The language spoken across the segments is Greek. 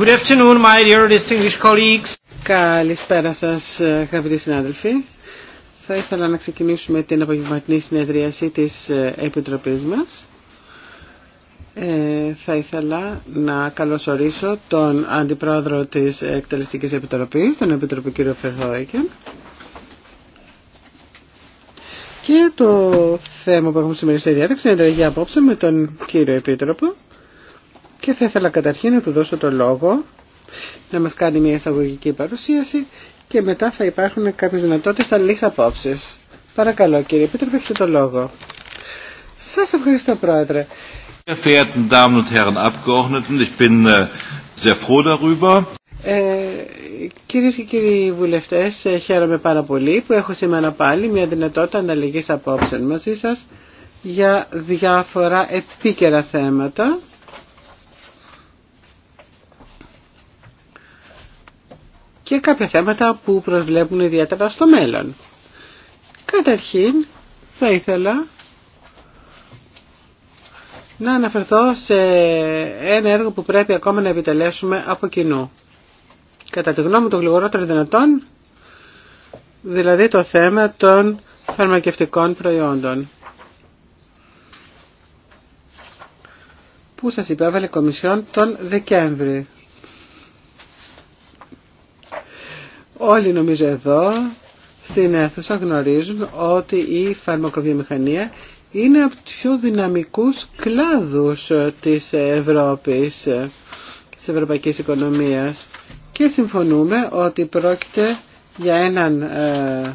Good afternoon, my dear distinguished colleagues. Καλησπέρα σας, αγαπητοί συνάδελφοι. Θα ήθελα να ξεκινήσουμε την απογευματινή συνεδρίαση της ε, Επιτροπής μας. Ε, θα ήθελα να καλωσορίσω τον Αντιπρόεδρο της Εκτελεστικής Επιτροπής, τον Επιτροπή κ. Φερχόικεν. Και το θέμα που έχουμε σήμερα στη διάταξη είναι η απόψε με τον κύριο Επίτροπο. Και θα ήθελα καταρχήν να του δώσω το λόγο να μας κάνει μια εισαγωγική παρουσίαση και μετά θα υπάρχουν κάποιες δυνατότητες αλληλής απόψεις. Παρακαλώ κύριε Επίτροπε, έχετε το λόγο. Σας ευχαριστώ πρόεδρε. Ε, κυρίες και κύριοι βουλευτές, ε, χαίρομαι πάρα πολύ που έχω σήμερα πάλι μια δυνατότητα ανταλλαγής απόψεων μαζί σας για διάφορα επίκαιρα θέματα και κάποια θέματα που προσβλέπουν ιδιαίτερα στο μέλλον. Καταρχήν θα ήθελα να αναφερθώ σε ένα έργο που πρέπει ακόμα να επιτελέσουμε από κοινού. Κατά τη γνώμη των γλυγορότερων δυνατών, δηλαδή το θέμα των φαρμακευτικών προϊόντων. που σας υπέβαλε η Κομισιόν τον Δεκέμβρη. Όλοι νομίζω εδώ στην αίθουσα γνωρίζουν ότι η φαρμακοβιομηχανία είναι από τους πιο δυναμικούς κλάδους ε, της Ευρώπης, ε, της ευρωπαϊκής οικονομίας και συμφωνούμε ότι πρόκειται για έναν ε,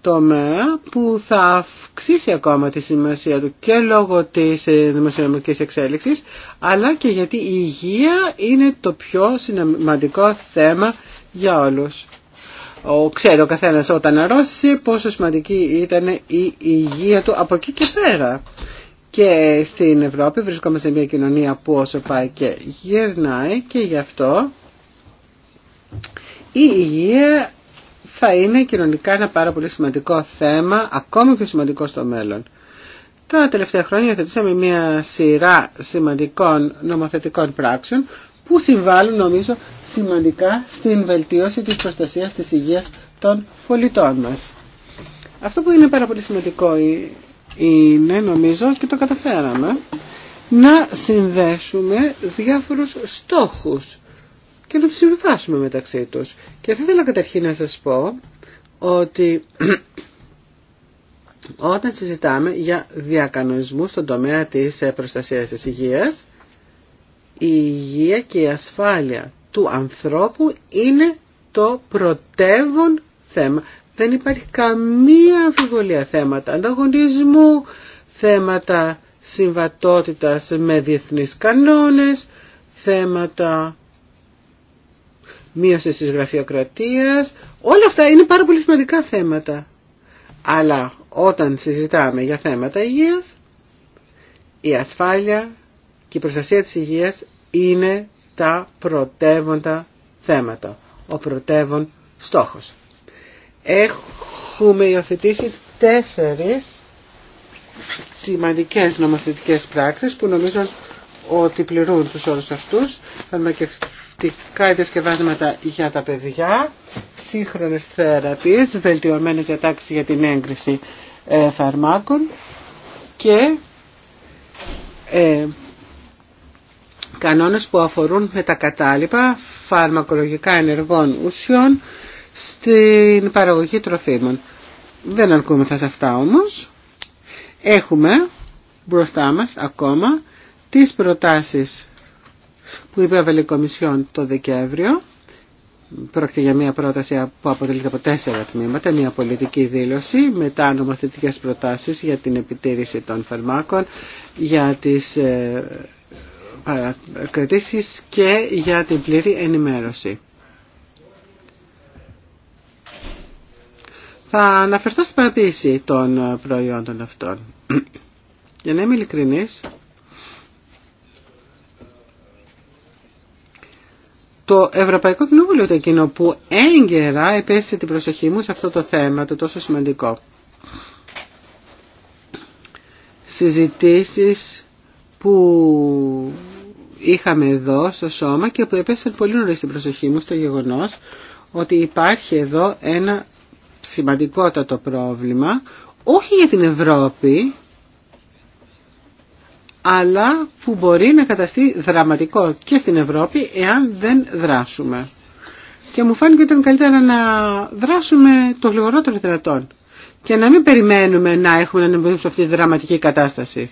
τομέα που θα αυξήσει ακόμα τη σημασία του και λόγω της δημοσιονομικής εξέλιξης αλλά και γιατί η υγεία είναι το πιο σημαντικό θέμα για όλους. Ο, ξέρω ο καθένας όταν αρρώστησε πόσο σημαντική ήταν η υγεία του από εκεί και πέρα. Και στην Ευρώπη βρισκόμαστε σε μια κοινωνία που όσο πάει και γυρνάει και γι' αυτό η υγεία θα είναι κοινωνικά ένα πάρα πολύ σημαντικό θέμα, ακόμη πιο σημαντικό στο μέλλον. Τα τελευταία χρόνια θετήσαμε μια σειρά σημαντικών νομοθετικών πράξεων που συμβάλλουν νομίζω σημαντικά στην βελτίωση της προστασίας της υγείας των πολιτών μας. Αυτό που είναι πάρα πολύ σημαντικό είναι νομίζω και το καταφέραμε να συνδέσουμε διάφορους στόχους και να τους συμβιβάσουμε μεταξύ τους. Και θα ήθελα καταρχήν να σας πω ότι όταν συζητάμε για διακανονισμού στον τομέα της ε, προστασίας της υγείας η υγεία και η ασφάλεια του ανθρώπου είναι το πρωτεύον θέμα. Δεν υπάρχει καμία αμφιβολία θέματα ανταγωνισμού, θέματα συμβατότητας με διεθνείς κανόνες, θέματα μείωση της γραφειοκρατίας. Όλα αυτά είναι πάρα πολύ σημαντικά θέματα. Αλλά όταν συζητάμε για θέματα υγείας, η ασφάλεια και η προστασία της υγείας είναι τα πρωτεύοντα θέματα, ο πρωτεύον στόχος. Έχουμε υιοθετήσει τέσσερις σημαντικές νομοθετικές πράξεις που νομίζω ότι πληρούν τους όρους αυτούς. Φαρμακευτικά διασκευάσματα για τα παιδιά, σύγχρονες θεραπείες, βελτιωμένες διατάξεις για την έγκριση ε, φαρμάκων και ε, κανόνες που αφορούν με τα κατάλοιπα φαρμακολογικά ενεργών ουσιών στην παραγωγή τροφίμων. Δεν αρκούμεθα σε αυτά όμως. Έχουμε μπροστά μας ακόμα τις προτάσεις που είπε η Κομισιόν το Δεκέμβριο. Πρόκειται για μια πρόταση που αποτελείται από τέσσερα τμήματα, μια πολιτική δήλωση, μετά νομοθετικές προτάσεις για την επιτήρηση των φαρμάκων, για τις ε, ε, και για την πλήρη ενημέρωση. Θα αναφερθώ στην παρατήρηση των προϊόντων αυτών. Για να είμαι ειλικρινής, το Ευρωπαϊκό Κοινοβούλιο ήταν εκείνο που έγκαιρα επέστησε την προσοχή μου σε αυτό το θέμα, το τόσο σημαντικό. Συζητήσεις που είχαμε εδώ στο σώμα και που έπεσαν πολύ νωρί την προσοχή μου στο γεγονός ότι υπάρχει εδώ ένα σημαντικότατο πρόβλημα όχι για την Ευρώπη αλλά που μπορεί να καταστεί δραματικό και στην Ευρώπη εάν δεν δράσουμε. Και μου φάνηκε ότι ήταν καλύτερα να δράσουμε το γλυγορότερο δυνατόν και να μην περιμένουμε να έχουμε να αντιμετωπίσουμε αυτή τη δραματική κατάσταση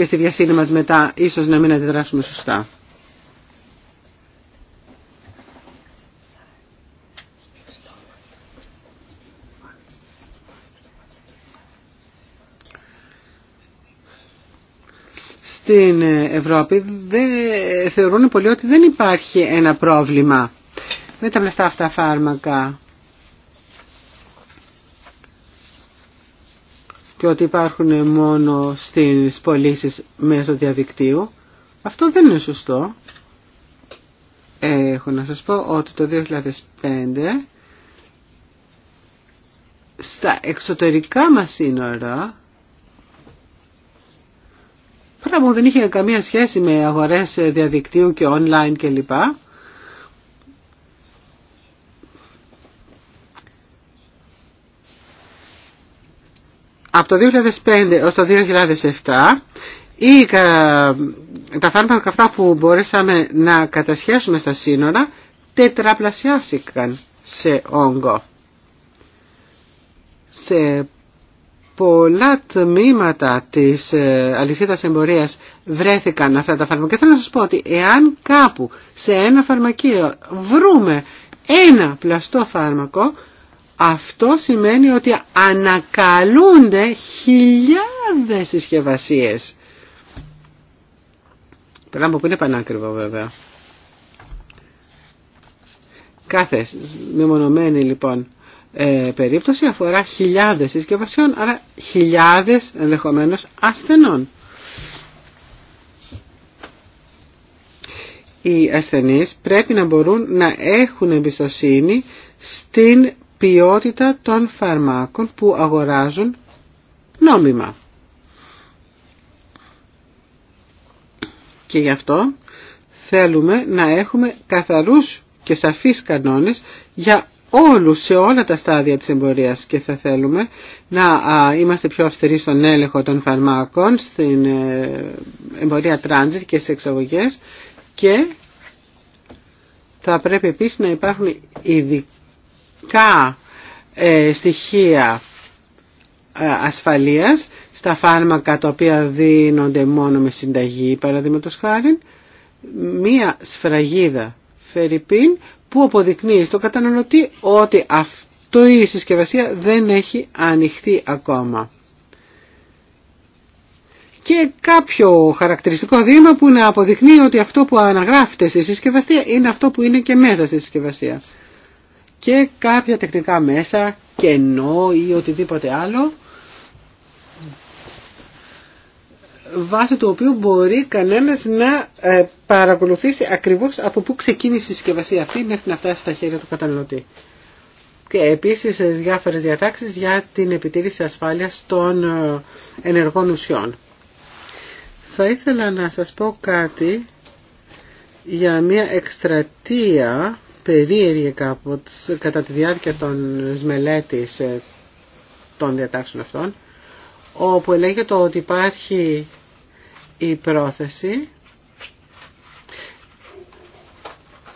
και στη βιασύνη μας μετά ίσως να μην αντιδράσουμε σωστά. στην Ευρώπη δεν, θεωρούν πολύ ότι δεν υπάρχει ένα πρόβλημα με τα πλαστά αυτά φάρμακα. και ότι υπάρχουν μόνο στις πωλήσει μέσω διαδικτύου. Αυτό δεν είναι σωστό. Έχω να σας πω ότι το 2005 στα εξωτερικά μας σύνορα πράγμα που δεν είχε καμία σχέση με αγορές διαδικτύου και online κλπ. Από το 2005 έως το 2007 ή τα φάρμακα αυτά που μπορέσαμε να κατασχέσουμε στα σύνορα τετραπλασιάστηκαν σε όγκο. Σε πολλά τμήματα της ε, αλυσίδας εμπορίας βρέθηκαν αυτά τα φάρμακα. Και θέλω να σας πω ότι εάν κάπου σε ένα φαρμακείο βρούμε ένα πλαστό φάρμακο, αυτό σημαίνει ότι ανακαλούνται χιλιάδες συσκευασίε. Πράγμα που είναι πανάκριβο βέβαια. Κάθε μεμονωμένη λοιπόν ε, περίπτωση αφορά χιλιάδες συσκευασιών, άρα χιλιάδες ενδεχομένως ασθενών. Οι ασθενείς πρέπει να μπορούν να έχουν εμπιστοσύνη στην ποιότητα των φαρμάκων που αγοράζουν νόμιμα. Και γι' αυτό θέλουμε να έχουμε καθαρούς και σαφείς κανόνες για όλους σε όλα τα στάδια της εμπορίας και θα θέλουμε να είμαστε πιο αυστηροί στον έλεγχο των φαρμάκων, στην ε, εμπορία τράνζιτ και σε εξαγωγές και θα πρέπει επίσης να υπάρχουν ειδικά κα ε, στοιχεία ε, ασφαλείας στα φάρμακα τα οποία δίνονται μόνο με συνταγή παραδείγματος χάρη μία σφραγίδα φερρυπίν που αποδεικνύει στο καταναλωτή ότι αυτό η συσκευασία δεν έχει ανοιχτεί ακόμα. Και κάποιο χαρακτηριστικό δείγμα που να αποδεικνύει ότι αυτό που αναγράφεται στη συσκευασία είναι αυτό που είναι και μέσα στη συσκευασία και κάποια τεχνικά μέσα, κενό ή οτιδήποτε άλλο, βάσει του οποίου μπορεί κανένας να ε, παρακολουθήσει ακριβώς από πού ξεκίνησε η συσκευασία αυτή μέχρι να φτάσει στα χέρια του καταναλωτή. Και επίσης διάφορες διατάξεις για την επιτήρηση ασφάλειας των ε, ενεργών ουσιών. Θα ήθελα να σας πω κάτι για μια εκστρατεία περίεργη κάπως κατά τη διάρκεια των μελέτης ε, των διατάξεων αυτών, όπου το ότι υπάρχει η πρόθεση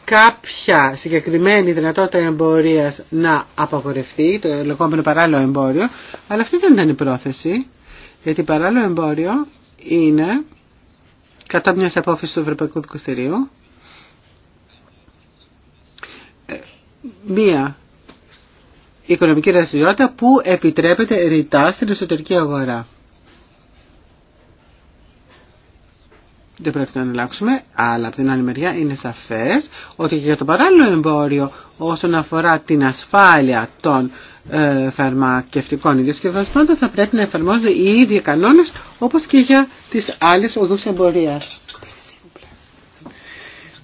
κάποια συγκεκριμένη δυνατότητα εμπορίας να απαγορευτεί, το λεγόμενο παράλληλο εμπόριο, αλλά αυτή δεν ήταν η πρόθεση, γιατί παράλληλο εμπόριο είναι κατά μιας απόφασης του Ευρωπαϊκού Δικαστηρίου, μία οικονομική δραστηριότητα που επιτρέπεται ρητά στην εσωτερική αγορά. Δεν πρέπει να αλλάξουμε, αλλά από την άλλη μεριά είναι σαφές ότι για το παράλληλο εμπόριο όσον αφορά την ασφάλεια των ε, φαρμακευτικών πάντα θα πρέπει να εφαρμόζονται οι ίδιοι κανόνες όπως και για τις άλλες οδούς εμπορίας.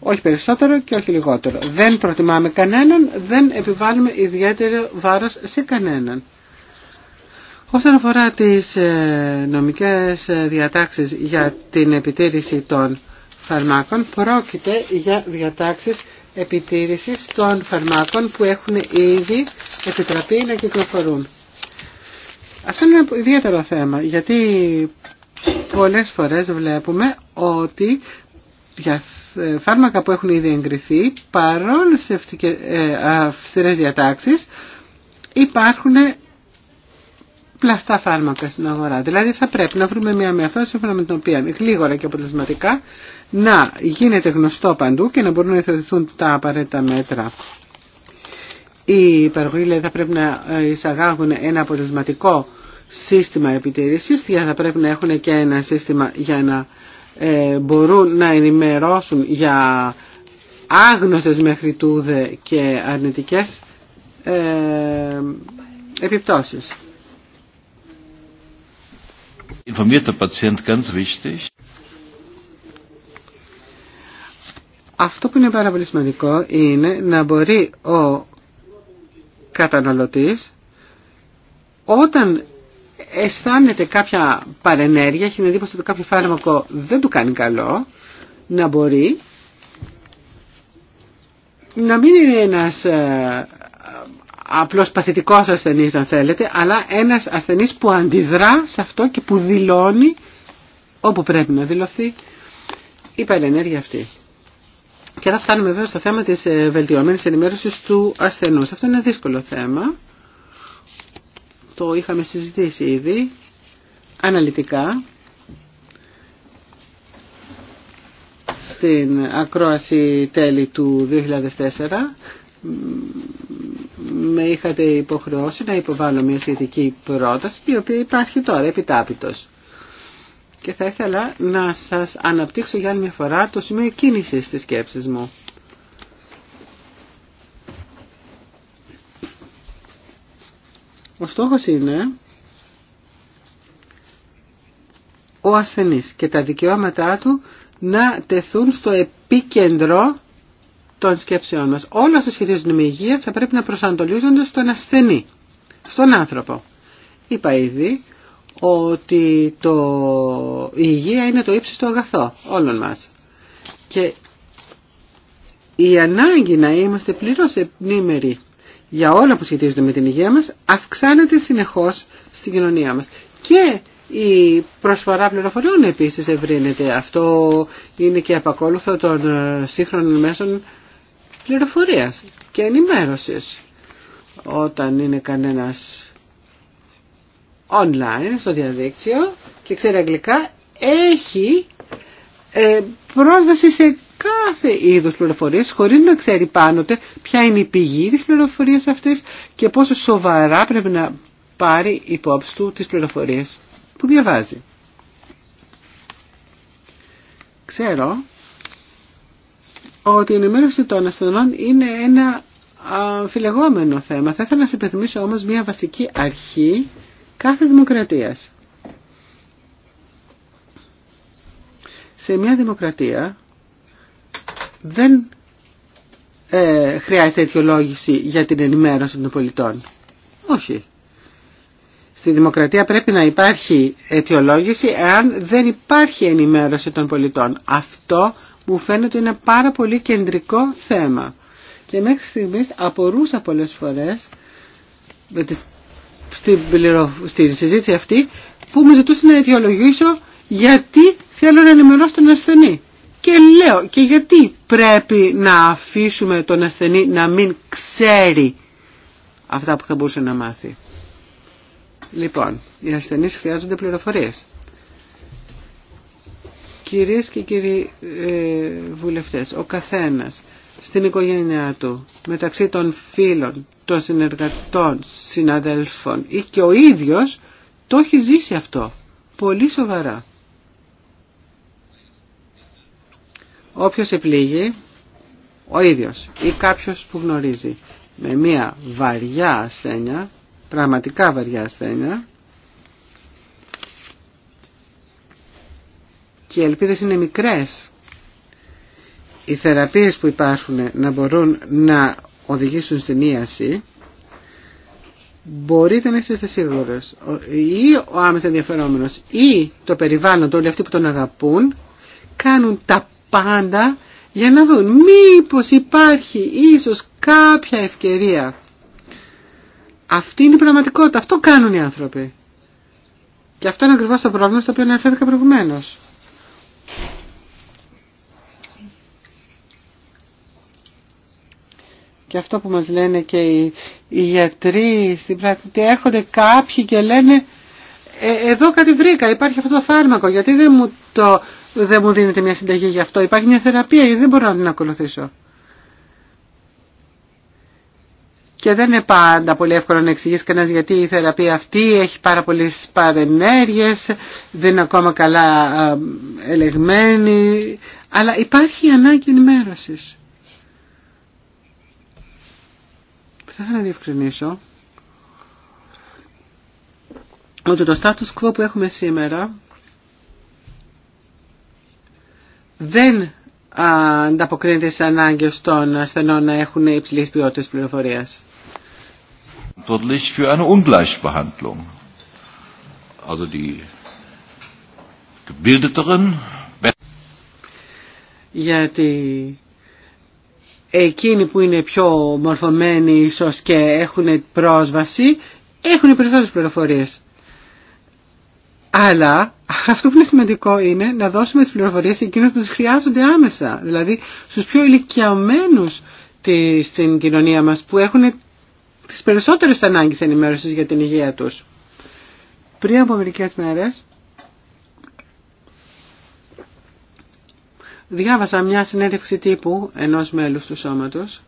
Όχι περισσότερο και όχι λιγότερο. Δεν προτιμάμε κανέναν, δεν επιβάλλουμε ιδιαίτερο βάρος σε κανέναν. Όσον αφορά τις ε, νομικές ε, διατάξεις για την επιτήρηση των φαρμάκων, πρόκειται για διατάξεις επιτήρησης των φαρμάκων που έχουν ήδη επιτραπεί να κυκλοφορούν. Αυτό είναι ένα ιδιαίτερο θέμα, γιατί πολλές φορές βλέπουμε ότι για ε, φάρμακα που έχουν ήδη εγκριθεί, παρόλε σε ε, αυστηρές διατάξεις υπάρχουν πλαστά φάρμακα στην αγορά. Δηλαδή θα πρέπει να βρούμε μια μεθόδο σύμφωνα με την οποία γλίγορα και αποτελεσματικά να γίνεται γνωστό παντού και να μπορούν να υιοθετηθούν τα απαραίτητα μέτρα. Οι παραγωγοί δηλαδή, θα πρέπει να εισαγάγουν ένα αποτελεσματικό σύστημα επιτήρησης θα πρέπει να έχουν και ένα σύστημα για να ε, μπορούν να ενημερώσουν για άγνωστες μέχρι τούδε και αρνητικές ε, επιπτώσεις. Αυτό που είναι πάρα πολύ σημαντικό είναι να μπορεί ο καταναλωτής όταν αισθάνεται κάποια παρενέργεια, έχει την εντύπωση ότι κάποιο φάρμακο δεν του κάνει καλό, να μπορεί να μην είναι ένας ε, απλώς παθητικός ασθενής αν θέλετε, αλλά ένας ασθενής που αντιδρά σε αυτό και που δηλώνει όπου πρέπει να δηλωθεί η παρενέργεια αυτή. Και θα φτάνουμε βέβαια στο θέμα της ε, βελτιωμένης ενημέρωσης του ασθενούς. Αυτό είναι δύσκολο θέμα το είχαμε συζητήσει ήδη αναλυτικά στην ακρόαση τέλη του 2004 με είχατε υποχρεώσει να υποβάλω μια σχετική πρόταση η οποία υπάρχει τώρα επιτάπητος. Και θα ήθελα να σας αναπτύξω για άλλη μια φορά το σημείο κίνησης της σκέψης μου. Ο στόχος είναι ο ασθενής και τα δικαιώματά του να τεθούν στο επίκεντρο των σκέψεών μας. Όλα όσα σχετίζονται με υγεία θα πρέπει να προσανατολίζονται στον ασθενή, στον άνθρωπο. Είπα ήδη ότι το... η υγεία είναι το ύψιστο αγαθό όλων μας. Και η ανάγκη να είμαστε πλήρως επνήμεροι για όλα που σχετίζονται με την υγεία μας αυξάνεται συνεχώς στην κοινωνία μας. Και η προσφορά πληροφοριών επίσης ευρύνεται. Αυτό είναι και επακόλουθο των ε, σύγχρονων μέσων πληροφορίας και ενημέρωσης. Όταν είναι κανένας online στο διαδίκτυο και ξέρει αγγλικά έχει ε, πρόσβαση σε κάθε είδους πληροφορίες χωρίς να ξέρει πάνωτε... ποια είναι η πηγή της πληροφορίας αυτής και πόσο σοβαρά πρέπει να πάρει υπόψη του τις πληροφορίες που διαβάζει. Ξέρω ότι η ενημέρωση των ασθενών είναι ένα φιλεγόμενο θέμα. Θα ήθελα να σας υπενθυμίσω όμως μια βασική αρχή κάθε δημοκρατίας. Σε μια δημοκρατία δεν ε, χρειάζεται αιτιολόγηση για την ενημέρωση των πολιτών. Όχι. Στη δημοκρατία πρέπει να υπάρχει αιτιολόγηση εάν δεν υπάρχει ενημέρωση των πολιτών. Αυτό μου φαίνεται είναι πάρα πολύ κεντρικό θέμα. Και μέχρι στιγμής απορούσα πολλές φορές στην συζήτηση αυτή που μου ζητούσε να αιτιολογήσω γιατί θέλω να ενημερώσω τον ασθενή. Και λέω, και γιατί πρέπει να αφήσουμε τον ασθενή να μην ξέρει αυτά που θα μπορούσε να μάθει. Λοιπόν, οι ασθενείς χρειάζονται πληροφορίες. Κυρίες και κύριοι ε, βουλευτές, ο καθένας στην οικογένειά του, μεταξύ των φίλων, των συνεργατών, συναδέλφων ή και ο ίδιος, το έχει ζήσει αυτό πολύ σοβαρά. όποιος επλήγει, ο ίδιος ή κάποιος που γνωρίζει με μια βαριά ασθένεια, πραγματικά βαριά ασθένεια, και οι ελπίδες είναι μικρές. Οι θεραπείες που υπάρχουν να μπορούν να οδηγήσουν στην ίαση, μπορείτε να είστε σίγουρες. Ή ο άμεσα ενδιαφερόμενος ή το περιβάλλον όλοι αυτοί που τον αγαπούν, κάνουν τα πάντα για να δουν μήπως υπάρχει ίσως κάποια ευκαιρία. Αυτή είναι η πραγματικότητα. Αυτό κάνουν οι άνθρωποι. Και αυτό είναι ακριβώς το πρόβλημα στο οποίο αναφέρθηκα προηγουμένω. Και αυτό που μας λένε και οι, οι γιατροί στην πράξη, ότι έρχονται κάποιοι και λένε «Ε, εδώ κάτι βρήκα, υπάρχει αυτό το φάρμακο, γιατί δεν μου το δεν μου δίνετε μια συνταγή γι' αυτό. Υπάρχει μια θεραπεία δεν μπορώ να την ακολουθήσω. Και δεν είναι πάντα πολύ εύκολο να εξηγήσει κανένα γιατί η θεραπεία αυτή έχει πάρα πολλέ παρενέργειε, δεν είναι ακόμα καλά ελεγμένη. Αλλά υπάρχει ανάγκη ενημέρωση. Θα ήθελα να διευκρινίσω ότι το status quo που έχουμε σήμερα δεν ανταποκρίνεται στις ανάγκες των ασθενών να έχουν υψηλής ποιότητα πληροφορίας. γιατί εκείνοι που είναι πιο μορφωμένοι ίσως και έχουν πρόσβαση έχουν οι περισσότερες πληροφορίες. Αλλά αυτό που είναι σημαντικό είναι να δώσουμε τις πληροφορίες σε εκείνους που τις χρειάζονται άμεσα. Δηλαδή στους πιο ηλικιαμένους στην κοινωνία μας που έχουν τις περισσότερες ανάγκες ενημέρωσης για την υγεία τους. Πριν από μερικές μέρες διάβασα μια συνέντευξη τύπου ενός μέλους του σώματος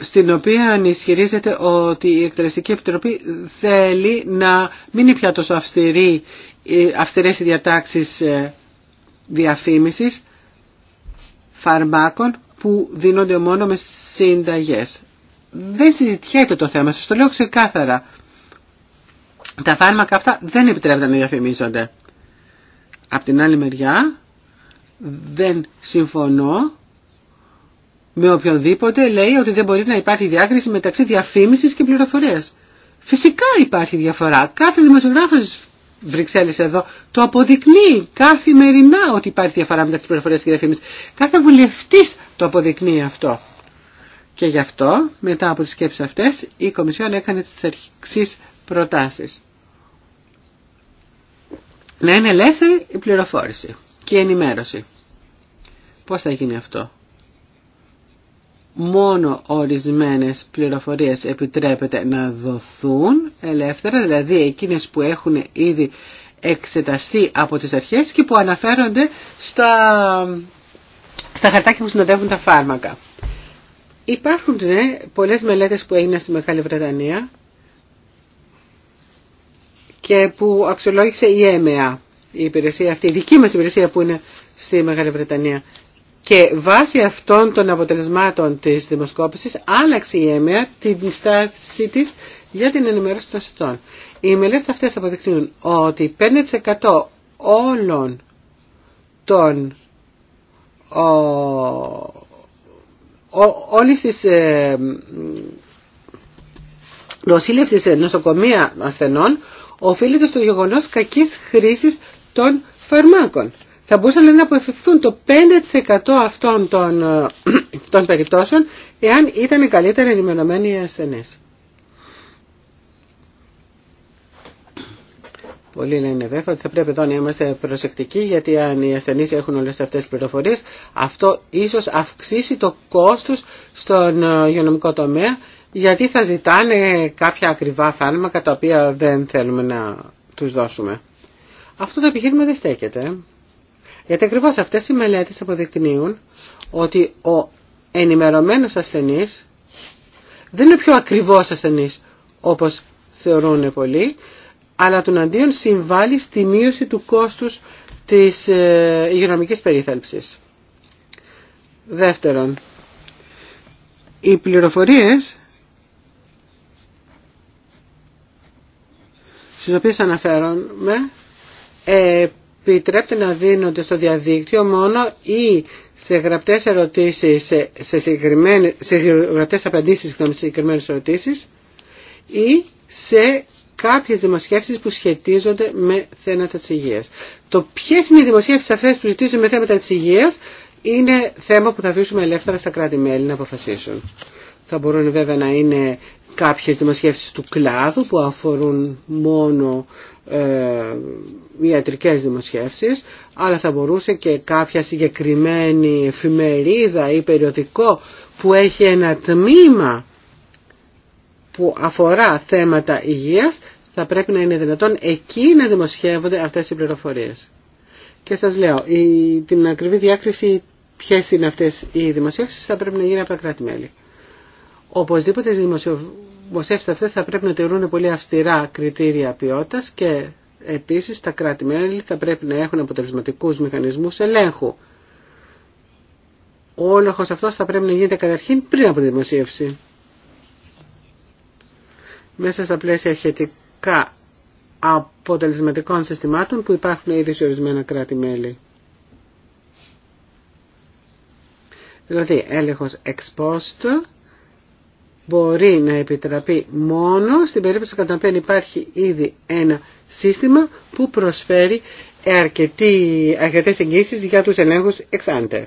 στην οποία ανισχυρίζεται ότι η Εκτελεστική Επιτροπή θέλει να μην είναι πια τόσο αυστηρή, ε, αυστηρές οι διατάξεις ε, διαφήμισης φαρμάκων που δίνονται μόνο με συνταγές. Δεν συζητιέται το θέμα, σας το λέω ξεκάθαρα. Τα φάρμακα αυτά δεν επιτρέπεται να διαφημίζονται. Απ' την άλλη μεριά δεν συμφωνώ με οποιονδήποτε λέει ότι δεν μπορεί να υπάρχει διάκριση μεταξύ διαφήμισης και πληροφορίας. Φυσικά υπάρχει διαφορά. Κάθε δημοσιογράφος Βρυξέλλης εδώ το αποδεικνύει καθημερινά ότι υπάρχει διαφορά μεταξύ πληροφορίας και διαφήμισης. Κάθε βουλευτής το αποδεικνύει αυτό. Και γι' αυτό, μετά από τις σκέψεις αυτές, η Κομισιόν έκανε τις αρχικές προτάσεις. Να είναι ελεύθερη η πληροφόρηση και η ενημέρωση. Πώς θα γίνει αυτό μόνο ορισμένες πληροφορίες επιτρέπεται να δοθούν ελεύθερα, δηλαδή εκείνες που έχουν ήδη εξεταστεί από τις αρχές και που αναφέρονται στα, στα χαρτάκια που συνοδεύουν τα φάρμακα. Υπάρχουν ναι, πολλές μελέτες που έγιναν στη Μεγάλη Βρετανία και που αξιολόγησε η ΕΜΕΑ, η υπηρεσία αυτή, η δική μας υπηρεσία που είναι στη Μεγάλη Βρετανία και βάσει αυτών των αποτελεσμάτων της δημοσκόπησης άλλαξε η ΕΜΕΑ την στάση της για την ενημέρωση των ασθενών. Οι μελέτες αυτές αποδεικνύουν ότι 5% όλων των ο, ο, όλης της ε, νοσήλευσης νοσοκομεία ασθενών οφείλεται στο γεγονός κακής χρήσης των φαρμάκων θα μπορούσαν να αποφευθούν το 5% αυτών των, ε, των περιπτώσεων εάν ήταν καλύτερα ενημερωμένοι οι ασθενείς. Πολλοί λένε βέβαια ότι θα πρέπει εδώ να είμαστε προσεκτικοί γιατί αν οι ασθενείς έχουν όλες αυτές τις πληροφορίες αυτό ίσως αυξήσει το κόστος στον ε, υγειονομικό τομέα γιατί θα ζητάνε κάποια ακριβά φάρμακα τα οποία δεν θέλουμε να τους δώσουμε. Αυτό το επιχείρημα δεν στέκεται. Γιατί ακριβώς αυτές οι μελέτες αποδεικνύουν ότι ο ενημερωμένος ασθενής δεν είναι πιο ακριβώς ασθενής όπως θεωρούν πολλοί, αλλά τον αντίον συμβάλλει στη μείωση του κόστους της ε, υγειονομικής περίθαλψης. Δεύτερον, οι πληροφορίες στις οποίες αναφέρομαι ε, επιτρέπεται να δίνονται στο διαδίκτυο μόνο ή σε γραπτές ερωτήσεις, σε, σε, σε γραπτές απαντήσεις σε συγκεκριμένες ερωτήσεις ή σε κάποιες δημοσιεύσεις που σχετίζονται με θέματα της υγείας. Το ποιες είναι οι δημοσιεύσεις αυτές που ζητήσουν με θέματα της υγείας είναι θέμα που θα αφήσουμε ελεύθερα στα κράτη-μέλη να αποφασίσουν. Θα μπορούν βέβαια να είναι κάποιες δημοσιεύσεις του κλάδου που αφορούν μόνο ε, ιατρικές δημοσιεύσεις αλλά θα μπορούσε και κάποια συγκεκριμένη εφημερίδα ή περιοδικό που έχει ένα τμήμα που αφορά θέματα υγείας θα πρέπει να είναι δυνατόν εκεί να δημοσιεύονται αυτές οι πληροφορίες. Και σας λέω, η, την ακριβή διάκριση ποιε είναι αυτές οι δημοσιεύσεις θα πρέπει να γίνει από τα κράτη-μέλη. Οπωσδήποτε οι δημοσιεύσει αυτές θα πρέπει να τηρούν πολύ αυστηρά κριτήρια ποιότητας και επίσης τα κράτη-μέλη θα πρέπει να έχουν αποτελεσματικού μηχανισμούς ελέγχου. Ο όλοχο αυτός θα πρέπει να γίνεται καταρχήν πριν από τη δημοσίευση. Μέσα στα πλαίσια σχετικά αποτελεσματικών συστημάτων που υπάρχουν ήδη σε ορισμένα κράτη-μέλη. Δηλαδή έλεγχος ex μπορεί να επιτραπεί μόνο στην περίπτωση κατά οποία υπάρχει ήδη ένα σύστημα που προσφέρει αρκετέ αρκετές εγγύσεις για τους ελέγχους εξάντε.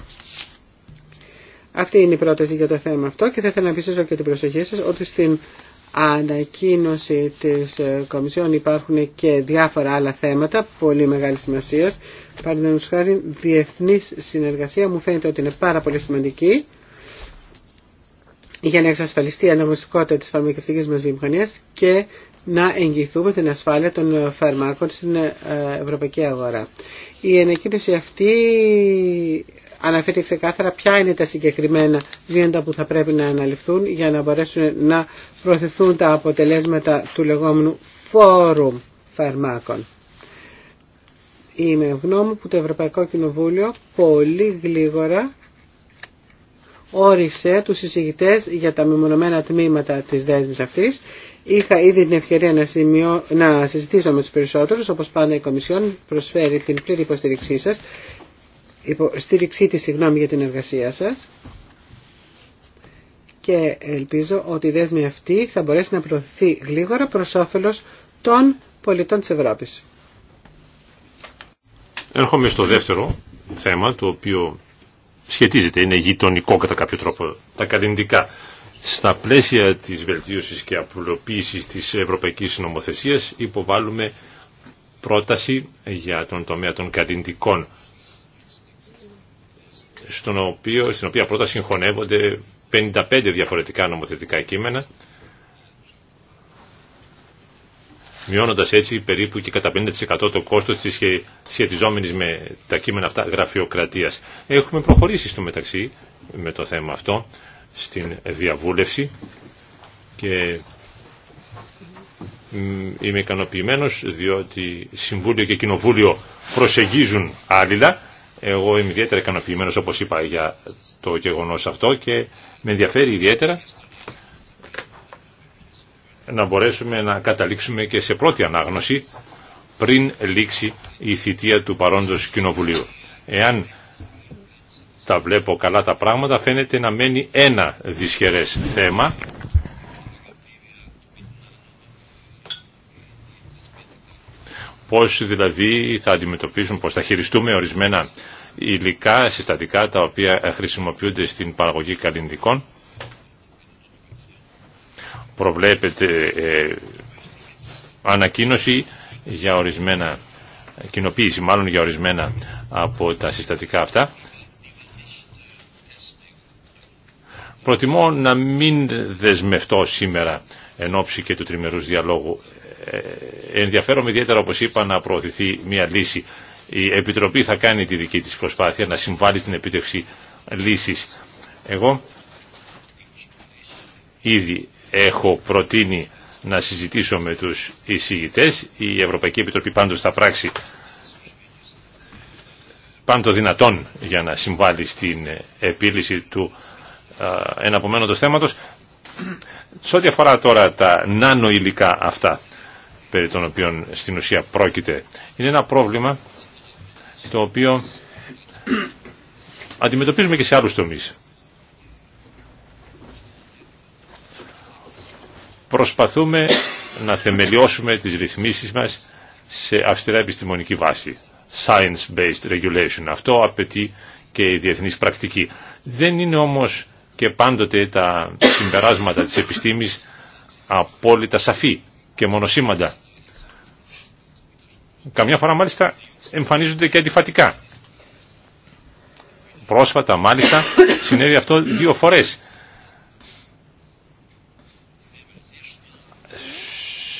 Αυτή είναι η πρόταση για το θέμα αυτό και θα ήθελα να πιστήσω και την προσοχή σας ότι στην ανακοίνωση της ε, Κομισιόν υπάρχουν και διάφορα άλλα θέματα πολύ μεγάλη σημασία. Παραδείγματος χάρη διεθνής συνεργασία μου φαίνεται ότι είναι πάρα πολύ σημαντική για να εξασφαλιστεί η αναγνωστικότητα της φαρμακευτικής μας βιομηχανίας και να εγγυηθούμε την ασφάλεια των φαρμάκων στην ε, ευρωπαϊκή αγορά. Η ανακοίνωση αυτή αναφέρει ξεκάθαρα ποια είναι τα συγκεκριμένα βήματα που θα πρέπει να αναλυφθούν για να μπορέσουν να προωθηθούν τα αποτελέσματα του λεγόμενου φόρουμ φαρμάκων. Είμαι γνώμη που το Ευρωπαϊκό Κοινοβούλιο πολύ γλίγορα όρισε τους συζητητές για τα μεμονωμένα τμήματα της δέσμης αυτής. Είχα ήδη την ευκαιρία να, να συζητήσω με τους περισσότερους, όπως πάντα η Κομισιόν προσφέρει την πλήρη υποστήριξή σας, υποστήριξή της συγγνώμη για την εργασία σας και ελπίζω ότι η δέσμη αυτή θα μπορέσει να προωθηθεί γλίγορα προς όφελος των πολιτών της Ευρώπης. Έρχομαι στο δεύτερο θέμα, το οποίο σχετίζεται, είναι γειτονικό κατά κάποιο τρόπο, τα καλλιντικά. Στα πλαίσια της βελτίωσης και απλοποίησης της ευρωπαϊκής νομοθεσίας υποβάλλουμε πρόταση για τον τομέα των καλλιντικών, στην οποία πρώτα συγχωνεύονται 55 διαφορετικά νομοθετικά κείμενα μειώνοντας έτσι περίπου και κατά 50% το κόστος της σχετιζόμενης με τα κείμενα αυτά γραφειοκρατίας. Έχουμε προχωρήσει στο μεταξύ με το θέμα αυτό στην διαβούλευση και είμαι ικανοποιημένο διότι Συμβούλιο και Κοινοβούλιο προσεγγίζουν άλληλα. Εγώ είμαι ιδιαίτερα ικανοποιημένο όπως είπα για το γεγονός αυτό και με ενδιαφέρει ιδιαίτερα να μπορέσουμε να καταλήξουμε και σε πρώτη ανάγνωση πριν λήξει η θητεία του παρόντος Κοινοβουλίου. Εάν τα βλέπω καλά τα πράγματα φαίνεται να μένει ένα δυσχερές θέμα πώς δηλαδή θα αντιμετωπίσουμε, πώς θα χειριστούμε ορισμένα υλικά συστατικά τα οποία χρησιμοποιούνται στην παραγωγή καλλιντικών προβλέπεται ε, ανακοίνωση για ορισμένα κοινοποίηση μάλλον για ορισμένα από τα συστατικά αυτά. Προτιμώ να μην δεσμευτώ σήμερα εν ώψη και του τριμερούς διαλόγου. Ε, ενδιαφέρομαι ιδιαίτερα όπως είπα να προωθηθεί μια λύση. Η Επιτροπή θα κάνει τη δική της προσπάθεια να συμβάλλει στην επίτευξη λύσης. Εγώ ήδη έχω προτείνει να συζητήσω με τους εισηγητές. Η Ευρωπαϊκή Επιτροπή πάντως θα πράξει πάντο δυνατόν για να συμβάλλει στην επίλυση του εναπομένοντος θέματος. Σε ό,τι αφορά τώρα τα νάνο υλικά αυτά, περί των οποίων στην ουσία πρόκειται, είναι ένα πρόβλημα το οποίο αντιμετωπίζουμε και σε άλλους τομείς. προσπαθούμε να θεμελιώσουμε τις ρυθμίσεις μας σε αυστηρά επιστημονική βάση. Science-based regulation. Αυτό απαιτεί και η διεθνής πρακτική. Δεν είναι όμως και πάντοτε τα συμπεράσματα της επιστήμης απόλυτα σαφή και μονοσήμαντα. Καμιά φορά μάλιστα εμφανίζονται και αντιφατικά. Πρόσφατα μάλιστα συνέβη αυτό δύο φορές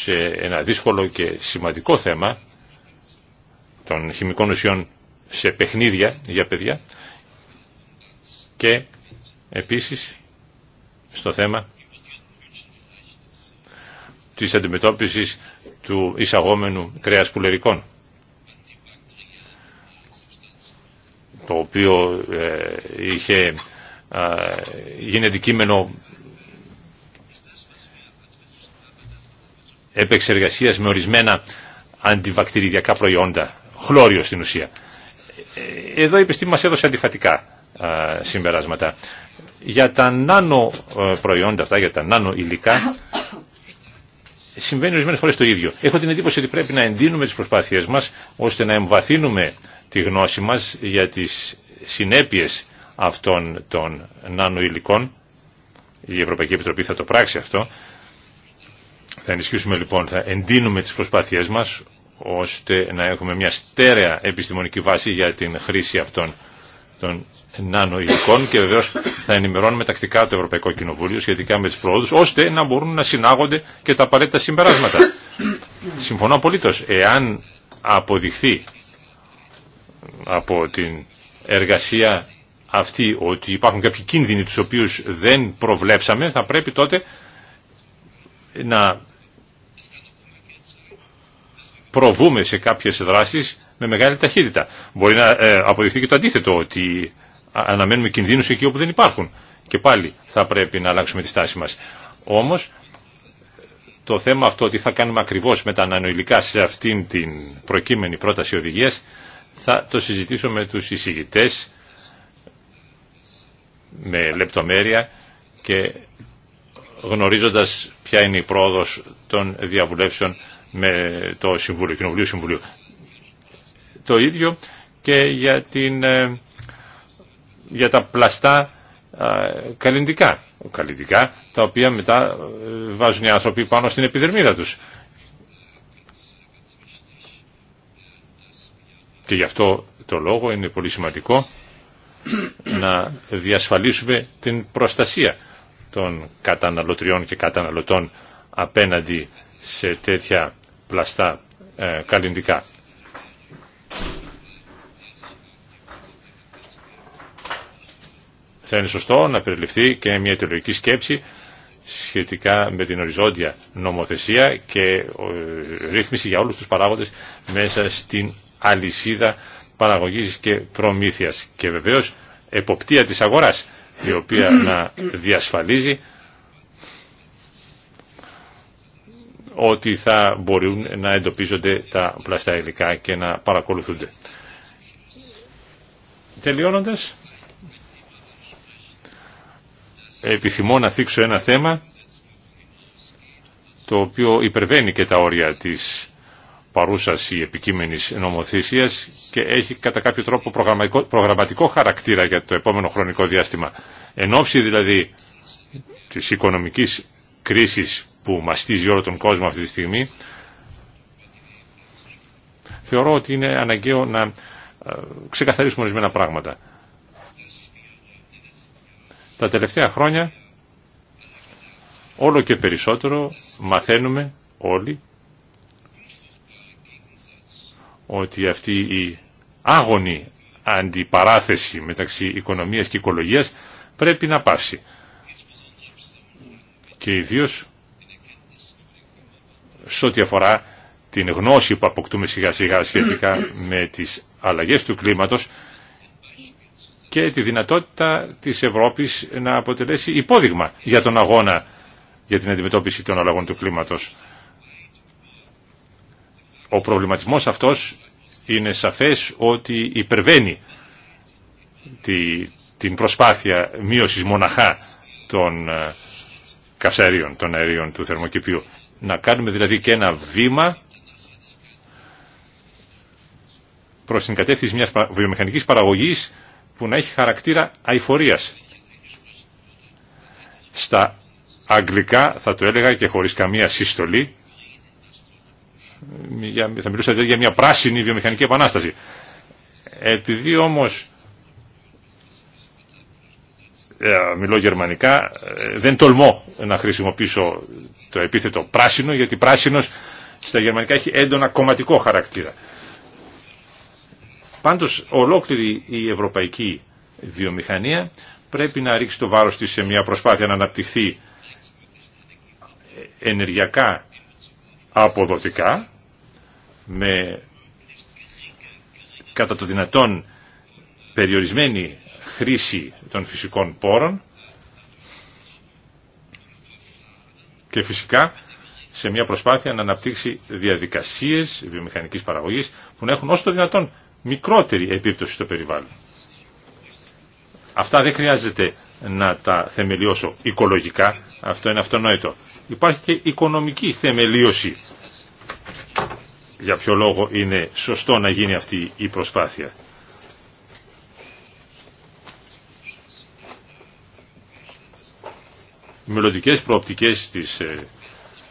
σε ένα δύσκολο και σημαντικό θέμα των χημικών ουσιών σε παιχνίδια για παιδιά και επίσης στο θέμα της αντιμετώπισης του εισαγόμενου κρέας πουλερικών το οποίο ε, είχε γίνει αντικείμενο Επεξεργασία με ορισμένα αντιβακτηριδιακά προϊόντα, χλώριο στην ουσία. Ε, εδώ η επιστήμη μας έδωσε αντιφατικά συμπεράσματα. Για τα νάνο ε, προϊόντα αυτά, για τα νάνο υλικά, συμβαίνει ορισμένε φορέ το ίδιο. Έχω την εντύπωση ότι πρέπει να εντείνουμε τι προσπάθειέ μα ώστε να εμβαθύνουμε τη γνώση μα για τι συνέπειε αυτών των υλικών. Η Ευρωπαϊκή Επιτροπή θα το πράξει αυτό θα ενισχύσουμε λοιπόν, θα εντείνουμε τις προσπάθειές μας ώστε να έχουμε μια στέρεα επιστημονική βάση για την χρήση αυτών των νάνο υλικών και βεβαίως θα ενημερώνουμε τακτικά το Ευρωπαϊκό Κοινοβούλιο σχετικά με τις προόδους ώστε να μπορούν να συνάγονται και τα απαραίτητα συμπεράσματα. Συμφωνώ απολύτως. Εάν αποδειχθεί από την εργασία αυτή ότι υπάρχουν κάποιοι κίνδυνοι τους οποίους δεν προβλέψαμε θα πρέπει τότε να προβούμε σε κάποιες δράσεις με μεγάλη ταχύτητα. Μπορεί να ε, αποδειχθεί και το αντίθετο, ότι αναμένουμε κινδύνους εκεί όπου δεν υπάρχουν. Και πάλι θα πρέπει να αλλάξουμε τη στάση μας. Όμως, το θέμα αυτό ότι θα κάνουμε ακριβώς με τα ανανοηλικά σε αυτήν την προκείμενη πρόταση οδηγίας, θα το συζητήσω με τους εισηγητές, με λεπτομέρεια και γνωρίζοντας ποια είναι η πρόοδος των διαβουλεύσεων με το Συμβούλιο, Κοινοβουλίο Συμβουλίου. Το ίδιο και για, την, ε, για τα πλαστά ε, καλλιντικά. Καλλιντικά τα οποία μετά ε, βάζουν οι άνθρωποι πάνω στην επιδερμίδα τους. Και γι' αυτό το λόγο είναι πολύ σημαντικό να διασφαλίσουμε την προστασία των καταναλωτριών και καταναλωτών απέναντι σε τέτοια πλαστά ε, καλλιντικά. Θα είναι σωστό να περιληφθεί και μια αιτηλογική σκέψη σχετικά με την οριζόντια νομοθεσία και ε, ρύθμιση για όλους τους παράγοντες μέσα στην αλυσίδα παραγωγής και προμήθειας και βεβαίως εποπτεία της αγοράς η οποία να διασφαλίζει ότι θα μπορούν να εντοπίζονται τα πλαστά υλικά και να παρακολουθούνται. Τελειώνοντας, επιθυμώ να θίξω ένα θέμα το οποίο υπερβαίνει και τα όρια της παρούσας ή επικείμενης νομοθεσίας και έχει κατά κάποιο τρόπο προγραμματικό χαρακτήρα για το επόμενο χρονικό διάστημα. Εν δηλαδή της οικονομικής κρίσης που μαστίζει όλο τον κόσμο αυτή τη στιγμή, θεωρώ ότι είναι αναγκαίο να ε, ξεκαθαρίσουμε ορισμένα πράγματα. Τα τελευταία χρόνια όλο και περισσότερο μαθαίνουμε όλοι ότι αυτή η άγωνη αντιπαράθεση μεταξύ οικονομίας και οικολογίας πρέπει να πάψει. Και ιδίως σε ό,τι αφορά την γνώση που αποκτούμε σιγά σιγά σχετικά με τις αλλαγές του κλίματος και τη δυνατότητα της Ευρώπης να αποτελέσει υπόδειγμα για τον αγώνα για την αντιμετώπιση των αλλαγών του κλίματος. Ο προβληματισμός αυτός είναι σαφές ότι υπερβαίνει τη, την προσπάθεια μείωσης μοναχά των ε, καυσαερίων, των αερίων του θερμοκηπίου. Να κάνουμε δηλαδή και ένα βήμα προς την κατεύθυνση μιας βιομηχανικής παραγωγής που να έχει χαρακτήρα αηφορίας. Στα αγγλικά θα το έλεγα και χωρίς καμία σύστολη, θα μιλούσα δηλαδή για μια πράσινη βιομηχανική επανάσταση. Επειδή όμως ε, μιλώ γερμανικά, ε, δεν τολμώ να χρησιμοποιήσω το επίθετο πράσινο, γιατί πράσινος στα γερμανικά έχει έντονα κομματικό χαρακτήρα. Πάντως ολόκληρη η ευρωπαϊκή βιομηχανία πρέπει να ρίξει το βάρος της σε μια προσπάθεια να αναπτυχθεί ενεργειακά αποδοτικά με κατά το δυνατόν περιορισμένη χρήση των φυσικών πόρων και φυσικά σε μια προσπάθεια να αναπτύξει διαδικασίες βιομηχανικής παραγωγής που να έχουν όσο το δυνατόν μικρότερη επίπτωση στο περιβάλλον. Αυτά δεν χρειάζεται να τα θεμελιώσω οικολογικά, αυτό είναι αυτονόητο. Υπάρχει και οικονομική θεμελίωση. Για ποιο λόγο είναι σωστό να γίνει αυτή η προσπάθεια. μελλοντικές προοπτικές της ε,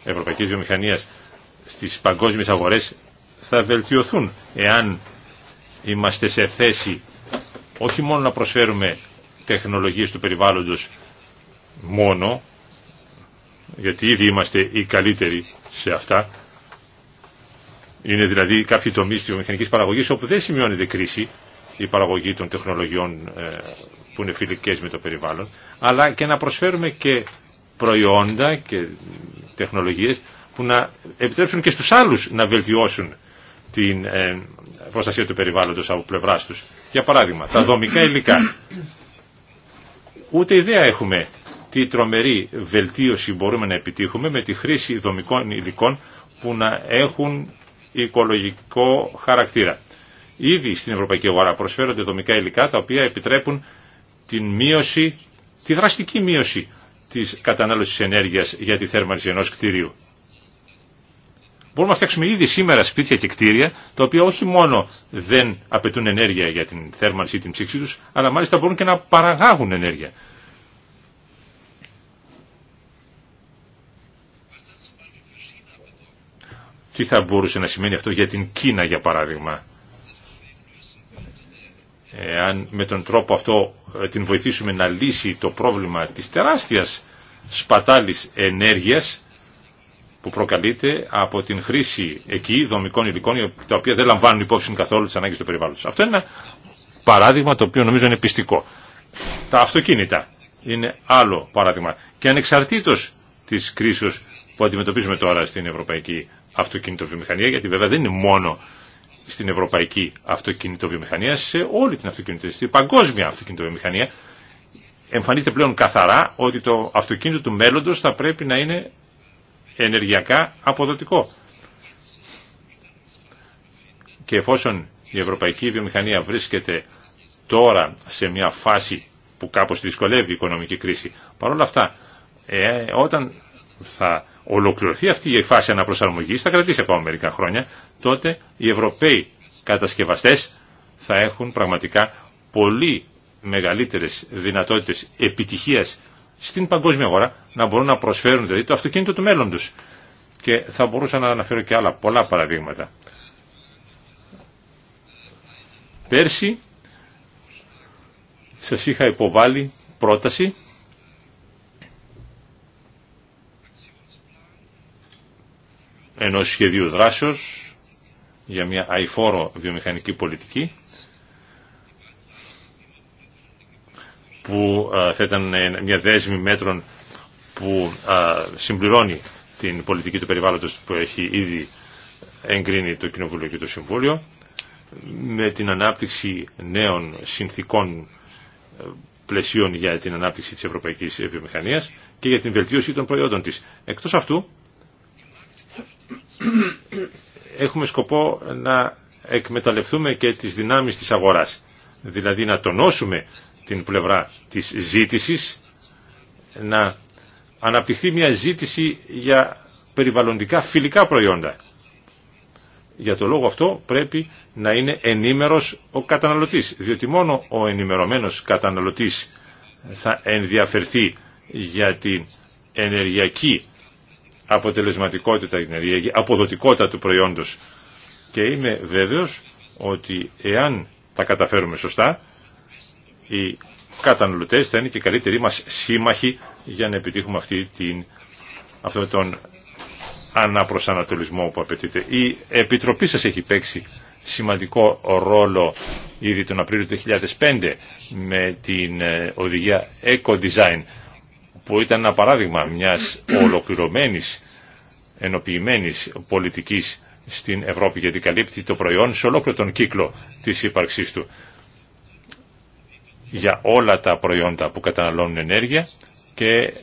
ευρωπαϊκής βιομηχανίας στις παγκόσμιες αγορές θα βελτιωθούν εάν είμαστε σε θέση όχι μόνο να προσφέρουμε τεχνολογίες του περιβάλλοντος μόνο, γιατί ήδη είμαστε οι καλύτεροι σε αυτά, είναι δηλαδή κάποιοι τομείς της βιομηχανικής παραγωγής όπου δεν σημειώνεται κρίση η παραγωγή των τεχνολογιών ε, που είναι φιλικές με το περιβάλλον, αλλά και να προσφέρουμε και προϊόντα και τεχνολογίες που να επιτρέψουν και στους άλλους να βελτιώσουν την ε, προστασία του περιβάλλοντος από πλευράς τους. Για παράδειγμα, τα δομικά υλικά. Ούτε ιδέα έχουμε τι τρομερή βελτίωση μπορούμε να επιτύχουμε με τη χρήση δομικών υλικών που να έχουν οικολογικό χαρακτήρα. Ήδη στην Ευρωπαϊκή Αγορά προσφέρονται δομικά υλικά τα οποία επιτρέπουν την μείωση, τη δραστική μείωση της κατανάλωσης ενέργειας για τη θέρμανση ενός κτίριου. Μπορούμε να φτιάξουμε ήδη σήμερα σπίτια και κτίρια, τα οποία όχι μόνο δεν απαιτούν ενέργεια για την θέρμανση ή την ψήξη τους, αλλά μάλιστα μπορούν και να παραγάγουν ενέργεια. Τι θα μπορούσε να σημαίνει αυτό για την Κίνα, για παράδειγμα αν με τον τρόπο αυτό ε, την βοηθήσουμε να λύσει το πρόβλημα της τεράστιας σπατάλης ενέργειας που προκαλείται από την χρήση εκεί δομικών υλικών τα οποία δεν λαμβάνουν υπόψη καθόλου τις ανάγκες του περιβάλλοντος. Αυτό είναι ένα παράδειγμα το οποίο νομίζω είναι πιστικό. Τα αυτοκίνητα είναι άλλο παράδειγμα. Και ανεξαρτήτως της κρίσης που αντιμετωπίζουμε τώρα στην ευρωπαϊκή αυτοκίνητο βιομηχανία, γιατί βέβαια δεν είναι μόνο στην ευρωπαϊκή αυτοκινητοβιομηχανία, σε όλη την αυτοκινητοβιομηχανία, παγκόσμια αυτοκινητοβιομηχανία, εμφανίζεται πλέον καθαρά ότι το αυτοκίνητο του μέλλοντος θα πρέπει να είναι ενεργειακά αποδοτικό. Και εφόσον η ευρωπαϊκή βιομηχανία βρίσκεται τώρα σε μια φάση που κάπως δυσκολεύει η οικονομική κρίση, παρόλα αυτά, ε, όταν θα ολοκληρωθεί αυτή η φάση αναπροσαρμογής, θα κρατήσει ακόμα μερικά χρόνια, τότε οι Ευρωπαίοι κατασκευαστές θα έχουν πραγματικά πολύ μεγαλύτερες δυνατότητες επιτυχίας στην παγκόσμια αγορά να μπορούν να προσφέρουν δηλαδή το αυτοκίνητο του μέλλοντος. Και θα μπορούσα να αναφέρω και άλλα πολλά παραδείγματα. Πέρσι σας είχα υποβάλει πρόταση ενός σχεδίου δράσεως για μια αηφόρο βιομηχανική πολιτική που ε, θα ήταν ε, μια δέσμη μέτρων που ε, συμπληρώνει την πολιτική του περιβάλλοντος που έχει ήδη εγκρίνει το Κοινοβούλιο και το Συμβούλιο με την ανάπτυξη νέων συνθήκων πλαισίων για την ανάπτυξη της ευρωπαϊκής βιομηχανίας και για την βελτίωση των προϊόντων της. Εκτός αυτού έχουμε σκοπό να εκμεταλλευτούμε και τις δυνάμεις της αγοράς. Δηλαδή να τονώσουμε την πλευρά της ζήτησης, να αναπτυχθεί μια ζήτηση για περιβαλλοντικά φιλικά προϊόντα. Για το λόγο αυτό πρέπει να είναι ενήμερος ο καταναλωτής, διότι μόνο ο ενημερωμένος καταναλωτής θα ενδιαφερθεί για την ενεργειακή αποτελεσματικότητα για αποδοτικότητα του προϊόντος. Και είμαι βέβαιος ότι εάν τα καταφέρουμε σωστά, οι καταναλωτές θα είναι και οι καλύτεροι μας σύμμαχοι για να επιτύχουμε αυτή την, αυτόν τον αναπροσανατολισμό που απαιτείται. Η Επιτροπή σας έχει παίξει σημαντικό ρόλο ήδη τον Απρίλιο του 2005 με την ε, οδηγία Eco Design που ήταν ένα παράδειγμα μιας ολοκληρωμένης ενοποιημένης πολιτικής στην Ευρώπη γιατί καλύπτει το προϊόν σε ολόκληρο τον κύκλο της ύπαρξής του για όλα τα προϊόντα που καταναλώνουν ενέργεια και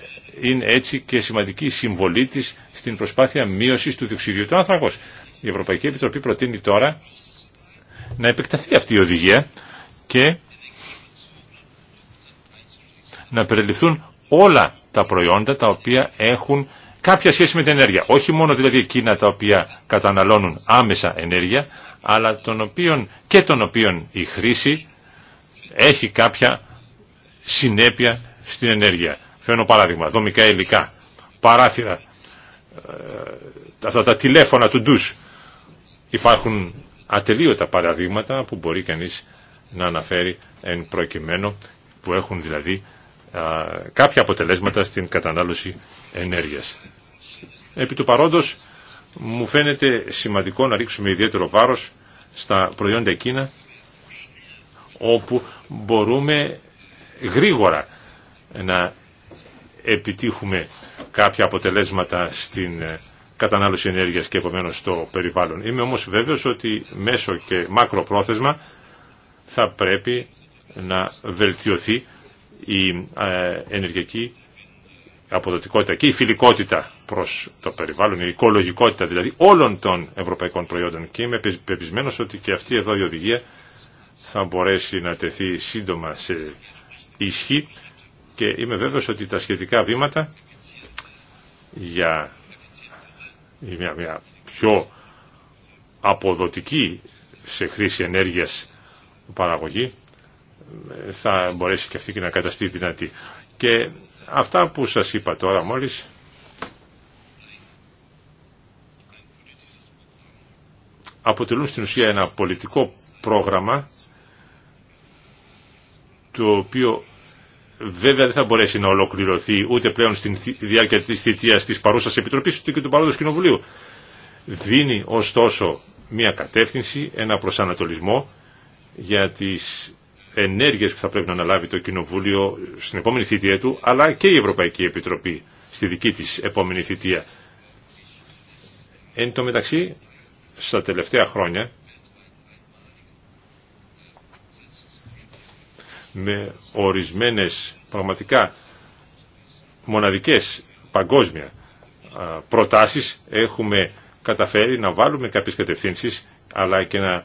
είναι έτσι και σημαντική συμβολή της στην προσπάθεια μείωσης του διοξιδιού του άνθρακος. Η Ευρωπαϊκή Επιτροπή προτείνει τώρα να επεκταθεί αυτή η οδηγία και να περιληφθούν όλα τα προϊόντα τα οποία έχουν κάποια σχέση με την ενέργεια. Όχι μόνο δηλαδή εκείνα τα οποία καταναλώνουν άμεσα ενέργεια, αλλά οποίον και των οποίων η χρήση έχει κάποια συνέπεια στην ενέργεια. Φαίνω παράδειγμα, δομικά υλικά, παράθυρα, ε, αυτά τα τηλέφωνα του ντους. Υπάρχουν ατελείωτα παραδείγματα που μπορεί κανείς να αναφέρει εν προκειμένου που έχουν δηλαδή κάποια αποτελέσματα στην κατανάλωση ενέργειας. Επί του παρόντος μου φαίνεται σημαντικό να ρίξουμε ιδιαίτερο βάρος στα προϊόντα εκείνα όπου μπορούμε γρήγορα να επιτύχουμε κάποια αποτελέσματα στην ε, κατανάλωση ενέργειας και επομένως στο περιβάλλον. Είμαι όμως βέβαιος ότι μέσω και μακροπρόθεσμα θα πρέπει να βελτιωθεί η ε, ενεργειακή αποδοτικότητα και η φιλικότητα προς το περιβάλλον, η οικολογικότητα δηλαδή όλων των ευρωπαϊκών προϊόντων και είμαι πεπισμένος ότι και αυτή εδώ η οδηγία θα μπορέσει να τεθεί σύντομα σε ισχύ και είμαι βέβαιος ότι τα σχετικά βήματα για μια, μια πιο αποδοτική σε χρήση ενέργειας παραγωγή θα μπορέσει και αυτή και να καταστεί δυνατή. Και αυτά που σας είπα τώρα μόλις αποτελούν στην ουσία ένα πολιτικό πρόγραμμα το οποίο βέβαια δεν θα μπορέσει να ολοκληρωθεί ούτε πλέον στη διάρκεια της θητείας της παρούσας επιτροπής ούτε και του παρόντος κοινοβουλίου. Δίνει ωστόσο μια κατεύθυνση, ένα προσανατολισμό για τις ενέργειες που θα πρέπει να αναλάβει το Κοινοβούλιο στην επόμενη θητεία του, αλλά και η Ευρωπαϊκή Επιτροπή στη δική της επόμενη θητεία. Εν τω μεταξύ, στα τελευταία χρόνια, με ορισμένες πραγματικά μοναδικές παγκόσμια προτάσεις έχουμε καταφέρει να βάλουμε κάποιες κατευθύνσεις αλλά και να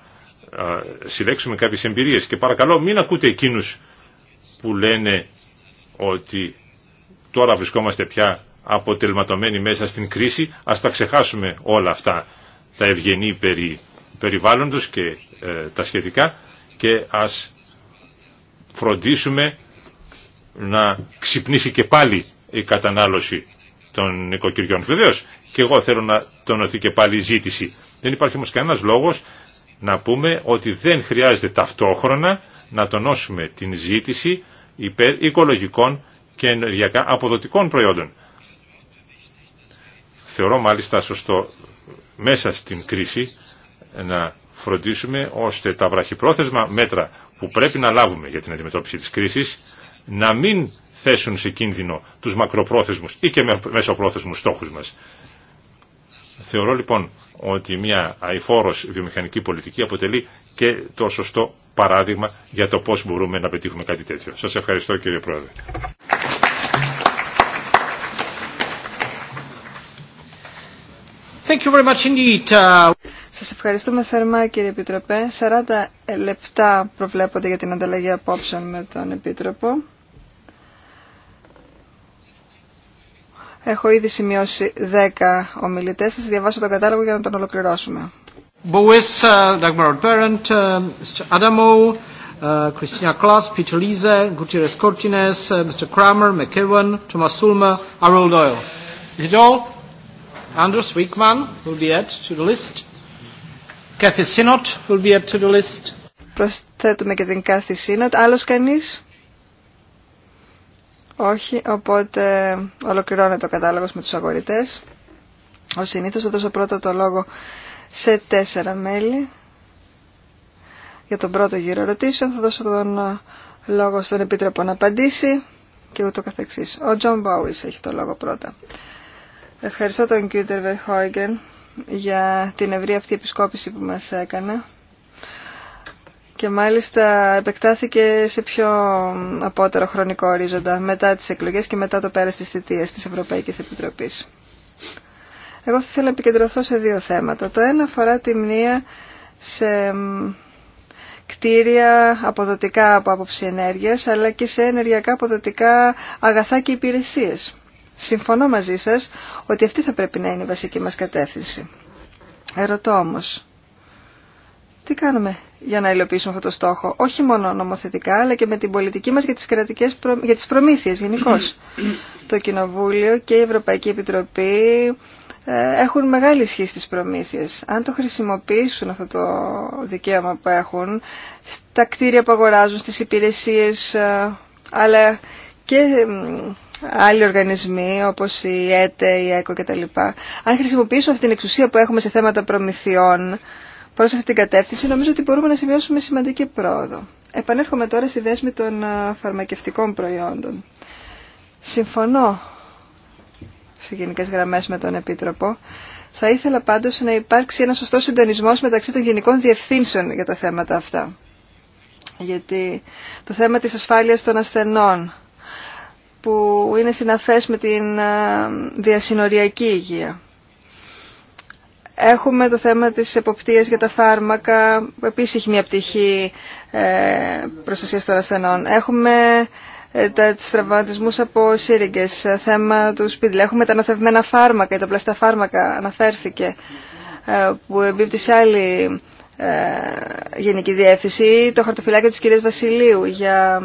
συλλέξουμε κάποιες εμπειρίες και παρακαλώ μην ακούτε εκείνους που λένε ότι τώρα βρισκόμαστε πια αποτελματωμένοι μέσα στην κρίση, ας τα ξεχάσουμε όλα αυτά τα ευγενή περί περιβάλλοντος και ε, τα σχετικά και ας φροντίσουμε να ξυπνήσει και πάλι η κατανάλωση των νοικοκυριών. Βεβαίω και εγώ θέλω να τονωθεί και πάλι η ζήτηση. Δεν υπάρχει όμως κανένας λόγος να πούμε ότι δεν χρειάζεται ταυτόχρονα να τονώσουμε την ζήτηση υπέρ οικολογικών και ενεργειακά αποδοτικών προϊόντων. Θεωρώ μάλιστα σωστό μέσα στην κρίση να φροντίσουμε ώστε τα βραχυπρόθεσμα μέτρα που πρέπει να λάβουμε για την αντιμετώπιση της κρίσης να μην θέσουν σε κίνδυνο τους μακροπρόθεσμους ή και μεσοπρόθεσμους στόχους μας. Θεωρώ λοιπόν ότι μια αηφόρος βιομηχανική πολιτική αποτελεί και το σωστό παράδειγμα για το πώς μπορούμε να πετύχουμε κάτι τέτοιο. Σας ευχαριστώ κύριε Πρόεδρε. Thank you very much indeed. Uh, Σας ευχαριστούμε θερμά κύριε Επιτροπέ. 40 λεπτά προβλέπονται για την ανταλλαγή απόψεων με τον Επίτροπο. Έχω ήδη σημειώσει 10 ομιλητές. Θα σας διαβάσω τον κατάλογο για να τον ολοκληρώσουμε. Bois, Dagmar Parent, Mr. Adamo, Christina Klaas, Peter Lise, Gutierrez Cortines, Mr. Kramer, McEwan, Thomas Sulmer, Harold Doyle. Is it all? Anders Wickman will be added to the list. Kathy Sinot will be added to the list. Προσθέτουμε και την Kathy Sinot. Άλλος κανείς? Όχι, οπότε ολοκληρώνεται ο κατάλογος με τους αγορητές. Ο συνήθως θα δώσω πρώτα το λόγο σε τέσσερα μέλη. Για τον πρώτο γύρο ερωτήσεων θα δώσω τον λόγο στον Επίτροπο να απαντήσει και ούτω καθεξής. Ο Τζον Μπάουις έχει το λόγο πρώτα. Ευχαριστώ τον κύριο Βερχόγγεν για την ευρία αυτή επισκόπηση που μας έκανε και μάλιστα επεκτάθηκε σε πιο απότερο χρονικό ορίζοντα μετά τις εκλογές και μετά το πέρας της θητείας της Ευρωπαϊκής Επιτροπής. Εγώ θα ήθελα να επικεντρωθώ σε δύο θέματα. Το ένα αφορά τη μνήα σε κτίρια αποδοτικά από άποψη ενέργειας, αλλά και σε ενεργειακά αποδοτικά αγαθά και υπηρεσίες. Συμφωνώ μαζί σας ότι αυτή θα πρέπει να είναι η βασική μας κατεύθυνση. Ερωτώ όμως, τι κάνουμε για να υλοποιήσουμε αυτό το στόχο, όχι μόνο νομοθετικά, αλλά και με την πολιτική μας για τις, κρατικές προ... για τις προμήθειες γενικώ. το Κοινοβούλιο και η Ευρωπαϊκή Επιτροπή ε, έχουν μεγάλη ισχύ στις προμήθειες. Αν το χρησιμοποιήσουν αυτό το δικαίωμα που έχουν, στα κτίρια που αγοράζουν, στις υπηρεσίες, ε, αλλά και άλλοι οργανισμοί όπως η ΕΤΕ, η ΕΚΟ κτλ. Αν χρησιμοποιήσουν αυτή την εξουσία που έχουμε σε θέματα προμηθειών, προς αυτή την κατεύθυνση, νομίζω ότι μπορούμε να σημειώσουμε σημαντική πρόοδο. Επανέρχομαι τώρα στη δέσμη των φαρμακευτικών προϊόντων. Συμφωνώ σε γενικέ γραμμέ με τον Επίτροπο. Θα ήθελα πάντω να υπάρξει ένα σωστό συντονισμό μεταξύ των γενικών διευθύνσεων για τα θέματα αυτά. Γιατί το θέμα τη ασφάλεια των ασθενών, που είναι συναφές με την διασυνοριακή υγεία. Έχουμε το θέμα της εποπτείας για τα φάρμακα, που επίσης έχει μια πτυχή ε, προστασία των ασθενών. Έχουμε ε, τα τραυματισμούς από σύριγγες, ε, θέμα του σπίτλ. Έχουμε τα νοθευμένα φάρμακα, τα πλαστά φάρμακα αναφέρθηκε, που εμπίπτει σε άλλη γενική διεύθυνση, το χαρτοφυλάκιο της κυρίας Βασιλείου για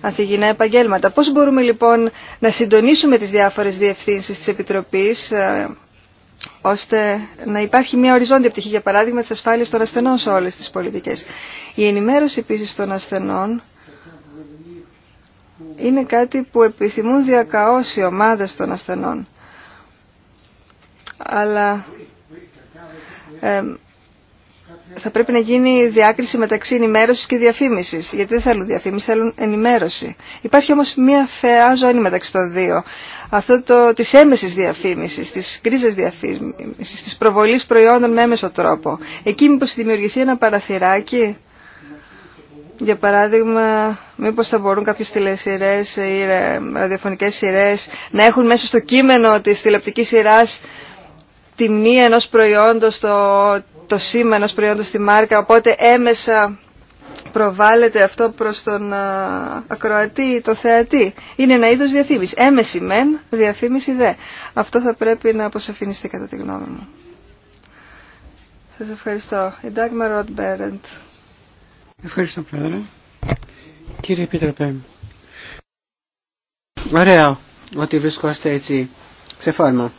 ανθιγυνά επαγγέλματα. Πώς μπορούμε λοιπόν να συντονίσουμε τις διάφορες διευθύνσεις της Επιτροπής ώστε να υπάρχει μια οριζόντια πτυχή, για παράδειγμα, της ασφάλειας των ασθενών σε όλες τις πολιτικές. Η ενημέρωση επίσης των ασθενών είναι κάτι που επιθυμούν διακαώσει οι ομάδες των ασθενών. Αλλά ε, θα πρέπει να γίνει διάκριση μεταξύ ενημέρωσης και διαφήμισης, γιατί δεν θέλουν διαφήμιση, θέλουν ενημέρωση. Υπάρχει όμως μια φαιά ζώνη μεταξύ των δύο. Αυτό το, της έμεσης διαφήμισης, της διαφήμιση, διαφήμισης, της προβολής προϊόντων με έμεσο τρόπο. Εκεί μήπως δημιουργηθεί ένα παραθυράκι, για παράδειγμα, μήπως θα μπορούν κάποιες τηλεσυρές ή ε, ραδιοφωνικές σειρές να έχουν μέσα στο κείμενο της τηλεοπτικής σειράς τη μία ενός προϊόντος, το, το σήμα ενός προϊόντος στη μάρκα, οπότε έμεσα προβάλλεται αυτό προς τον ακροατή ή θεατή. Είναι ένα είδος διαφήμιση. Έμεση μεν, διαφήμιση δε. Αυτό θα πρέπει να αποσαφινιστεί κατά τη γνώμη μου. Σας ευχαριστώ. Η Ντάγμα Ευχαριστώ πρόεδρε. Κύριε Επίτροπε, ωραίο ότι βρισκόστε έτσι σε φόρμα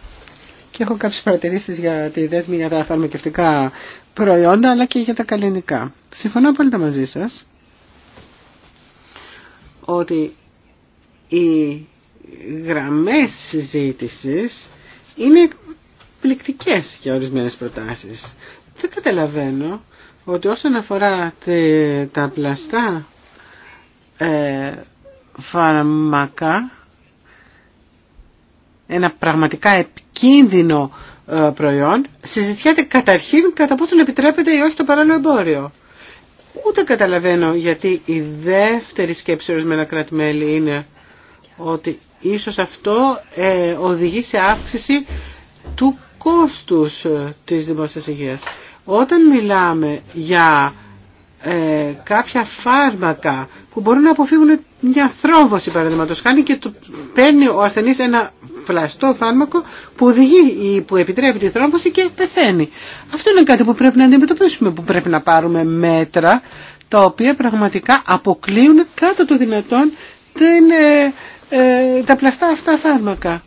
και έχω κάποιες παρατηρήσεις για τη δέσμη για τα φαρμακευτικά προϊόντα αλλά και για τα καλλινικά. Συμφωνώ τα μαζί σας ότι οι γραμμές συζήτησης είναι πληκτικές για ορισμένες προτάσεις. Δεν καταλαβαίνω ότι όσον αφορά τα πλαστά ε, φαρμακά, ένα πραγματικά κίνδυνο ε, προϊόν, συζητιέται καταρχήν κατά πόσο επιτρέπεται ή όχι το παράλληλο εμπόριο. Ούτε καταλαβαίνω γιατί η δεύτερη σκέψη ορισμένα κράτη-μέλη είναι ότι ίσως αυτό ε, οδηγεί σε αύξηση του κόστους ε, της δημόσιας υγείας. Όταν μιλάμε για ε, κάποια φάρμακα που μπορούν να αποφύγουν μια θρόμβωση παραδείγματος χάνει και το, παίρνει ο ασθενής ένα φλαστό φάρμακο που οδηγεί ή που επιτρέπει τη θρόμβωση και πεθαίνει. Αυτό είναι κάτι που πρέπει να αντιμετωπίσουμε, που πρέπει να πάρουμε μέτρα τα οποία πραγματικά αποκλείουν κάτω το δυνατόν την, ε, ε, τα πλαστά αυτά φάρμακα.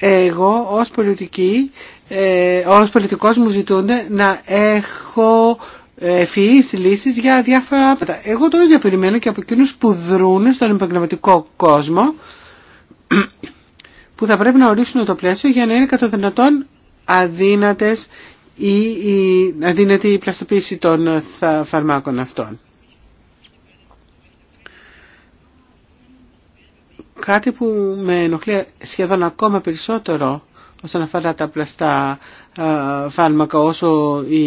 Εγώ ως πολιτική, ε, ως πολιτικός μου ζητούνται να έχω ε, ευφυείς λύσεις για διάφορα πράγματα. Εγώ το ίδιο περιμένω και από εκείνους που δρούν στον επαγγελματικό κόσμο που θα πρέπει να ορίσουν το πλαίσιο για να είναι κατά δυνατόν αδύνατες ή η αδύνατη πλαστοποίηση των ε, φαρμάκων αυτών. Κάτι που με ενοχλεί σχεδόν ακόμα περισσότερο όσον αφορά τα πλαστά ε, φάρμακα όσο η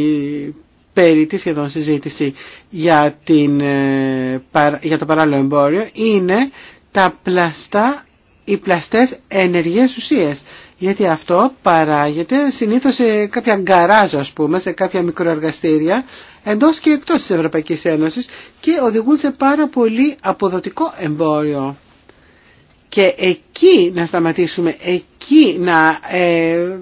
περί της σχεδόν συζήτηση για, την, ε, το παράλληλο εμπόριο είναι τα πλαστά, οι πλαστές ενεργές ουσίες. Γιατί αυτό παράγεται συνήθως σε κάποια γκαράζ, ας πούμε, σε κάποια μικροεργαστήρια, εντός και εκτός της Ευρωπαϊκής Ένωσης και οδηγούν σε πάρα πολύ αποδοτικό εμπόριο. Και εκεί να σταματήσουμε, εκεί να ε,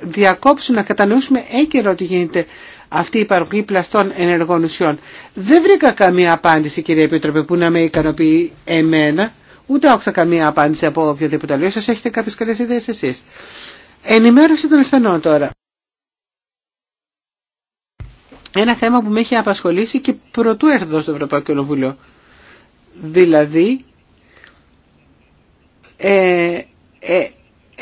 διακόψουν να κατανοήσουμε έγκαιρο ότι γίνεται αυτή η παροχή πλαστών ενεργών ουσιών. Δεν βρήκα καμία απάντηση κύριε Επίτροπε που να με ικανοποιεί εμένα, ούτε άκουσα καμία απάντηση από οποιοδήποτε άλλο. Ίσως έχετε κάποιες καλές ιδέες εσείς. Ενημέρωση των ασθενών τώρα. Ένα θέμα που με έχει απασχολήσει και πρωτού έρθω στο Ευρωπαϊκό Κοινοβούλιο. Δηλαδή, ε, ε,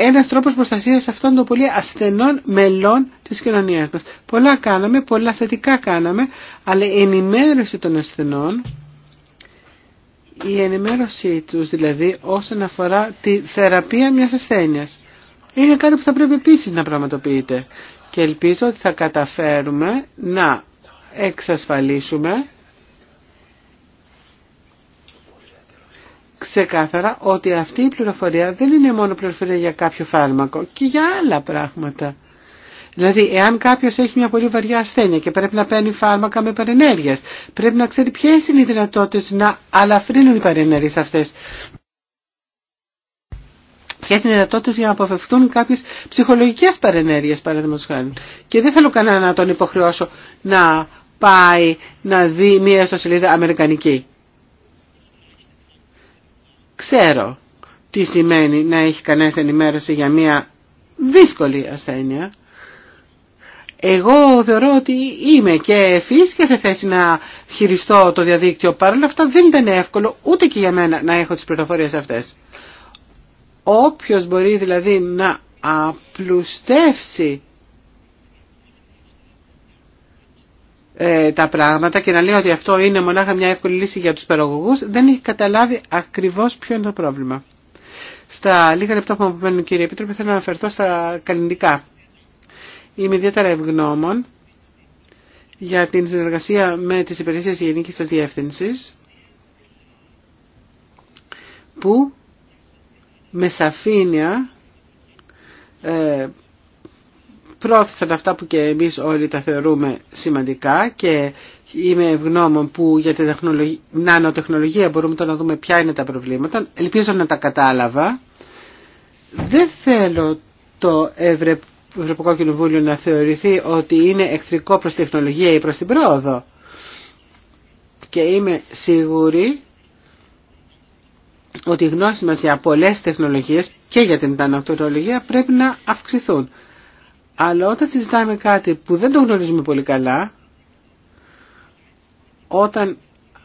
ένας τρόπος προστασίας αυτών των πολύ ασθενών μελών της κοινωνίας μας. Πολλά κάναμε, πολλά θετικά κάναμε, αλλά η ενημέρωση των ασθενών, η ενημέρωσή τους δηλαδή όσον αφορά τη θεραπεία μιας ασθένειας, είναι κάτι που θα πρέπει επίσης να πραγματοποιείται. Και ελπίζω ότι θα καταφέρουμε να εξασφαλίσουμε ξεκάθαρα ότι αυτή η πληροφορία δεν είναι μόνο πληροφορία για κάποιο φάρμακο και για άλλα πράγματα. Δηλαδή, εάν κάποιος έχει μια πολύ βαριά ασθένεια και πρέπει να παίρνει φάρμακα με παρενέργειες, πρέπει να ξέρει ποιες είναι οι δυνατότητες να αλαφρύνουν οι παρενέργειες αυτές. Ποιε είναι οι δυνατότητε για να αποφευθούν κάποιε ψυχολογικέ παρενέργειε, παραδείγματο χάρη. Και δεν θέλω κανένα να τον υποχρεώσω να πάει να δει μία ιστοσελίδα αμερικανική. Ξέρω τι σημαίνει να έχει κανένας ενημέρωση για μια δύσκολη ασθένεια. Εγώ θεωρώ ότι είμαι και εφής και σε θέση να χειριστώ το διαδίκτυο. Παρ' όλα αυτά δεν ήταν εύκολο ούτε και για μένα να έχω τις πληροφορίες αυτές. Όποιος μπορεί δηλαδή να απλουστεύσει Ε, τα πράγματα και να λέει ότι αυτό είναι μονάχα μια εύκολη λύση για τους παραγωγούς, δεν έχει καταλάβει ακριβώς ποιο είναι το πρόβλημα. Στα λίγα λεπτά που μου αποβαίνουν κύριε Επίτροπε θέλω να αναφερθώ στα καλλιντικά. Είμαι ιδιαίτερα ευγνώμων για την συνεργασία με τις υπηρεσίες γενικής σας διεύθυνσης που με σαφήνεια ε, πρόθεσαν αυτά που και εμείς όλοι τα θεωρούμε σημαντικά και είμαι ευγνώμων που για την νανοτεχνολογία μπορούμε τώρα να δούμε ποια είναι τα προβλήματα. Ελπίζω να τα κατάλαβα. Δεν θέλω το Ευρωπαϊκό Κοινοβούλιο να θεωρηθεί ότι είναι εχθρικό προς τεχνολογία ή προς την πρόοδο. Και είμαι σίγουρη ότι οι γνώσεις μας για πολλές τεχνολογίες και για την τανακτορολογία πρέπει να αυξηθούν. Αλλά όταν συζητάμε κάτι που δεν το γνωρίζουμε πολύ καλά, όταν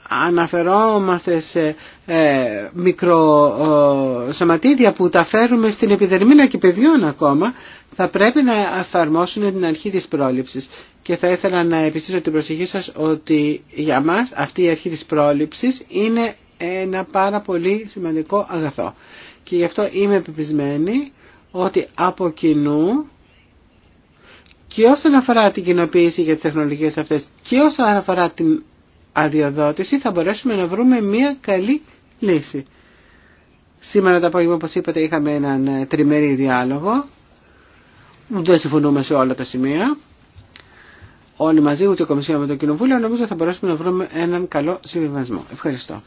αναφερόμαστε σε ε, μικροσωματίδια ε, που τα φέρουμε στην επιδερμίνα και παιδιών ακόμα, θα πρέπει να εφαρμόσουν την αρχή της πρόληψης. Και θα ήθελα να επιστήσω την προσοχή σας ότι για μας αυτή η αρχή της πρόληψης είναι ένα πάρα πολύ σημαντικό αγαθό. Και γι' αυτό είμαι επιπισμένη ότι από κοινού και όσον αφορά την κοινοποίηση για τις τεχνολογίες αυτές και όσον αφορά την αδειοδότηση θα μπορέσουμε να βρούμε μια καλή λύση. Σήμερα το απόγευμα, όπως είπατε, είχαμε έναν ε, τριμερή διάλογο. Δεν συμφωνούμε σε όλα τα σημεία. Όλοι μαζί, ούτε η Κομισιόν με το Κοινοβούλιο, νομίζω θα μπορέσουμε να βρούμε έναν καλό συμβιβασμό. Ευχαριστώ.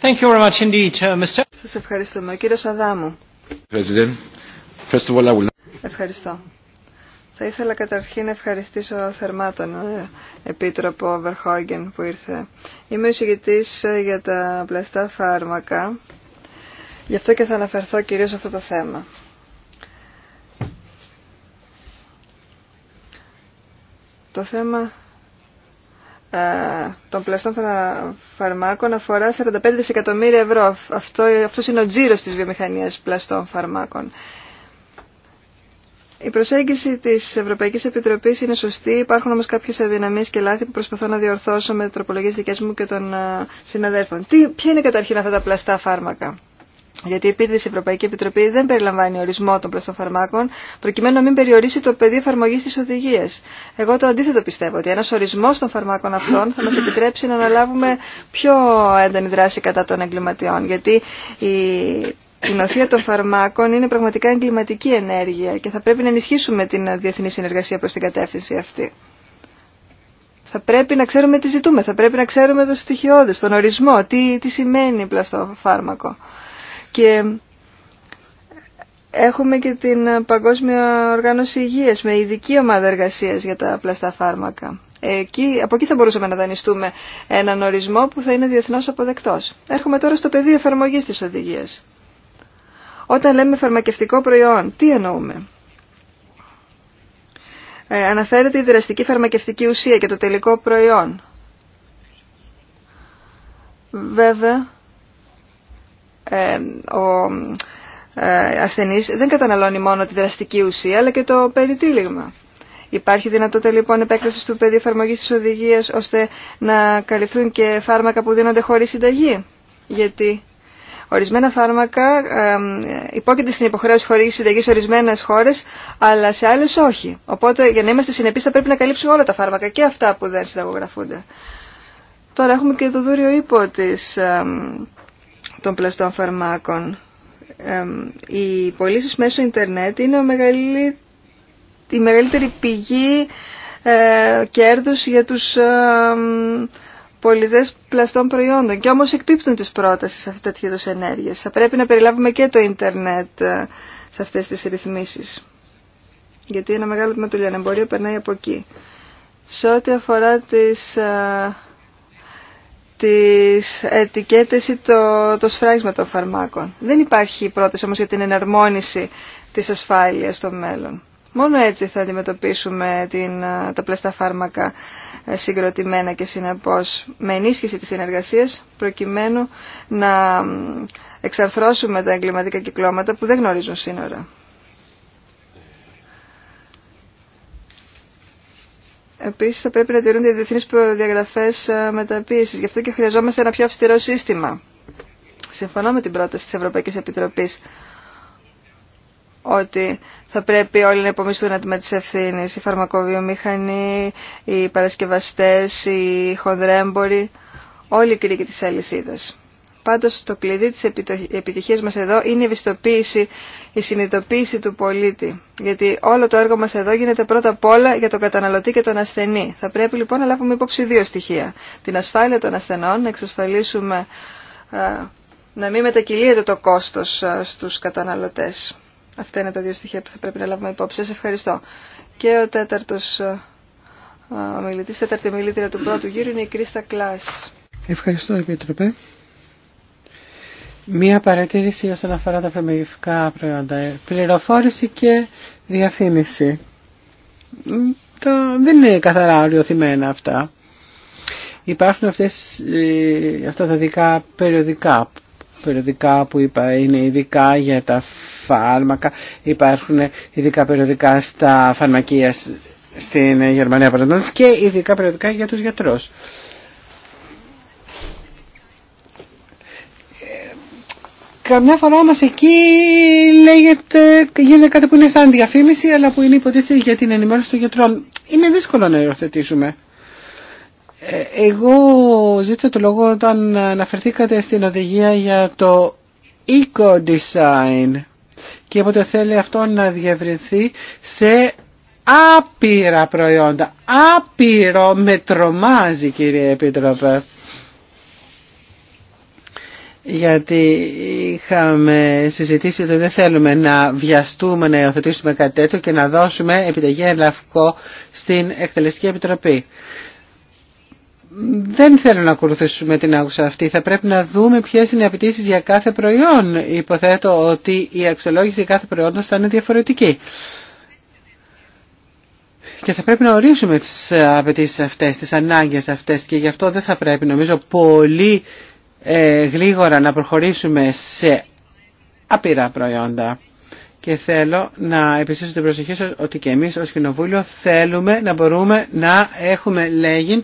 Thank you very much indeed, uh, Mr. Σας ευχαριστούμε. Κύριος Αδάμου. Ευχαριστώ. Θα ήθελα καταρχήν να ευχαριστήσω θερμά τον ε, Επίτροπο Βερχόγγεν που ήρθε. Είμαι ο ε, για τα πλαστά φάρμακα, γι' αυτό και θα αναφερθώ κυρίως σε αυτό το θέμα. Το θέμα ε, των πλαστών φαρμάκων αφορά 45 δισεκατομμύρια ευρώ. Αυτό, αυτός είναι ο τζίρος της βιομηχανίας πλαστών φαρμάκων. Η προσέγγιση τη Ευρωπαϊκή Επιτροπή είναι σωστή. Υπάρχουν όμω κάποιε αδυναμίε και λάθη που προσπαθώ να διορθώσω με τροπολογίε δικέ μου και των ε, συναδέλφων. Τι, ποια είναι καταρχήν αυτά τα πλαστά φάρμακα. Γιατί η η Ευρωπαϊκή Επιτροπή δεν περιλαμβάνει ορισμό των φαρμάκων προκειμένου να μην περιορίσει το πεδίο εφαρμογή τη οδηγία. Εγώ το αντίθετο πιστεύω, ότι ένα ορισμό των φαρμάκων αυτών θα μα επιτρέψει να αναλάβουμε πιο έντονη δράση κατά των εγκληματιών. Γιατί η η μαφία των φαρμάκων είναι πραγματικά εγκληματική ενέργεια και θα πρέπει να ενισχύσουμε την διεθνή συνεργασία προς την κατεύθυνση αυτή. Θα πρέπει να ξέρουμε τι ζητούμε, θα πρέπει να ξέρουμε το στοιχειώδες, τον ορισμό, τι, τι σημαίνει πλαστό φάρμακο. Και έχουμε και την Παγκόσμια Οργάνωση Υγείας με ειδική ομάδα εργασίας για τα πλαστά φάρμακα. Εκεί, από εκεί θα μπορούσαμε να δανειστούμε έναν ορισμό που θα είναι διεθνώς αποδεκτός. Έρχομαι τώρα στο πεδίο εφαρμογή τη οδηγία. Όταν λέμε φαρμακευτικό προϊόν, τι εννοούμε. Ε, αναφέρεται η δραστική φαρμακευτική ουσία και το τελικό προϊόν. Βέβαια, ε, ο ε, ασθενής δεν καταναλώνει μόνο τη δραστική ουσία, αλλά και το περιτύλιγμα. Υπάρχει δυνατότητα λοιπόν επέκταση του πεδίου εφαρμογή τη οδηγία ώστε να καλυφθούν και φάρμακα που δίνονται χωρί συνταγή. Γιατί Ορισμένα φάρμακα υπόκειται στην υποχρέωση χορήγηση συνταγή σε ορισμένε χώρε, αλλά σε άλλε όχι. Οπότε για να είμαστε συνεπεί θα πρέπει να καλύψουμε όλα τα φάρμακα και αυτά που δεν συνταγογραφούνται. Τώρα έχουμε και το δούριο ύπο της, των πλαστών φαρμάκων. οι πωλήσει μέσω Ιντερνετ είναι ο η μεγαλύτερη πηγή ε, κέρδους για τους πολυδές πλαστών προϊόντων και όμως εκπίπτουν τις πρότασεις σε τέτοιου είδους ενέργειες. Θα πρέπει να περιλάβουμε και το ίντερνετ ε, σε αυτές τις ρυθμίσεις. Γιατί ένα μεγάλο τμήμα του λιανεμπορίου περνάει από εκεί. Σε ό,τι αφορά τις, ε, τις ετικέτες ή το, το σφράγισμα των φαρμάκων. Δεν υπάρχει πρόταση όμως για την εναρμόνιση της ασφάλειας στο μέλλον. Μόνο έτσι θα αντιμετωπίσουμε την, τα πλαστά φάρμακα ε, συγκροτημένα και συνεπώς με ενίσχυση της συνεργασίας προκειμένου να εξαρθρώσουμε τα εγκληματικά κυκλώματα που δεν γνωρίζουν σύνορα. Επίσης θα πρέπει να τηρούνται οι διεθνείς προδιαγραφές μεταποίησης. Γι' αυτό και χρειαζόμαστε ένα πιο αυστηρό σύστημα. Συμφωνώ με την πρόταση της Ευρωπαϊκής Επιτροπής ότι θα πρέπει όλοι να υπομισθούν με τις ευθύνες, οι φαρμακοβιομηχανοί, οι παρασκευαστές, οι χονδρέμποροι, όλοι οι κρίκοι της αλυσίδας. Πάντως το κλειδί της επιτυχίας μας εδώ είναι η ευιστοποίηση, η συνειδητοποίηση του πολίτη. Γιατί όλο το έργο μας εδώ γίνεται πρώτα απ' όλα για τον καταναλωτή και τον ασθενή. Θα πρέπει λοιπόν να λάβουμε υπόψη δύο στοιχεία. Την ασφάλεια των ασθενών, να εξασφαλίσουμε να μην μετακυλίεται το κόστος στους καταναλωτές. Αυτά είναι τα δύο στοιχεία που θα πρέπει να λάβουμε υπόψη. Σας ευχαριστώ. Και ο τέταρτος ε, ομιλητής, τέταρτη ομιλήτρια του πρώτου γύρου είναι η Κρίστα Κλάς. Ευχαριστώ, Επίτροπε. Μία παρατήρηση όσον αφορά τα φαρμακευτικά προϊόντα. Πληροφόρηση και διαφήμιση. Το, δεν είναι καθαρά οριοθυμένα αυτά. Υπάρχουν αυτές, ε, αυτά τα δικά περιοδικά περιοδικά που είπα είναι ειδικά για τα φάρμακα. Υπάρχουν ειδικά περιοδικά στα φαρμακεία στην Γερμανία παραδείγματος και ειδικά περιοδικά για τους γιατρούς. Καμιά φορά όμως εκεί λέγεται, γίνεται κάτι που είναι σαν διαφήμιση αλλά που είναι υποτίθεται για την ενημέρωση των γιατρών. Είναι δύσκολο να υιοθετήσουμε. Ε, εγώ ζήτησα το λόγο όταν αναφερθήκατε στην οδηγία για το eco-design και όποτε θέλει αυτό να διευρυνθεί σε άπειρα προϊόντα. Άπειρο με τρομάζει κύριε Επίτροπε. Γιατί είχαμε συζητήσει ότι δεν θέλουμε να βιαστούμε να υιοθετήσουμε κάτι τέτοιο και να δώσουμε επιταγή ελαφκό στην Εκτελεστική Επιτροπή δεν θέλω να ακολουθήσουμε την άκουσα αυτή. Θα πρέπει να δούμε ποιε είναι οι απαιτήσει για κάθε προϊόν. Υποθέτω ότι η αξιολόγηση κάθε προϊόντος θα είναι διαφορετική. Και θα πρέπει να ορίσουμε τι απαιτήσει αυτέ, τι ανάγκε αυτέ και γι' αυτό δεν θα πρέπει νομίζω πολύ ε, γλίγορα να προχωρήσουμε σε απειρά προϊόντα. Και θέλω να επιστήσω την προσοχή σας ότι και εμείς ως Κοινοβούλιο θέλουμε να μπορούμε να έχουμε λέγει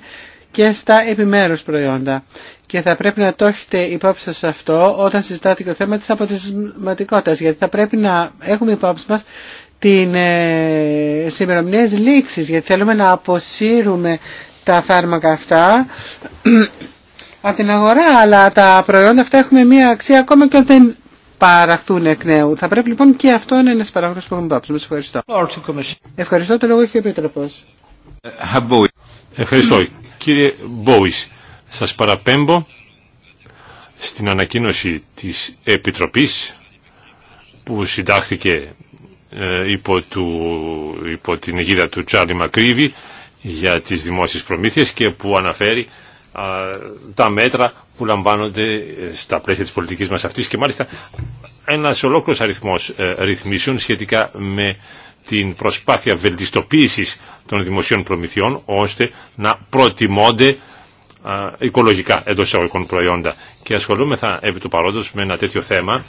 και στα επιμέρους προϊόντα. Και θα πρέπει να το έχετε υπόψη σας αυτό όταν συζητάτε και το θέμα της αποτελεσματικότητας, γιατί θα πρέπει να έχουμε υπόψη μας την ε, λήξης γιατί θέλουμε να αποσύρουμε τα φάρμακα αυτά από την αγορά, αλλά τα προϊόντα αυτά έχουν μία αξία ακόμα και δεν παραχθούν εκ νέου. Θα πρέπει λοιπόν και αυτό να είναι παράγοντα που έχουμε υπόψη. Μας ευχαριστώ. Ευχαριστώ, το λόγο έχει ο Επίτροπος. Ε, ευχαριστώ. Κύριε Μπόις, σας παραπέμπω στην ανακοίνωση της Επιτροπής που συντάχθηκε ε, υπό, του, υπό την αιγίδα του Τσάρλι Μακρύβη για τις δημόσιες προμήθειες και που αναφέρει τα μέτρα που λαμβάνονται ε, στα πλαίσια της πολιτικής μας αυτής και μάλιστα ένας ολόκληρος αριθμός ε, ρυθμίσεων σχετικά με την προσπάθεια βελτιστοποίησης των δημοσίων προμηθειών ώστε να προτιμώνται οικολογικά εντό εισαγωγικών προϊόντα. Και ασχολούμεθα επί του παρόντος με ένα τέτοιο θέμα,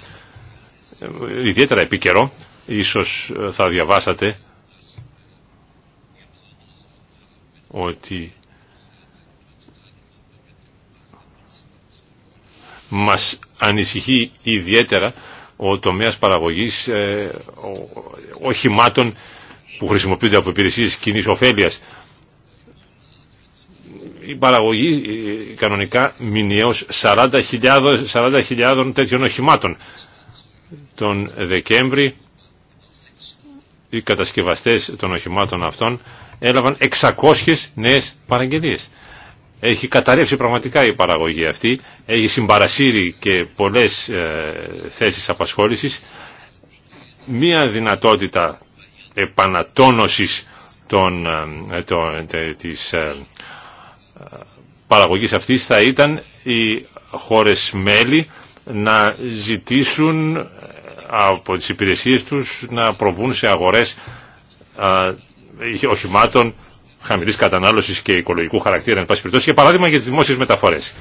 ε, ιδιαίτερα επίκαιρο, ίσως ε, θα διαβάσατε ότι μας ανησυχεί ιδιαίτερα ο τομέας παραγωγής ε, οχημάτων που χρησιμοποιούνται από υπηρεσίε κοινή ωφέλεια. Η παραγωγή ε, κανονικά μηνιαίως 40.000 40 τέτοιων οχημάτων. Τον Δεκέμβρη οι κατασκευαστές των οχημάτων αυτών έλαβαν 600 νέες παραγγελίες. Έχει καταρρεύσει πραγματικά η παραγωγή αυτή, έχει συμπαρασύρει και πολλές ε, θέσεις απασχόλησης. Μία δυνατότητα επανατόνωσης των, παραγωγή ε, της ε, παραγωγής αυτής θα ήταν οι χώρες μέλη να ζητήσουν από τις υπηρεσίες τους να προβούν σε αγορές οχημάτων χαμηλής κατανάλωσης και οικολογικού χαρακτήρα, εν πάση περιπτώσει, για παράδειγμα για τι δημόσιε μεταφορές.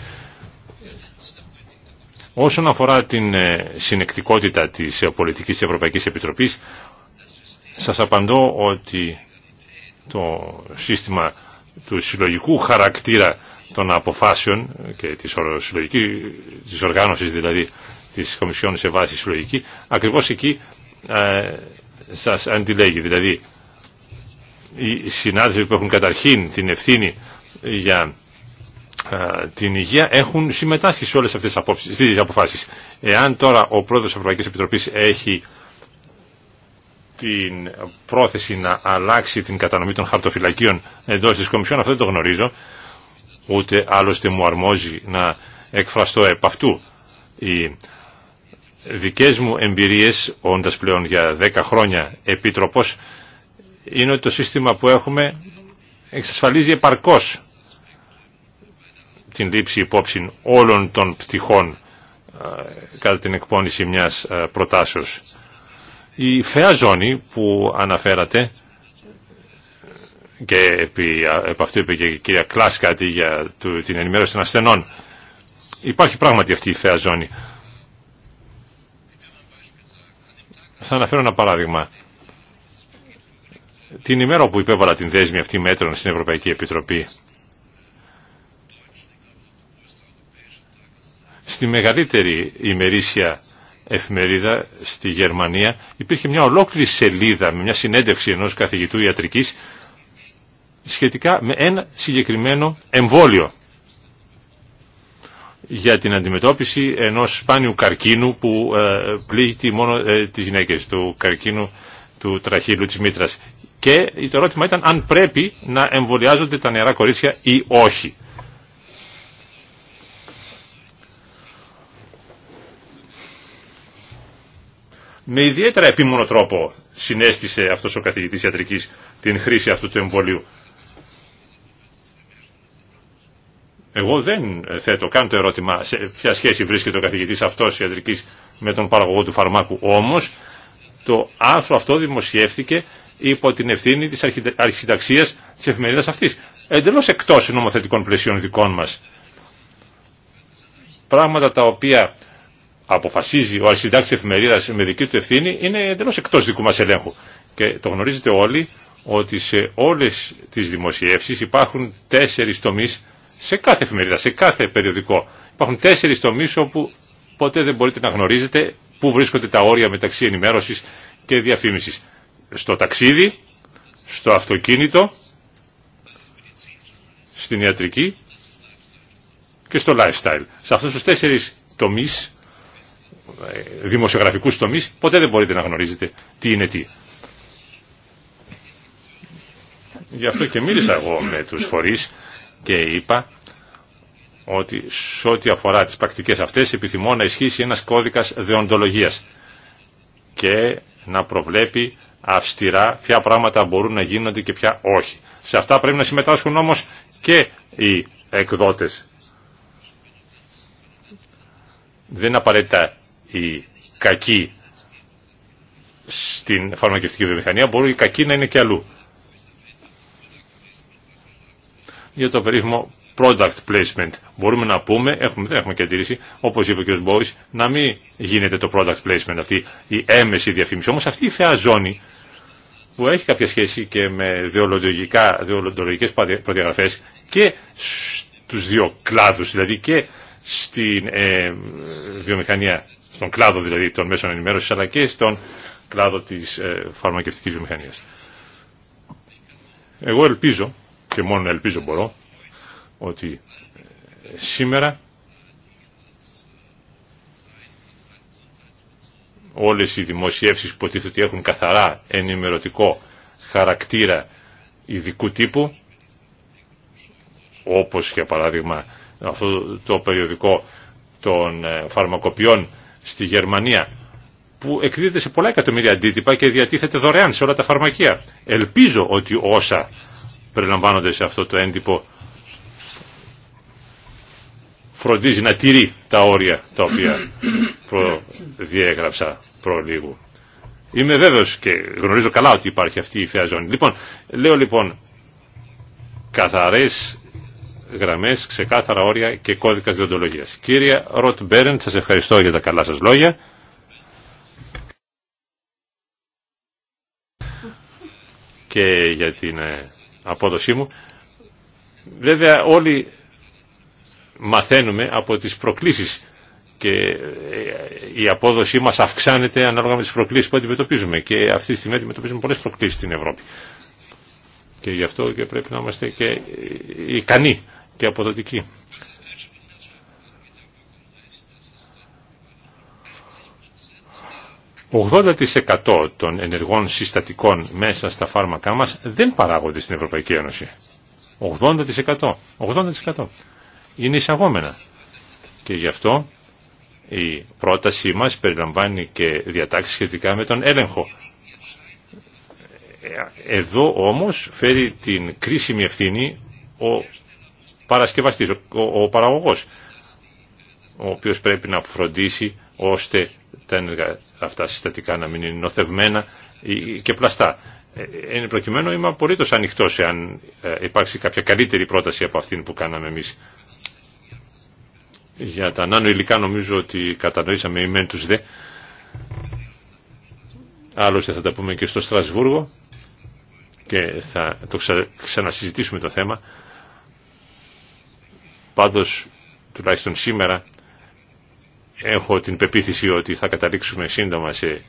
Όσον αφορά την ε, συνεκτικότητα της πολιτική της Ευρωπαϊκής Επιτροπής, σας απαντώ ότι το σύστημα του συλλογικού χαρακτήρα των αποφάσεων και της, της οργάνωσης δηλαδή της Κομισιόν σε βάση συλλογική, ακριβώς εκεί ε, σας αντιλέγει. Δηλαδή οι συνάδελφοι που έχουν καταρχήν την ευθύνη για ε, την υγεία έχουν συμμετάσχει σε όλες αυτές τις, απόψεις, τις αποφάσεις. Εάν τώρα ο πρόεδρος της Ευρωπαϊκής Επιτροπής έχει την πρόθεση να αλλάξει την κατανομή των χαρτοφυλακίων εντός της Κομισιόν, αυτό δεν το γνωρίζω, ούτε άλλωστε μου αρμόζει να εκφραστώ επ' αυτού. Οι δικές μου εμπειρίες, όντας πλέον για 10 χρόνια επίτροπος, είναι ότι το σύστημα που έχουμε εξασφαλίζει επαρκώς την λήψη υπόψη όλων των πτυχών ε, κατά την εκπόνηση μιας ε, προτάσεως. Η φαιά ζώνη που αναφέρατε και επί, επ' αυτού είπε και η κυρία Κλάς κάτι για την ενημέρωση των ασθενών. Υπάρχει πράγματι αυτή η φαιά ζώνη. Θα αναφέρω ένα παράδειγμα την ημέρα που υπέβαλα την δέσμη αυτή μέτρων στην Ευρωπαϊκή Επιτροπή στη μεγαλύτερη ημερήσια εφημερίδα στη Γερμανία υπήρχε μια ολόκληρη σελίδα με μια συνέντευξη ενός καθηγητού ιατρικής σχετικά με ένα συγκεκριμένο εμβόλιο για την αντιμετώπιση ενός σπάνιου καρκίνου που ε, πλήγει μόνο ε, τις γυναίκες του καρκίνου του τραχύλου της μήτρας και το ερώτημα ήταν αν πρέπει να εμβολιάζονται τα νεαρά κορίτσια ή όχι. Με ιδιαίτερα επίμονο τρόπο συνέστησε αυτός ο καθηγητής ιατρικής την χρήση αυτού του εμβολίου. Εγώ δεν θέτω καν το ερώτημα σε ποια σχέση βρίσκεται ο καθηγητής αυτός ιατρικής με τον παραγωγό του φαρμάκου. Όμως το άρθρο αυτό δημοσιεύτηκε υπό την ευθύνη της αρχισυνταξίας της εφημερίδας αυτής. Εντελώς εκτός νομοθετικών πλαισίων δικών μας. Πράγματα τα οποία αποφασίζει ο αρχισυντάξης της εφημερίδας με δική του ευθύνη είναι εντελώς εκτός δικού μας ελέγχου. Και το γνωρίζετε όλοι ότι σε όλες τις δημοσιεύσεις υπάρχουν τέσσερις τομείς σε κάθε εφημερίδα, σε κάθε περιοδικό. Υπάρχουν τέσσερις τομείς όπου ποτέ δεν μπορείτε να γνωρίζετε πού βρίσκονται τα όρια μεταξύ ενημέρωσης και διαφήμισης στο ταξίδι, στο αυτοκίνητο, στην ιατρική και στο lifestyle. Σε αυτούς τους τέσσερις τομείς, ε, δημοσιογραφικούς τομείς, ποτέ δεν μπορείτε να γνωρίζετε τι είναι τι. Γι' αυτό και μίλησα εγώ με τους φορείς και είπα ότι σε ό,τι αφορά τις πρακτικές αυτές επιθυμώ να ισχύσει ένας κώδικας δεοντολογίας και να προβλέπει αυστηρά ποια πράγματα μπορούν να γίνονται και ποια όχι. Σε αυτά πρέπει να συμμετάσχουν όμως και οι εκδότες. Δεν είναι απαραίτητα οι κακοί στην φαρμακευτική βιομηχανία, Μπορεί η κακοί να είναι και αλλού. Για το περίφημο product placement. Μπορούμε να πούμε, έχουμε, δεν έχουμε και αντίρρηση, όπω είπε ο κ. Μπόη, να μην γίνεται το product placement αυτή η έμεση διαφήμιση. Όμω αυτή η θεαζόνη, που έχει κάποια σχέση και με δεοντολογικές προδιαγραφές και στους δύο κλάδους, δηλαδή και στην ε, βιομηχανία, στον κλάδο δηλαδή των μέσων ενημέρωσης, αλλά και στον κλάδο της ε, φαρμακευτικής βιομηχανίας. Εγώ ελπίζω, και μόνο ελπίζω μπορώ, ότι ε, σήμερα όλες οι δημοσιεύσεις που υποτίθεται ότι έχουν καθαρά ενημερωτικό χαρακτήρα ειδικού τύπου, όπως για παράδειγμα αυτό το περιοδικό των ε, φαρμακοποιών στη Γερμανία, που εκδίδεται σε πολλά εκατομμύρια αντίτυπα και διατίθεται δωρεάν σε όλα τα φαρμακεία. Ελπίζω ότι όσα περιλαμβάνονται σε αυτό το έντυπο φροντίζει να τηρεί τα όρια τα οποία διέγραψα προλίγου. Είμαι βέβαιος και γνωρίζω καλά ότι υπάρχει αυτή η θεία Λοιπόν, λέω λοιπόν καθαρές γραμμές, ξεκάθαρα όρια και κώδικας διοντολογίας. Κύριε Ροτ Μπέρεντ, σας ευχαριστώ για τα καλά σας λόγια. και για την ε, απόδοσή μου. Βέβαια όλοι μαθαίνουμε από τις προκλήσεις και ε, ε, η απόδοσή μας αυξάνεται ανάλογα με τις προκλήσεις που αντιμετωπίζουμε και αυτή τη στιγμή αντιμετωπίζουμε πολλές προκλήσεις στην Ευρώπη. Και γι' αυτό και πρέπει να είμαστε και ε, ικανοί και αποδοτικοί. 80% των ενεργών συστατικών μέσα στα φάρμακά μας δεν παράγονται στην Ευρωπαϊκή Ένωση. 80%. 80% είναι εισαγόμενα. Και γι' αυτό η πρότασή μας περιλαμβάνει και διατάξεις σχετικά με τον έλεγχο. Ε, εδώ όμως φέρει την κρίσιμη ευθύνη ο παρασκευαστής, ο, ο παραγωγός, ο οποίος πρέπει να φροντίσει ώστε τα ενεργα... αυτά συστατικά να μην είναι νοθευμένα και πλαστά. Ε, εν προκειμένου είμαι απολύτως ανοιχτός εάν ε, υπάρξει κάποια καλύτερη πρόταση από αυτήν που κάναμε εμείς. Για τα νάνο υλικά νομίζω ότι κατανοήσαμε η μεν τους δε. Άλλωστε θα τα πούμε και στο Στρασβούργο και θα το ξα... ξανασυζητήσουμε το θέμα. Πάντως, τουλάχιστον σήμερα, έχω την πεποίθηση ότι θα καταλήξουμε σύντομα σε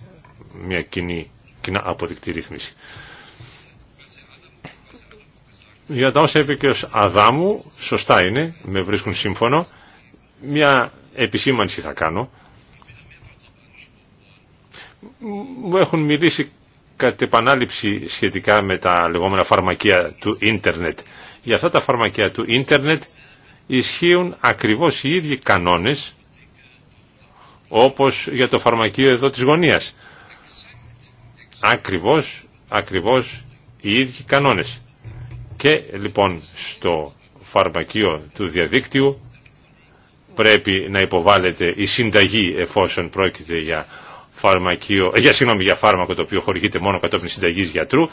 μια κοινή, κοινά αποδεικτή ρύθμιση. Για τα όσα είπε και ο Αδάμου, σωστά είναι, με βρίσκουν σύμφωνο. Μια επισήμανση θα κάνω. Μου έχουν μιλήσει κατ' επανάληψη σχετικά με τα λεγόμενα φαρμακεία του ίντερνετ. Για αυτά τα φαρμακεία του ίντερνετ ισχύουν ακριβώς οι ίδιοι κανόνες όπως για το φαρμακείο εδώ της γωνίας. Ακριβώς, ακριβώς οι ίδιοι κανόνες. Και λοιπόν στο φαρμακείο του διαδίκτυου πρέπει να υποβάλλεται η συνταγή εφόσον πρόκειται για, φαρμακείο, ε, για, συγγνώμη, για φάρμακο το οποίο χορηγείται μόνο κατόπιν συνταγής γιατρού,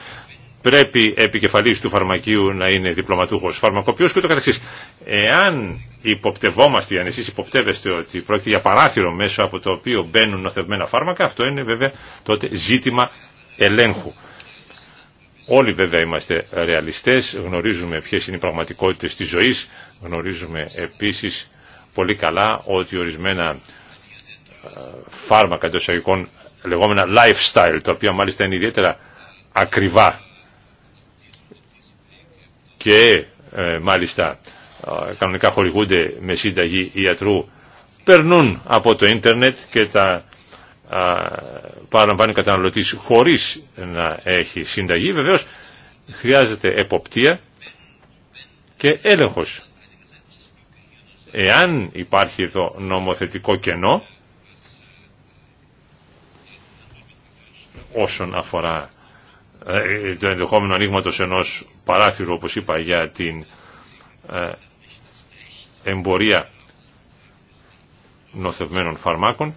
πρέπει επικεφαλής του φαρμακείου να είναι διπλωματούχος φαρμακοποιός και το καθεξής. Εάν υποπτευόμαστε, αν εσείς υποπτεύεστε ότι πρόκειται για παράθυρο μέσω από το οποίο μπαίνουν νοθευμένα φάρμακα, αυτό είναι βέβαια τότε ζήτημα ελέγχου. Όλοι βέβαια είμαστε ρεαλιστές, γνωρίζουμε ποιες είναι οι πραγματικότητες τη ζωής, γνωρίζουμε επίσης πολύ καλά ότι ορισμένα ε, φάρμακα εντός εισαγωγικών λεγόμενα lifestyle, τα οποία μάλιστα είναι ιδιαίτερα ακριβά και ε, μάλιστα ε, κανονικά χορηγούνται με σύνταγη ιατρού, περνούν από το ίντερνετ και τα παραλαμβάνει καταναλωτής χωρίς να έχει συνταγή. Βεβαίως χρειάζεται εποπτεία και έλεγχος Εάν υπάρχει εδώ νομοθετικό κενό, όσον αφορά ε, το ενδεχόμενο ανοίγματο ενός παράθυρου, όπως είπα, για την ε, εμπορία νοθευμένων φαρμάκων,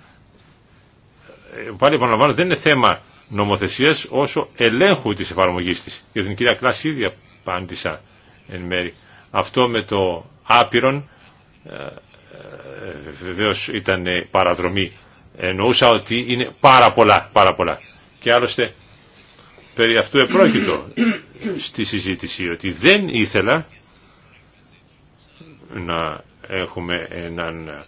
ε, πάλι επαναλαμβάνω δεν είναι θέμα νομοθεσίας όσο ελέγχου της εφαρμογής της. Για την κυρία Κλάση ήδη απάντησα εν μέρη. Αυτό με το άπειρον Βεβαίω ήταν παραδρομή. Εννοούσα ότι είναι πάρα πολλά, πάρα πολλά. Και άλλωστε περί αυτού επρόκειτο στη συζήτηση ότι δεν ήθελα να έχουμε έναν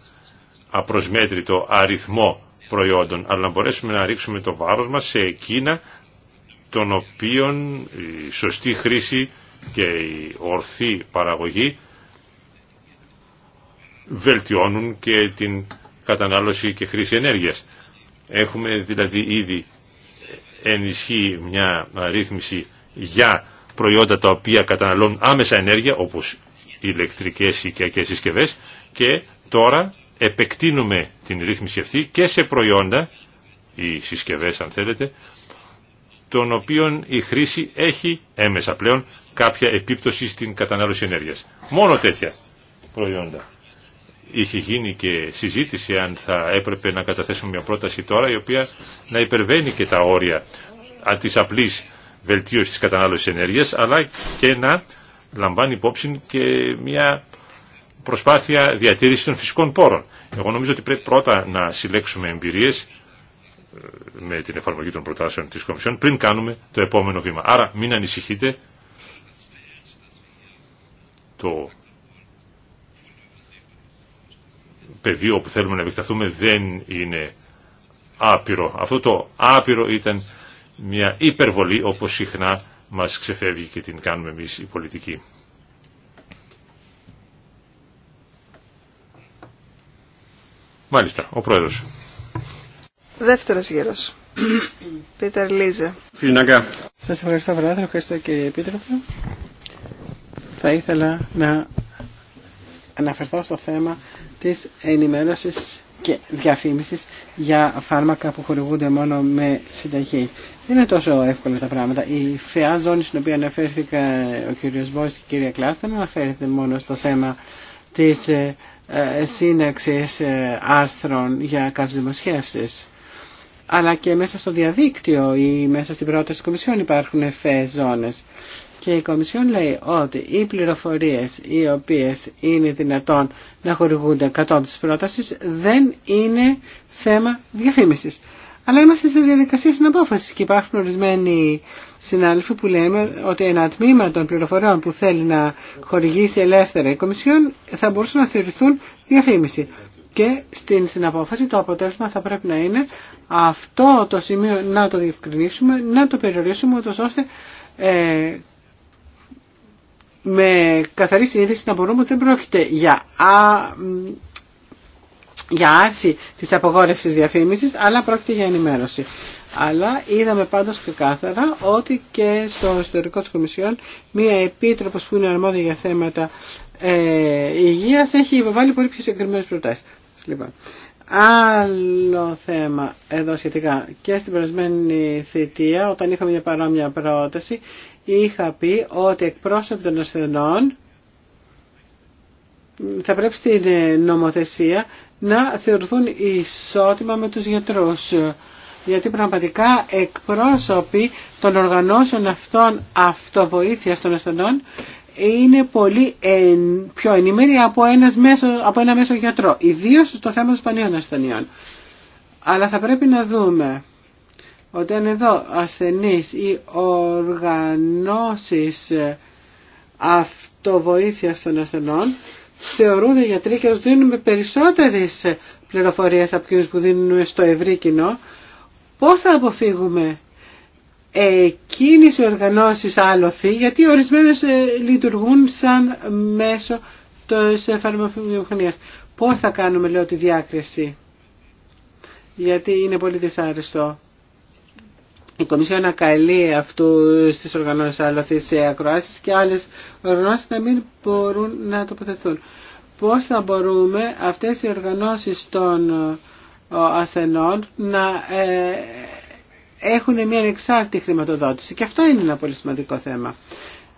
απροσμέτρητο αριθμό προϊόντων, αλλά να μπορέσουμε να ρίξουμε το βάρος μας σε εκείνα των οποίων η σωστή χρήση και η ορθή παραγωγή βελτιώνουν και την κατανάλωση και χρήση ενέργειας. Έχουμε δηλαδή ήδη ενισχύει μια ρύθμιση για προϊόντα τα οποία καταναλώνουν άμεσα ενέργεια όπως ηλεκτρικές και οικιακές συσκευές και τώρα επεκτείνουμε την ρύθμιση αυτή και σε προϊόντα ή συσκευές αν θέλετε των οποίων οι χρήση έχει έμεσα πλέον κάποια επίπτωση στην κατανάλωση ενέργειας. Μόνο τέτοια προϊόντα είχε γίνει και συζήτηση αν θα έπρεπε να καταθέσουμε μια πρόταση τώρα η οποία να υπερβαίνει και τα όρια της απλής βελτίωσης της κατανάλωσης ενέργειας αλλά και να λαμβάνει υπόψη και μια προσπάθεια διατήρησης των φυσικών πόρων. Εγώ νομίζω ότι πρέπει πρώτα να συλλέξουμε εμπειρίες ε, με την εφαρμογή των προτάσεων της Κομισιόν πριν κάνουμε το επόμενο βήμα. Άρα μην ανησυχείτε το πεδίο που θέλουμε να επεκταθούμε δεν είναι άπειρο. Αυτό το άπειρο ήταν μια υπερβολή όπως συχνά μας ξεφεύγει και την κάνουμε εμείς η πολιτική. Μάλιστα, ο Πρόεδρος. Δεύτερος γύρος. Πίτερ Λίζε. Σας ευχαριστώ πολύ. ευχαριστώ και Επίτροπε. Θα ήθελα να αναφερθώ στο θέμα της ενημέρωσης και διαφήμισης για φάρμακα που χορηγούνται μόνο με συνταγή. Δεν είναι τόσο εύκολα τα πράγματα. Η φαιά ζώνη στην οποία αναφέρθηκα ο κ. Μπόης και η κυρία Κλάς δεν αναφέρεται μόνο στο θέμα της ε, ε σύναξης ε, άρθρων για καυσδημοσχεύσεις. Αλλά και μέσα στο διαδίκτυο ή μέσα στην πρόταση της Κομισιόν υπάρχουν φαίες ζώνες. Και η Κομισιόν λέει ότι οι πληροφορίες οι οποίες είναι δυνατόν να χορηγούνται κατόπιν της πρότασης δεν είναι θέμα διαφήμισης. Αλλά είμαστε σε διαδικασία συναπόφασης και υπάρχουν ορισμένοι συνάδελφοι που λέμε ότι ένα τμήμα των πληροφοριών που θέλει να χορηγήσει ελεύθερα η Κομισιόν θα μπορούσαν να θεωρηθούν διαφήμιση. Και στην συναπόφαση το αποτέλεσμα θα πρέπει να είναι αυτό το σημείο να το διευκρινίσουμε, να το περιορίσουμε ώστε ε, με καθαρή συνείδηση να μπορούμε ότι δεν πρόκειται για, α, για άρση της απογόρευσης διαφήμισης, αλλά πρόκειται για ενημέρωση. Αλλά είδαμε πάντως κάθαρα ότι και στο ιστορικό της Κομισιόν μία επίτροπος που είναι αρμόδια για θέματα ε, υγείας έχει υποβάλει πολύ πιο συγκεκριμένε προτάσεις. Λοιπόν, άλλο θέμα εδώ σχετικά και στην περασμένη θητεία όταν είχαμε μια παρόμοια πρόταση είχα πει ότι εκπρόσωποι των ασθενών θα πρέπει στην ε, νομοθεσία να θεωρηθούν ισότιμα με τους γιατρούς. Γιατί πραγματικά εκπρόσωποι των οργανώσεων αυτών αυτοβοήθειας των ασθενών είναι πολύ πιο ενημέροι από, ένας μέσο, από ένα μέσο γιατρό, ιδίως στο θέμα των σπανίων ασθενειών. Αλλά θα πρέπει να δούμε όταν εδώ ασθενείς ή οργανώσεις αυτοβοήθειας των ασθενών θεωρούνται γιατροί και δίνουμε περισσότερες πληροφορίες από εκείνους που δίνουμε στο ευρύ κοινό. Πώς θα αποφύγουμε εκείνες οι οργανώσεις άλοθη γιατί ορισμένες ε, λειτουργούν σαν μέσο της φαρμακοβιομηχανίας. Πώς θα κάνουμε λέω τη διάκριση γιατί είναι πολύ δυσάρεστο η Κομισιόν να καλεί αυτού τις οργανώσεις αλλά σε ακροάσεις και άλλες οργανώσεις να μην μπορούν να τοποθεθούν. Πώς θα μπορούμε αυτές οι οργανώσεις των ε, ασθενών να ε, έχουν μια εξάρτητη χρηματοδότηση και αυτό είναι ένα πολύ σημαντικό θέμα.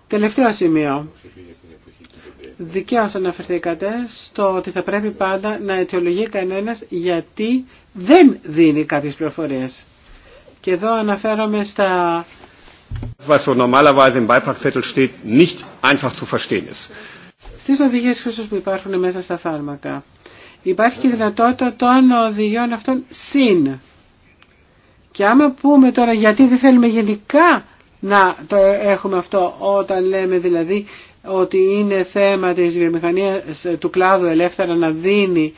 Τελευταίο σημείο. Δικαίως αναφερθήκατε στο ότι θα πρέπει πάντα να αιτιολογεί κανένας γιατί δεν δίνει κάποιες πληροφορίες. Και εδώ αναφέρομαι στα was so normalerweise im Beipackzettel steht, nicht einfach zu verstehen Στις οδηγίες χρήσεως που υπάρχουν μέσα στα φάρμακα υπάρχει και η δυνατότητα των οδηγιών αυτών συν. Και άμα πούμε τώρα γιατί δεν θέλουμε γενικά να το έχουμε αυτό όταν λέμε δηλαδή ότι είναι θέμα της βιομηχανίας ε, του κλάδου ελεύθερα να δίνει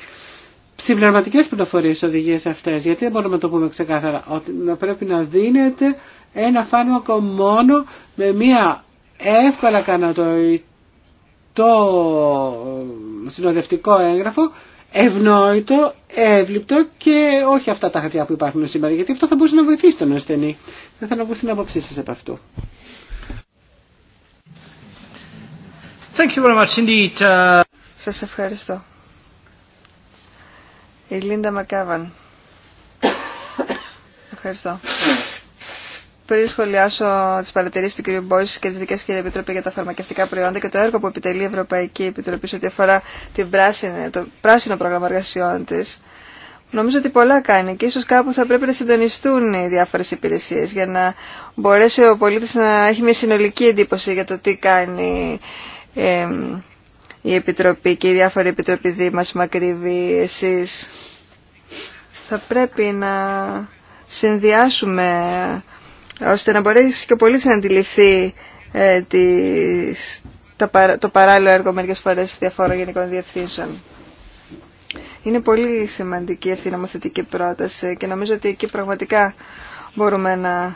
συμπληρωματικές πληροφορίες οδηγίες αυτές, γιατί δεν μπορούμε να το πούμε ξεκάθαρα, ότι να πρέπει να δίνεται ένα φάρμακο μόνο με μία εύκολα κανατοητό συνοδευτικό έγγραφο, ευνόητο, εύληπτο και όχι αυτά τα χαρτιά που υπάρχουν σήμερα, γιατί αυτό θα μπορούσε να βοηθήσει τον ασθενή. Θα θέλω να πω την άποψή σας από αυτού. Thank you very much indeed. Uh, σας ευχαριστώ. Η Λίντα Μακάβαν. Ευχαριστώ. Πριν σχολιάσω τι παρατηρήσει του κ. Μπόση και τι δικέ κ. Επιτροπή για τα φαρμακευτικά προϊόντα και το έργο που επιτελεί η Ευρωπαϊκή Επιτροπή σε ό,τι αφορά την πράσινη, το πράσινο πρόγραμμα εργασιών τη, νομίζω ότι πολλά κάνει και ίσω κάπου θα πρέπει να συντονιστούν οι διάφορε υπηρεσίε για να μπορέσει ο πολίτη να έχει μια συνολική εντύπωση για το τι κάνει η Επιτροπή και οι διάφοροι Επιτροπηδοί μας μακρύβοι εσείς. Θα πρέπει να συνδυάσουμε ώστε να μπορέσει και ο να αντιληφθεί ε, το παράλληλο έργο μερικές φορές διαφορά γενικών διευθύνσεων. Είναι πολύ σημαντική αυτή η νομοθετική πρόταση και νομίζω ότι εκεί πραγματικά μπορούμε να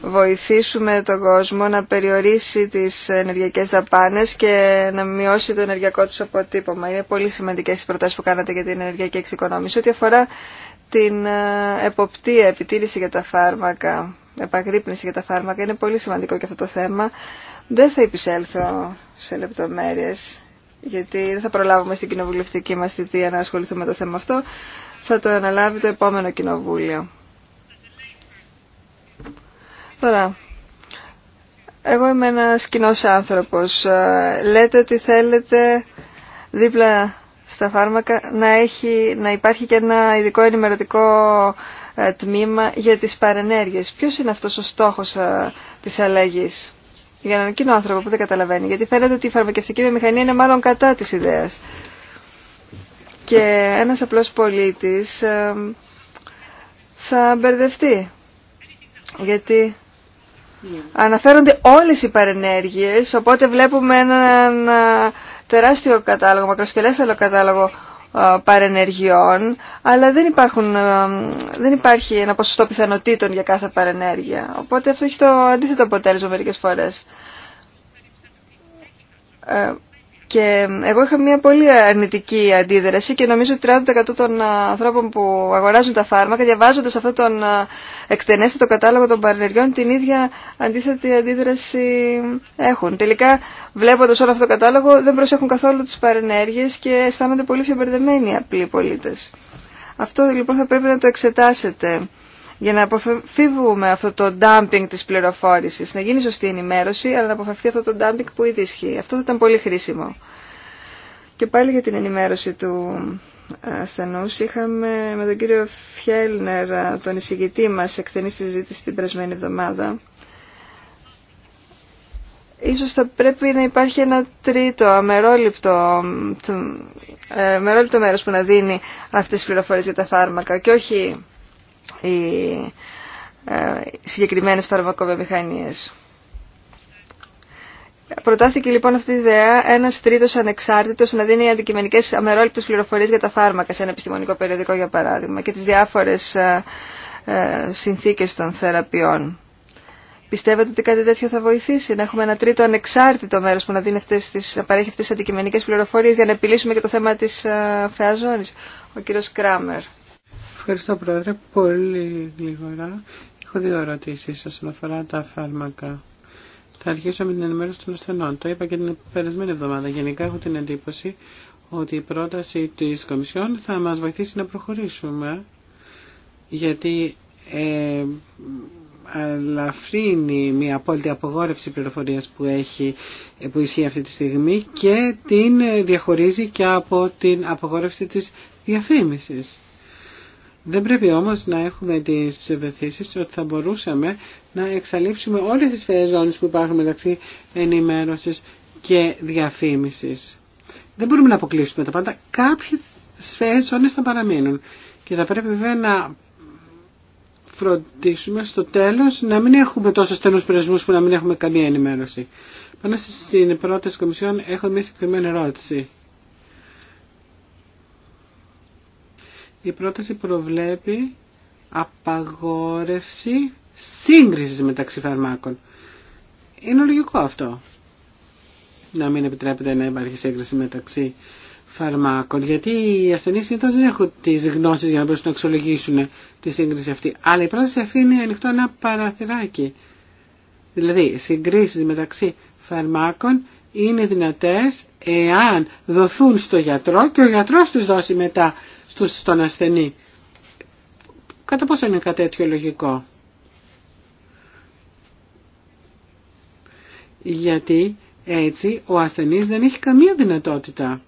βοηθήσουμε τον κόσμο να περιορίσει τις ενεργειακές δαπάνες και να μειώσει το ενεργειακό τους αποτύπωμα. Είναι πολύ σημαντικές οι προτάσεις που κάνατε για την ενεργειακή εξοικονόμηση. Ό,τι αφορά την ε, εποπτεία, επιτήρηση για τα φάρμακα, επαγρύπνηση για τα φάρμακα, είναι πολύ σημαντικό και αυτό το θέμα. Δεν θα επισέλθω σε λεπτομέρειες, γιατί δεν θα προλάβουμε στην κοινοβουλευτική μας θητεία να ασχοληθούμε με το θέμα αυτό. Θα το αναλάβει το επόμενο κοινοβούλιο. Τώρα, εγώ είμαι ένας κοινό άνθρωπος. Ε, λέτε ότι θέλετε δίπλα στα φάρμακα να, έχει, να υπάρχει και ένα ειδικό ενημερωτικό ε, τμήμα για τις παρενέργειες. Ποιος είναι αυτός ο στόχος ε, της αλλαγής για έναν κοινό άνθρωπο που δεν καταλαβαίνει. Γιατί φαίνεται ότι η φαρμακευτική βιομηχανία είναι μάλλον κατά της ιδέας. Και ένας απλός πολίτης θα μπερδευτεί. Γιατί Αναφέρονται όλες οι παρενέργειες, οπότε βλέπουμε έναν ε, τεράστιο κατάλογο, μακροσκελέσταλο κατάλογο ε, παρενεργειών, αλλά δεν, υπάρχουν, ε, δεν υπάρχει ένα ποσοστό πιθανότητων για κάθε παρενέργεια. Οπότε αυτό έχει το αντίθετο αποτέλεσμα μερικές φορές. Και εγώ είχα μια πολύ αρνητική αντίδραση και νομίζω ότι 30% των ε, ανθρώπων που αγοράζουν τα φάρμακα διαβάζοντας αυτόν τον ε, εκτενέστατο κατάλογο των παρενεργειών την ίδια αντίθετη αντίδραση έχουν. Τελικά βλέποντας όλο αυτό το κατάλογο δεν προσέχουν καθόλου τις παρενέργειες και αισθάνονται πολύ πιο μπερδεμένοι οι απλοί πολίτες. Αυτό λοιπόν θα πρέπει να το εξετάσετε για να αποφύγουμε αυτό το dumping της πληροφόρησης, να γίνει σωστή ενημέρωση, αλλά να αποφευθεί αυτό το dumping που ήδη ισχύει. Αυτό θα ήταν πολύ χρήσιμο. Και πάλι για την ενημέρωση του ε, ασθενούς είχαμε με τον κύριο Φιέλνερ, ε, τον εισηγητή μας, εκτενή ζήτηση την περασμένη εβδομάδα. Ίσως θα πρέπει να υπάρχει ένα τρίτο αμερόληπτο, αμερόληπτο ε, μέρος που να δίνει αυτές τις πληροφορίες για τα φάρμακα και όχι οι ε, συγκεκριμένες φαρμακοβιομηχανίες. Προτάθηκε λοιπόν αυτή η ιδέα ένα τρίτο ανεξάρτητο να δίνει αντικειμενικέ αμερόληπτε πληροφορίε για τα φάρμακα σε ένα επιστημονικό περιοδικό, για παράδειγμα, και τι διάφορε ε, συνθήκε των θεραπείων. Πιστεύετε ότι κάτι τέτοιο θα βοηθήσει να έχουμε ένα τρίτο ανεξάρτητο μέρο που να, δίνει αυτές τις, να παρέχει αυτέ τι αντικειμενικέ πληροφορίε για να επιλύσουμε και το θέμα τη ε, φεαζόνη. Ο κύριο Κράμερ. Ευχαριστώ Πρόεδρε. Πολύ γλυγορά. Έχω δύο ερωτήσει όσον αφορά τα φάρμακα. Θα αρχίσω με την ενημέρωση των ασθενών. Το είπα και την περασμένη εβδομάδα. Γενικά έχω την εντύπωση ότι η πρόταση τη Κομισιόν θα μα βοηθήσει να προχωρήσουμε γιατί ε, αλαφρύνει μια απόλυτη απογόρευση πληροφορία που, που ισχύει αυτή τη στιγμή και την διαχωρίζει και από την απογόρευση της διαφήμισης. Δεν πρέπει όμως να έχουμε τις ψευδεθήσεις ότι θα μπορούσαμε να εξαλείψουμε όλες τις φαιές που υπάρχουν μεταξύ ενημέρωσης και διαφήμισης. Δεν μπορούμε να αποκλείσουμε τα πάντα. Κάποιες σφαίρες ζώνες θα παραμείνουν. Και θα πρέπει βέβαια να φροντίσουμε στο τέλος να μην έχουμε τόσο στενούς περισμούς που να μην έχουμε καμία ενημέρωση. Πάνω στην πρόταση Κομισιόν έχω μια συγκεκριμένη ερώτηση. η πρόταση προβλέπει απαγόρευση σύγκρισης μεταξύ φαρμάκων. Είναι λογικό αυτό. Να μην επιτρέπεται να υπάρχει σύγκριση μεταξύ φαρμάκων, γιατί οι ασθενεί συνήθω δεν έχουν τι γνώσει για να μπορούν να αξιολογήσουν τη σύγκριση αυτή. Αλλά η πρόταση αφήνει ανοιχτό ένα παραθυράκι. Δηλαδή, συγκρίσει μεταξύ φαρμάκων είναι δυνατές εάν δοθούν στο γιατρό και ο γιατρός τους δώσει μετά στον ασθενή. Κατά πόσο είναι κάτι τέτοιο λογικό. Γιατί έτσι ο ασθενής δεν έχει καμία δυνατότητα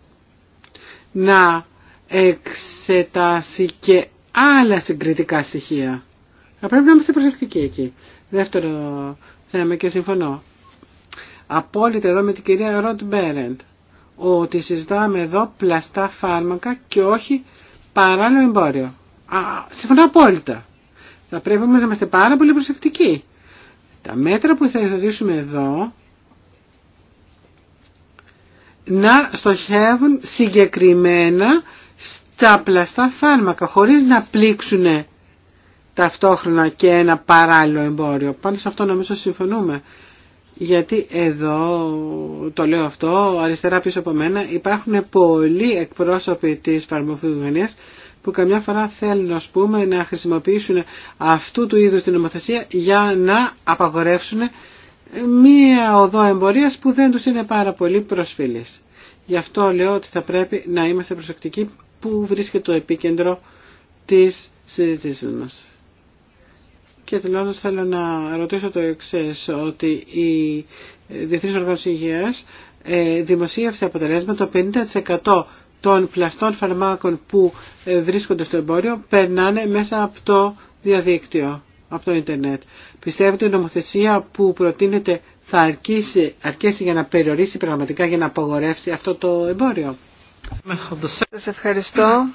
να εξετάσει και άλλα συγκριτικά στοιχεία. Θα πρέπει να είμαστε προσεκτικοί εκεί. Δεύτερο θέμα και συμφωνώ. Απόλυτα εδώ με την κυρία Ροτ Μπέρεντ ότι συζητάμε εδώ πλαστά φάρμακα και όχι παράνομο εμπόριο. Α, συμφωνώ απόλυτα. Θα πρέπει όμως να είμαστε πάρα πολύ προσεκτικοί. Τα μέτρα που θα εθοδίσουμε εδώ να στοχεύουν συγκεκριμένα στα πλαστά φάρμακα χωρίς να πλήξουν ταυτόχρονα και ένα παράλληλο εμπόριο. Πάνω σε αυτό νομίζω συμφωνούμε γιατί εδώ, το λέω αυτό, αριστερά πίσω από μένα, υπάρχουν πολλοί εκπρόσωποι της φαρμακοβιομηχανίας που καμιά φορά θέλουν ας πούμε, να χρησιμοποιήσουν αυτού του είδους την νομοθεσία για να απαγορεύσουν μία οδό εμπορίας που δεν τους είναι πάρα πολύ προσφύλης. Γι' αυτό λέω ότι θα πρέπει να είμαστε προσεκτικοί που βρίσκεται το επίκεντρο της συζήτησης μας. Και σας θέλω να ρωτήσω το εξή ότι η Διεθνής Οργάνωση Υγείας ε, δημοσίευσε αποτελέσμα το 50% των πλαστών φαρμάκων που ε, βρίσκονται στο εμπόριο περνάνε μέσα από το διαδίκτυο, από το ίντερνετ. Πιστεύετε η νομοθεσία που προτείνεται θα αρκήσει αρκέσει για να περιορίσει πραγματικά, για να απογορεύσει αυτό το εμπόριο. Σας ευχαριστώ.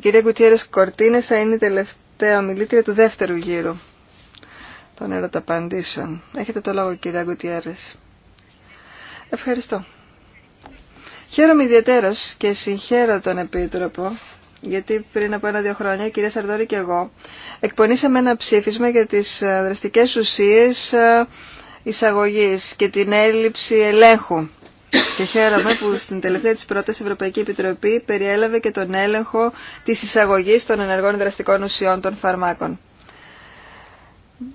Κύριε Κουτιέρες Κορτίνες θα είναι τελευταία τελευταία ομιλήτρια του δεύτερου γύρου των ερωταπαντήσεων. Έχετε το λόγο κυρία Γκουτιέρες. Ευχαριστώ. Χαίρομαι ιδιαίτερο και συγχαίρω τον Επίτροπο, γιατί πριν από ένα-δύο χρόνια η κυρία Σαρδόρη και εγώ εκπονήσαμε ένα ψήφισμα για τις ε, δραστικές ουσίες ε, εισαγωγής και την έλλειψη ελέγχου και χαίρομαι που στην τελευταία της πρώτης Ευρωπαϊκή Επιτροπή περιέλαβε και τον έλεγχο της εισαγωγής των ενεργών δραστικών ουσιών των φαρμάκων.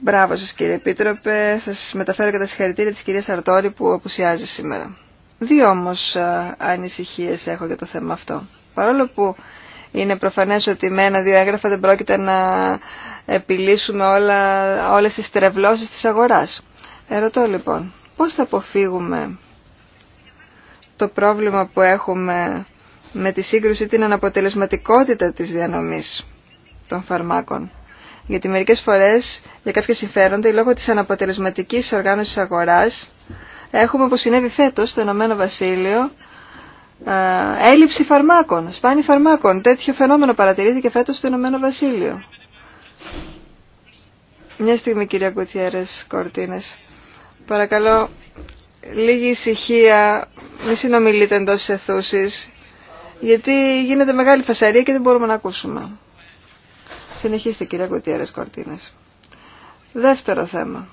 Μπράβο σας κύριε Επίτροπε, σας μεταφέρω και τα συγχαρητήρια της κυρίας Αρτόρη που απουσιάζει σήμερα. Δύο όμως ε, ανησυχίες έχω για το θέμα αυτό. Παρόλο που είναι προφανές ότι με ένα-δύο έγγραφα δεν πρόκειται να επιλύσουμε όλα, όλες τις τρευλώσεις της αγοράς. Ερωτώ λοιπόν, πώς θα αποφύγουμε το πρόβλημα που έχουμε με τη σύγκρουση την αναποτελεσματικότητα της διανομής των φαρμάκων. Γιατί μερικές φορές για κάποια συμφέροντα, λόγω της αναποτελεσματικής οργάνωσης αγοράς, έχουμε, όπως συνέβη φέτος στο Ηνωμένο Βασίλειο, ε, έλλειψη φαρμάκων, σπάνι φαρμάκων. Τέτοιο φαινόμενο παρατηρήθηκε φέτος στο Ηνωμένο Βασίλειο. Μια στιγμή κυρία Κουτιέρες Κορτίνες. Παρακαλώ λίγη ησυχία, μη συνομιλείτε εντός της γιατί γίνεται μεγάλη φασαρία και δεν μπορούμε να ακούσουμε. Συνεχίστε κυρία Κουτιέρες Κορτίνες. Δεύτερο θέμα.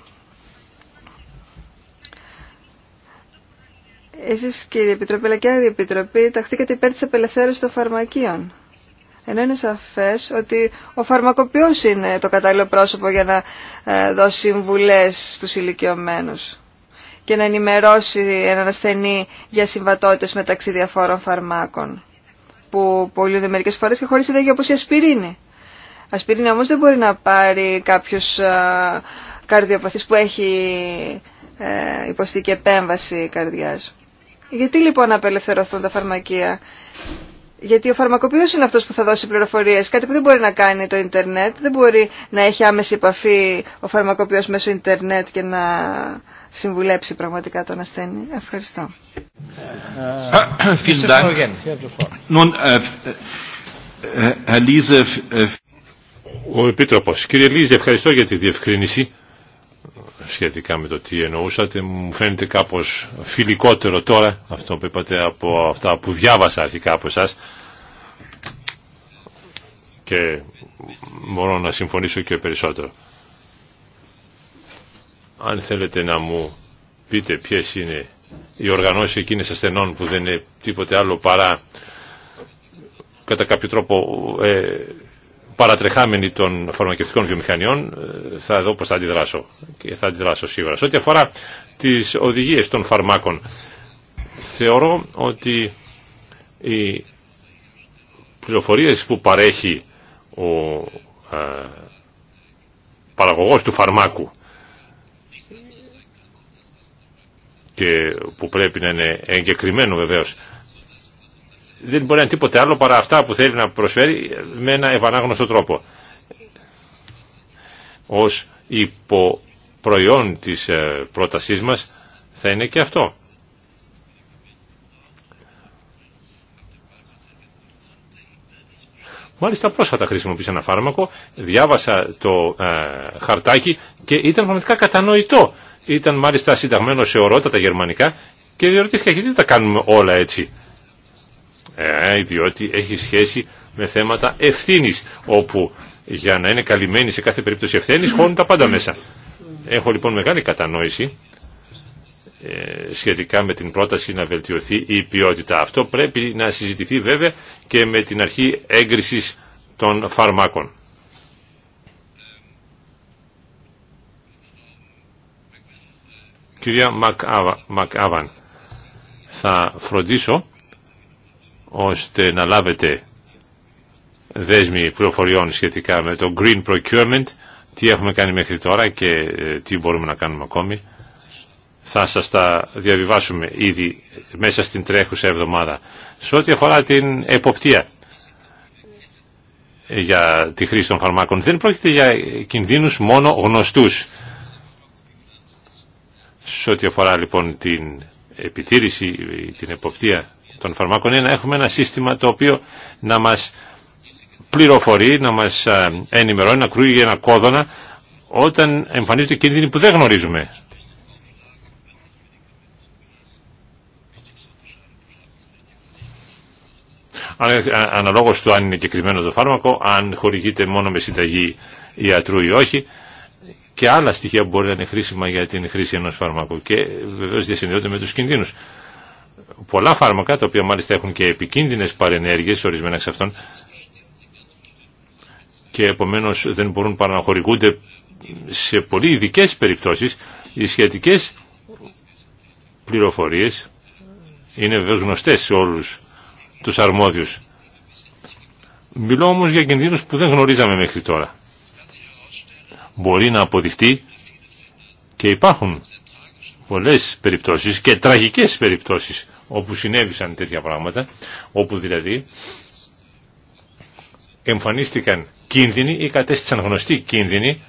Εσείς κύριε Επιτροπή, αλλά και άλλη Επιτροπή, ταχθήκατε υπέρ της απελευθέρωσης των φαρμακείων. Ενώ είναι σαφές ότι ο φαρμακοποιός είναι το κατάλληλο πρόσωπο για να ε, δώσει συμβουλές στους ηλικιωμένους και να ενημερώσει έναν ασθενή για συμβατότητες μεταξύ διαφόρων φαρμάκων που πολλούνται μερικές φορές και χωρίς ιδέα όπως η ασπιρίνη. Ασπιρίνη όμως δεν μπορεί να πάρει κάποιος καρδιοπαθής που έχει ε, υποστεί και επέμβαση καρδιάς. Γιατί λοιπόν να απελευθερωθούν τα φαρμακεία. Γιατί ο φαρμακοποιός είναι αυτός που θα δώσει πληροφορίες. Κάτι που δεν μπορεί να κάνει το ίντερνετ. Δεν μπορεί να έχει άμεση επαφή ο φαρμακοποιός μέσω ίντερνετ και να συμβουλέψει πραγματικά τον ασθενή. Ευχαριστώ. Äh, äh, äh, Ο Επίτροπος. Κύριε Λίζε, ευχαριστώ για τη διευκρίνηση σχετικά με το τι εννοούσατε. Μου φαίνεται κάπως φιλικότερο τώρα αυτό που είπατε από αυτά που διάβασα αρχικά από εσά. και μπορώ να συμφωνήσω και περισσότερο. Αν θέλετε να μου πείτε ποιες είναι οι οργανώσεις εκείνες ασθενών που δεν είναι τίποτε άλλο παρά κατά κάποιο τρόπο ε, παρατρεχάμενοι των φαρμακευτικών βιομηχανιών, ε, θα δω πώς θα αντιδράσω και θα αντιδράσω σίγουρα. Σε ό,τι αφορά τις οδηγίες των φαρμάκων, θεωρώ ότι οι πληροφορίες που παρέχει ο ε, παραγωγός του φαρμάκου και που πρέπει να είναι εγκεκριμένο βεβαίως δεν μπορεί να είναι τίποτε άλλο παρά αυτά που θέλει να προσφέρει με ένα ευανάγνωστο τρόπο ως υποπροϊόν της ε, πρότασής μας θα είναι και αυτό Μάλιστα πρόσφατα χρησιμοποίησα ένα φάρμακο, διάβασα το ε, χαρτάκι και ήταν πραγματικά κατανοητό ήταν μάλιστα συνταγμένο σε ορότατα γερμανικά και διερωτήθηκα γιατί δεν τα κάνουμε όλα έτσι. Ε, διότι έχει σχέση με θέματα ευθύνη, όπου για να είναι καλυμμένοι σε κάθε περίπτωση ευθύνη χώνουν τα πάντα μέσα. Έχω λοιπόν μεγάλη κατανόηση ε, σχετικά με την πρόταση να βελτιωθεί η ποιότητα. Αυτό πρέπει να συζητηθεί βέβαια και με την αρχή έγκρισης των φαρμάκων. Κυρία Μακάβαν, θα φροντίσω ώστε να λάβετε δέσμη πληροφοριών σχετικά με το Green Procurement, τι έχουμε κάνει μέχρι τώρα και ε, τι μπορούμε να κάνουμε ακόμη. Θα σας τα διαβιβάσουμε ήδη μέσα στην τρέχουσα εβδομάδα. Σε ό,τι αφορά την εποπτεία για τη χρήση των φαρμάκων, δεν πρόκειται για κινδύνους μόνο γνωστούς. Σε ό,τι αφορά λοιπόν την επιτήρηση, την εποπτεία των φαρμάκων είναι να έχουμε ένα σύστημα το οποίο να μας πληροφορεί, να μας ε, ενημερώνει, να κρούει ένα κόδωνα όταν εμφανίζονται κίνδυνοι που δεν γνωρίζουμε. Ε, αναλόγως του αν είναι κεκριμένο το φάρμακο, αν χορηγείται μόνο με συνταγή ιατρού ή όχι, και άλλα στοιχεία που μπορεί να είναι χρήσιμα για την χρήση ενός φαρμάκου και βεβαίως διασυνδέονται με τους κινδύνους. Πολλά φάρμακα, τα οποία μάλιστα έχουν και επικίνδυνες παρενέργειες, ορισμένα εξ αυτών, και επομένως δεν μπορούν παρά να χορηγούνται σε πολύ ειδικέ περιπτώσεις οι σχετικές πληροφορίες είναι βεβαίως γνωστές σε όλους τους αρμόδιους. Μιλώ όμως για κινδύνους που δεν γνωρίζαμε μέχρι τώρα μπορεί να αποδειχτεί και υπάρχουν πολλές περιπτώσεις και τραγικές περιπτώσεις όπου συνέβησαν τέτοια πράγματα, όπου δηλαδή εμφανίστηκαν κίνδυνοι ή κατέστησαν γνωστοί κίνδυνοι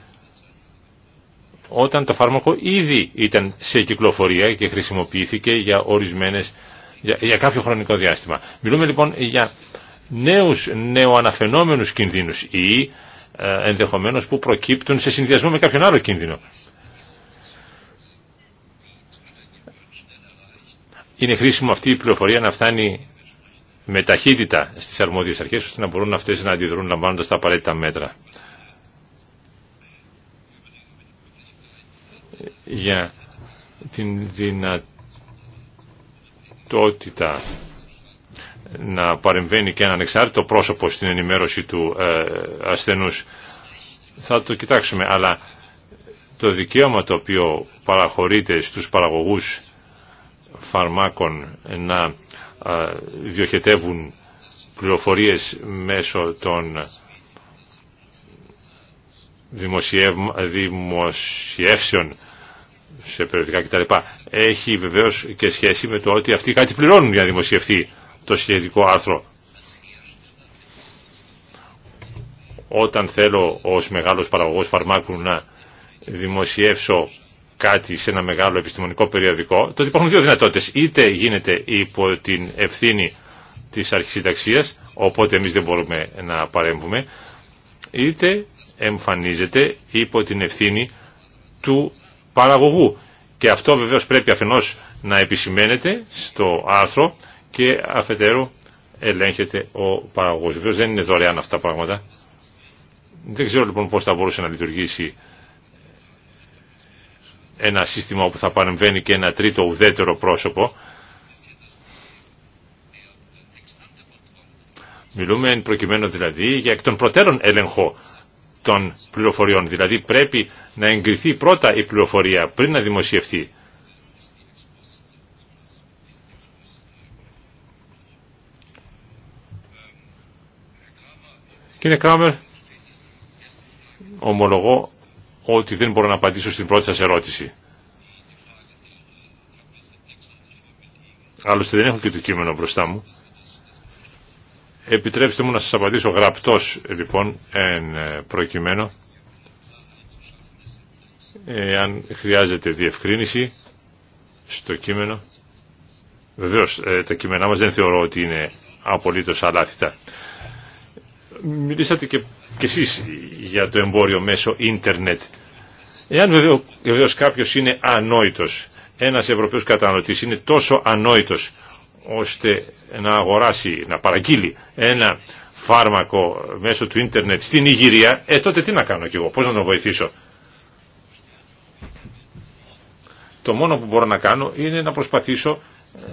όταν το φάρμακο ήδη ήταν σε κυκλοφορία και χρησιμοποιήθηκε για ορισμένες, για, κάποιο χρονικό διάστημα. Μιλούμε λοιπόν για νέους νεοαναφαινόμενους κινδύνους ή ε, ενδεχομένως που προκύπτουν σε συνδυασμό με κάποιον άλλο κίνδυνο. Είναι χρήσιμο αυτή η πληροφορία να φτάνει με ταχύτητα στις αρμόδιες αρχές ώστε να μπορούν αυτές να αντιδρούν λαμβάνοντας τα απαραίτητα μέτρα. Για την δυνατότητα να παρεμβαίνει και ένα ανεξάρτητο πρόσωπο στην ενημέρωση του ε, ασθενούς. Θα το κοιτάξουμε, αλλά το δικαίωμα το οποίο παραχωρείται στους παραγωγούς φαρμάκων να ε, διοχετεύουν πληροφορίες μέσω των δημοσιεύσεων σε περιοδικά κτλ. Έχει βεβαίως και σχέση με το ότι αυτοί κάτι πληρώνουν για να δημοσιευτεί το σχετικό άρθρο. Όταν θέλω ως μεγάλος παραγωγός φαρμάκου να δημοσιεύσω κάτι σε ένα μεγάλο επιστημονικό περιοδικό, τότε υπάρχουν δύο δυνατότητες. Είτε γίνεται υπό την ευθύνη της αρχισυνταξίας, οπότε εμείς δεν μπορούμε να παρέμβουμε, είτε εμφανίζεται υπό την ευθύνη του παραγωγού. Και αυτό βεβαίως πρέπει αφενός να επισημαίνεται στο άρθρο, και αφετέρου ελέγχεται ο παραγωγός. Βεβαίως δεν είναι δωρεάν αυτά τα πράγματα. Δεν ξέρω λοιπόν πώς θα μπορούσε να λειτουργήσει ένα σύστημα όπου θα παρεμβαίνει και ένα τρίτο ουδέτερο πρόσωπο. Μιλούμε εν προκειμένου δηλαδή για εκ των προτέρων έλεγχο των πληροφοριών. Δηλαδή πρέπει να εγκριθεί πρώτα η πληροφορία πριν να δημοσιευτεί. Κύριε Κράμερ, ομολογώ ότι δεν μπορώ να απαντήσω στην πρώτη σας ερώτηση. Άλλωστε δεν έχω και το κείμενο μπροστά μου. Επιτρέψτε μου να σας απαντήσω γραπτός λοιπόν εν ε, προκειμένου αν χρειάζεται διευκρίνηση στο κείμενο βεβαίως ε, τα κείμενά μας δεν θεωρώ ότι είναι απολύτως αλάθητα μιλήσατε και, και εσείς για το εμπόριο μέσω ίντερνετ. Εάν βεβαίω, βεβαίως κάποιος είναι ανόητος, ένας Ευρωπαίος καταναλωτής είναι τόσο ανόητος ώστε να αγοράσει, να παραγγείλει ένα φάρμακο μέσω του ίντερνετ στην Ιγυρία, ε τότε τι να κάνω κι εγώ, πώς να τον βοηθήσω. Το μόνο που μπορώ να κάνω είναι να προσπαθήσω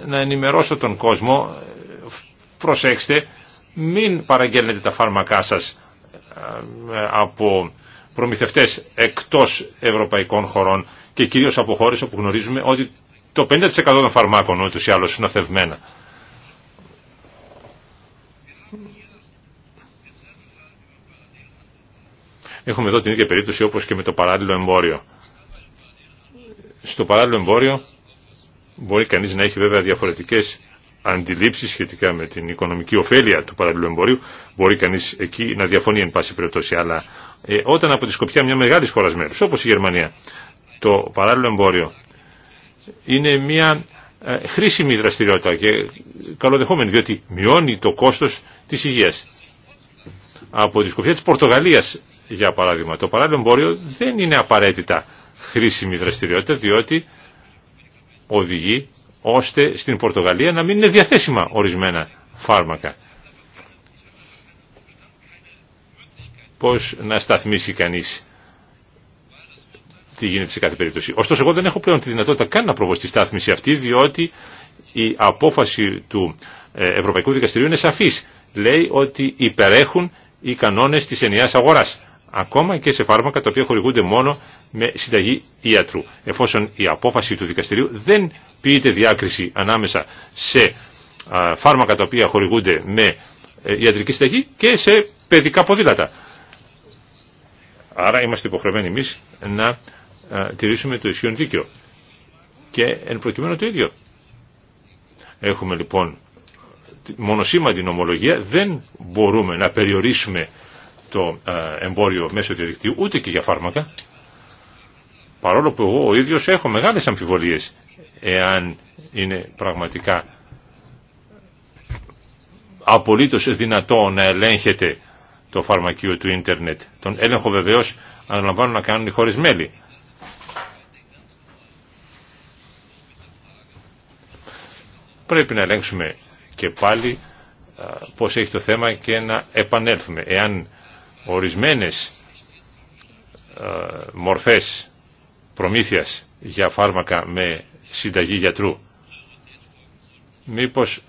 να ενημερώσω τον κόσμο, προσέξτε, μην παραγγέλνετε τα φάρμακά σας ε, από προμηθευτές εκτός ευρωπαϊκών χωρών και κυρίως από χώρες όπου γνωρίζουμε ότι το 50% των φαρμάκων ούτως ή άλλως είναι αθευμένα. Έχουμε εδώ την ίδια περίπτωση όπως και με το παράλληλο εμπόριο. Στο παράλληλο εμπόριο μπορεί κανείς να έχει βέβαια διαφορετικές Αντιλήψει σχετικά με την οικονομική ωφέλεια του παραλληλού εμπορίου, μπορεί κανείς εκεί να διαφωνεί εν πάση περιπτώσει. Αλλά ε, όταν από τη σκοπιά μια μεγάλη χώρα μέρους όπως η Γερμανία, το παράλληλο εμπόριο είναι μια ε, χρήσιμη δραστηριότητα και καλοδεχόμενη, διότι μειώνει το κόστος της υγείας. Από τη σκοπιά της Πορτογαλίας, για παράδειγμα, το παράλληλο εμπόριο δεν είναι απαραίτητα χρήσιμη δραστηριότητα, διότι οδηγεί ώστε στην Πορτογαλία να μην είναι διαθέσιμα ορισμένα φάρμακα. Πώς να σταθμίσει κανείς τι γίνεται σε κάθε περίπτωση. Ωστόσο εγώ δεν έχω πλέον τη δυνατότητα καν να προβώ στη στάθμιση αυτή διότι η απόφαση του ε, Ευρωπαϊκού Δικαστηρίου είναι σαφής. Λέει ότι υπερέχουν οι κανόνες της ενιαίας αγοράς ακόμα και σε φάρμακα τα οποία χορηγούνται μόνο με συνταγή ιατρού. Εφόσον η απόφαση του δικαστηρίου δεν πείται διάκριση ανάμεσα σε φάρμακα τα οποία χορηγούνται με ε, ιατρική συνταγή και σε παιδικά ποδήλατα. Άρα είμαστε υποχρεωμένοι εμείς να τηρήσουμε το ισχύον δίκαιο. Και εν προκειμένου το ίδιο. Έχουμε λοιπόν μονοσήμαντη νομολογία, δεν μπορούμε να περιορίσουμε το ε, εμπόριο μέσω διαδικτύου, ούτε και για φάρμακα. Παρόλο που εγώ ο ίδιος έχω μεγάλες αμφιβολίες εάν είναι πραγματικά απολύτως δυνατό να ελέγχεται το φαρμακείο του ίντερνετ. Τον έλεγχο βεβαίως αναλαμβάνουν να κάνουν οι μέλη. Πρέπει να ελέγξουμε και πάλι ε, πώς έχει το θέμα και να επανέλθουμε. Εάν ορισμένες ε, μορφές προμήθειας για φάρμακα με συνταγή γιατρού. Μήπως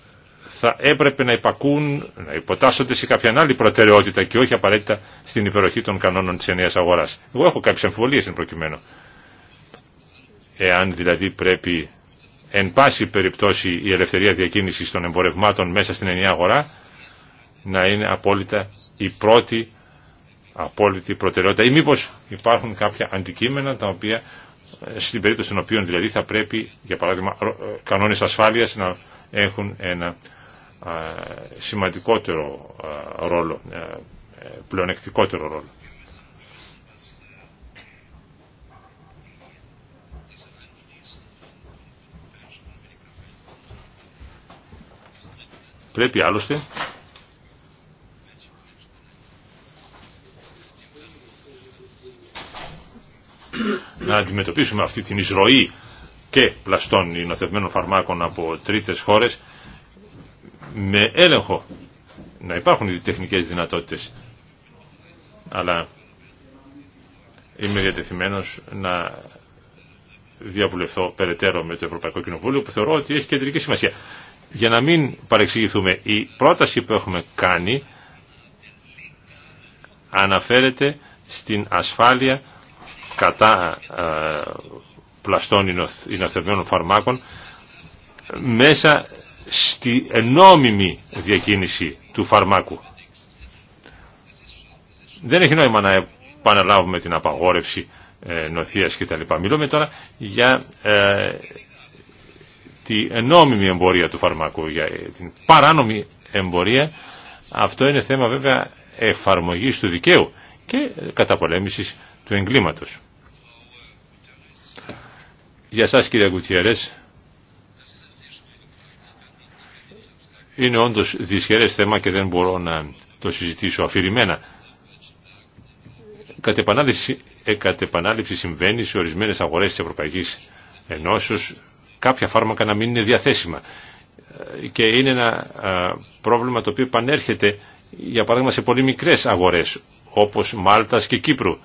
θα έπρεπε να υπακούν, να υποτάσσονται σε κάποια άλλη προτεραιότητα και όχι απαραίτητα στην υπεροχή των κανόνων της ενιαίας αγοράς. Εγώ έχω κάποιες αμφιβολίες εν προκειμένου. Εάν δηλαδή πρέπει εν πάση περιπτώσει η ελευθερία διακίνησης των εμπορευμάτων μέσα στην ενιαία αγορά να είναι απόλυτα η πρώτη απόλυτη προτεραιότητα ή μήπως υπάρχουν κάποια αντικείμενα τα οποία ε, στην περίπτωση των οποίων δηλαδή θα πρέπει για παράδειγμα ε, κανόνες ασφάλειας να έχουν ένα ε, σημαντικότερο ρόλο, πλεονεκτικότερο ρόλο. Πρέπει άλλωστε να αντιμετωπίσουμε αυτή την εισρωή και πλαστών υνοθευμένων φαρμάκων από τρίτες χώρες με έλεγχο να υπάρχουν οι τεχνικές δυνατότητες αλλά είμαι διατεθειμένος να διαβουλευθώ περαιτέρω με το Ευρωπαϊκό Κοινοβούλιο που θεωρώ ότι έχει κεντρική σημασία. Για να μην παρεξηγηθούμε, η πρόταση που έχουμε κάνει αναφέρεται στην ασφάλεια κατά ε, πλαστών υνοθερμιών φαρμάκων μέσα στη νόμιμη διακίνηση του φαρμάκου. Δεν έχει νόημα να επαναλάβουμε την απαγόρευση ε, νοθείας κτλ. Μιλούμε τώρα για ε, τη νόμιμη εμπορία του φαρμάκου, για την παράνομη εμπορία. Αυτό είναι θέμα βέβαια εφαρμογής του δικαίου και καταπολέμησης του εγκλήματος. Για σας κύριε Γκουτιέρες, είναι όντως δυσχερές θέμα και δεν μπορώ να το συζητήσω αφηρημένα. Κατ' επανάληψη, ε, συμβαίνει σε ορισμένες αγορές της Ευρωπαϊκής Ενώσεως κάποια φάρμακα να μην είναι διαθέσιμα. Ε, και είναι ένα ε, πρόβλημα το οποίο επανέρχεται για παράδειγμα σε πολύ μικρές αγορές όπως Μάλτας και Κύπρου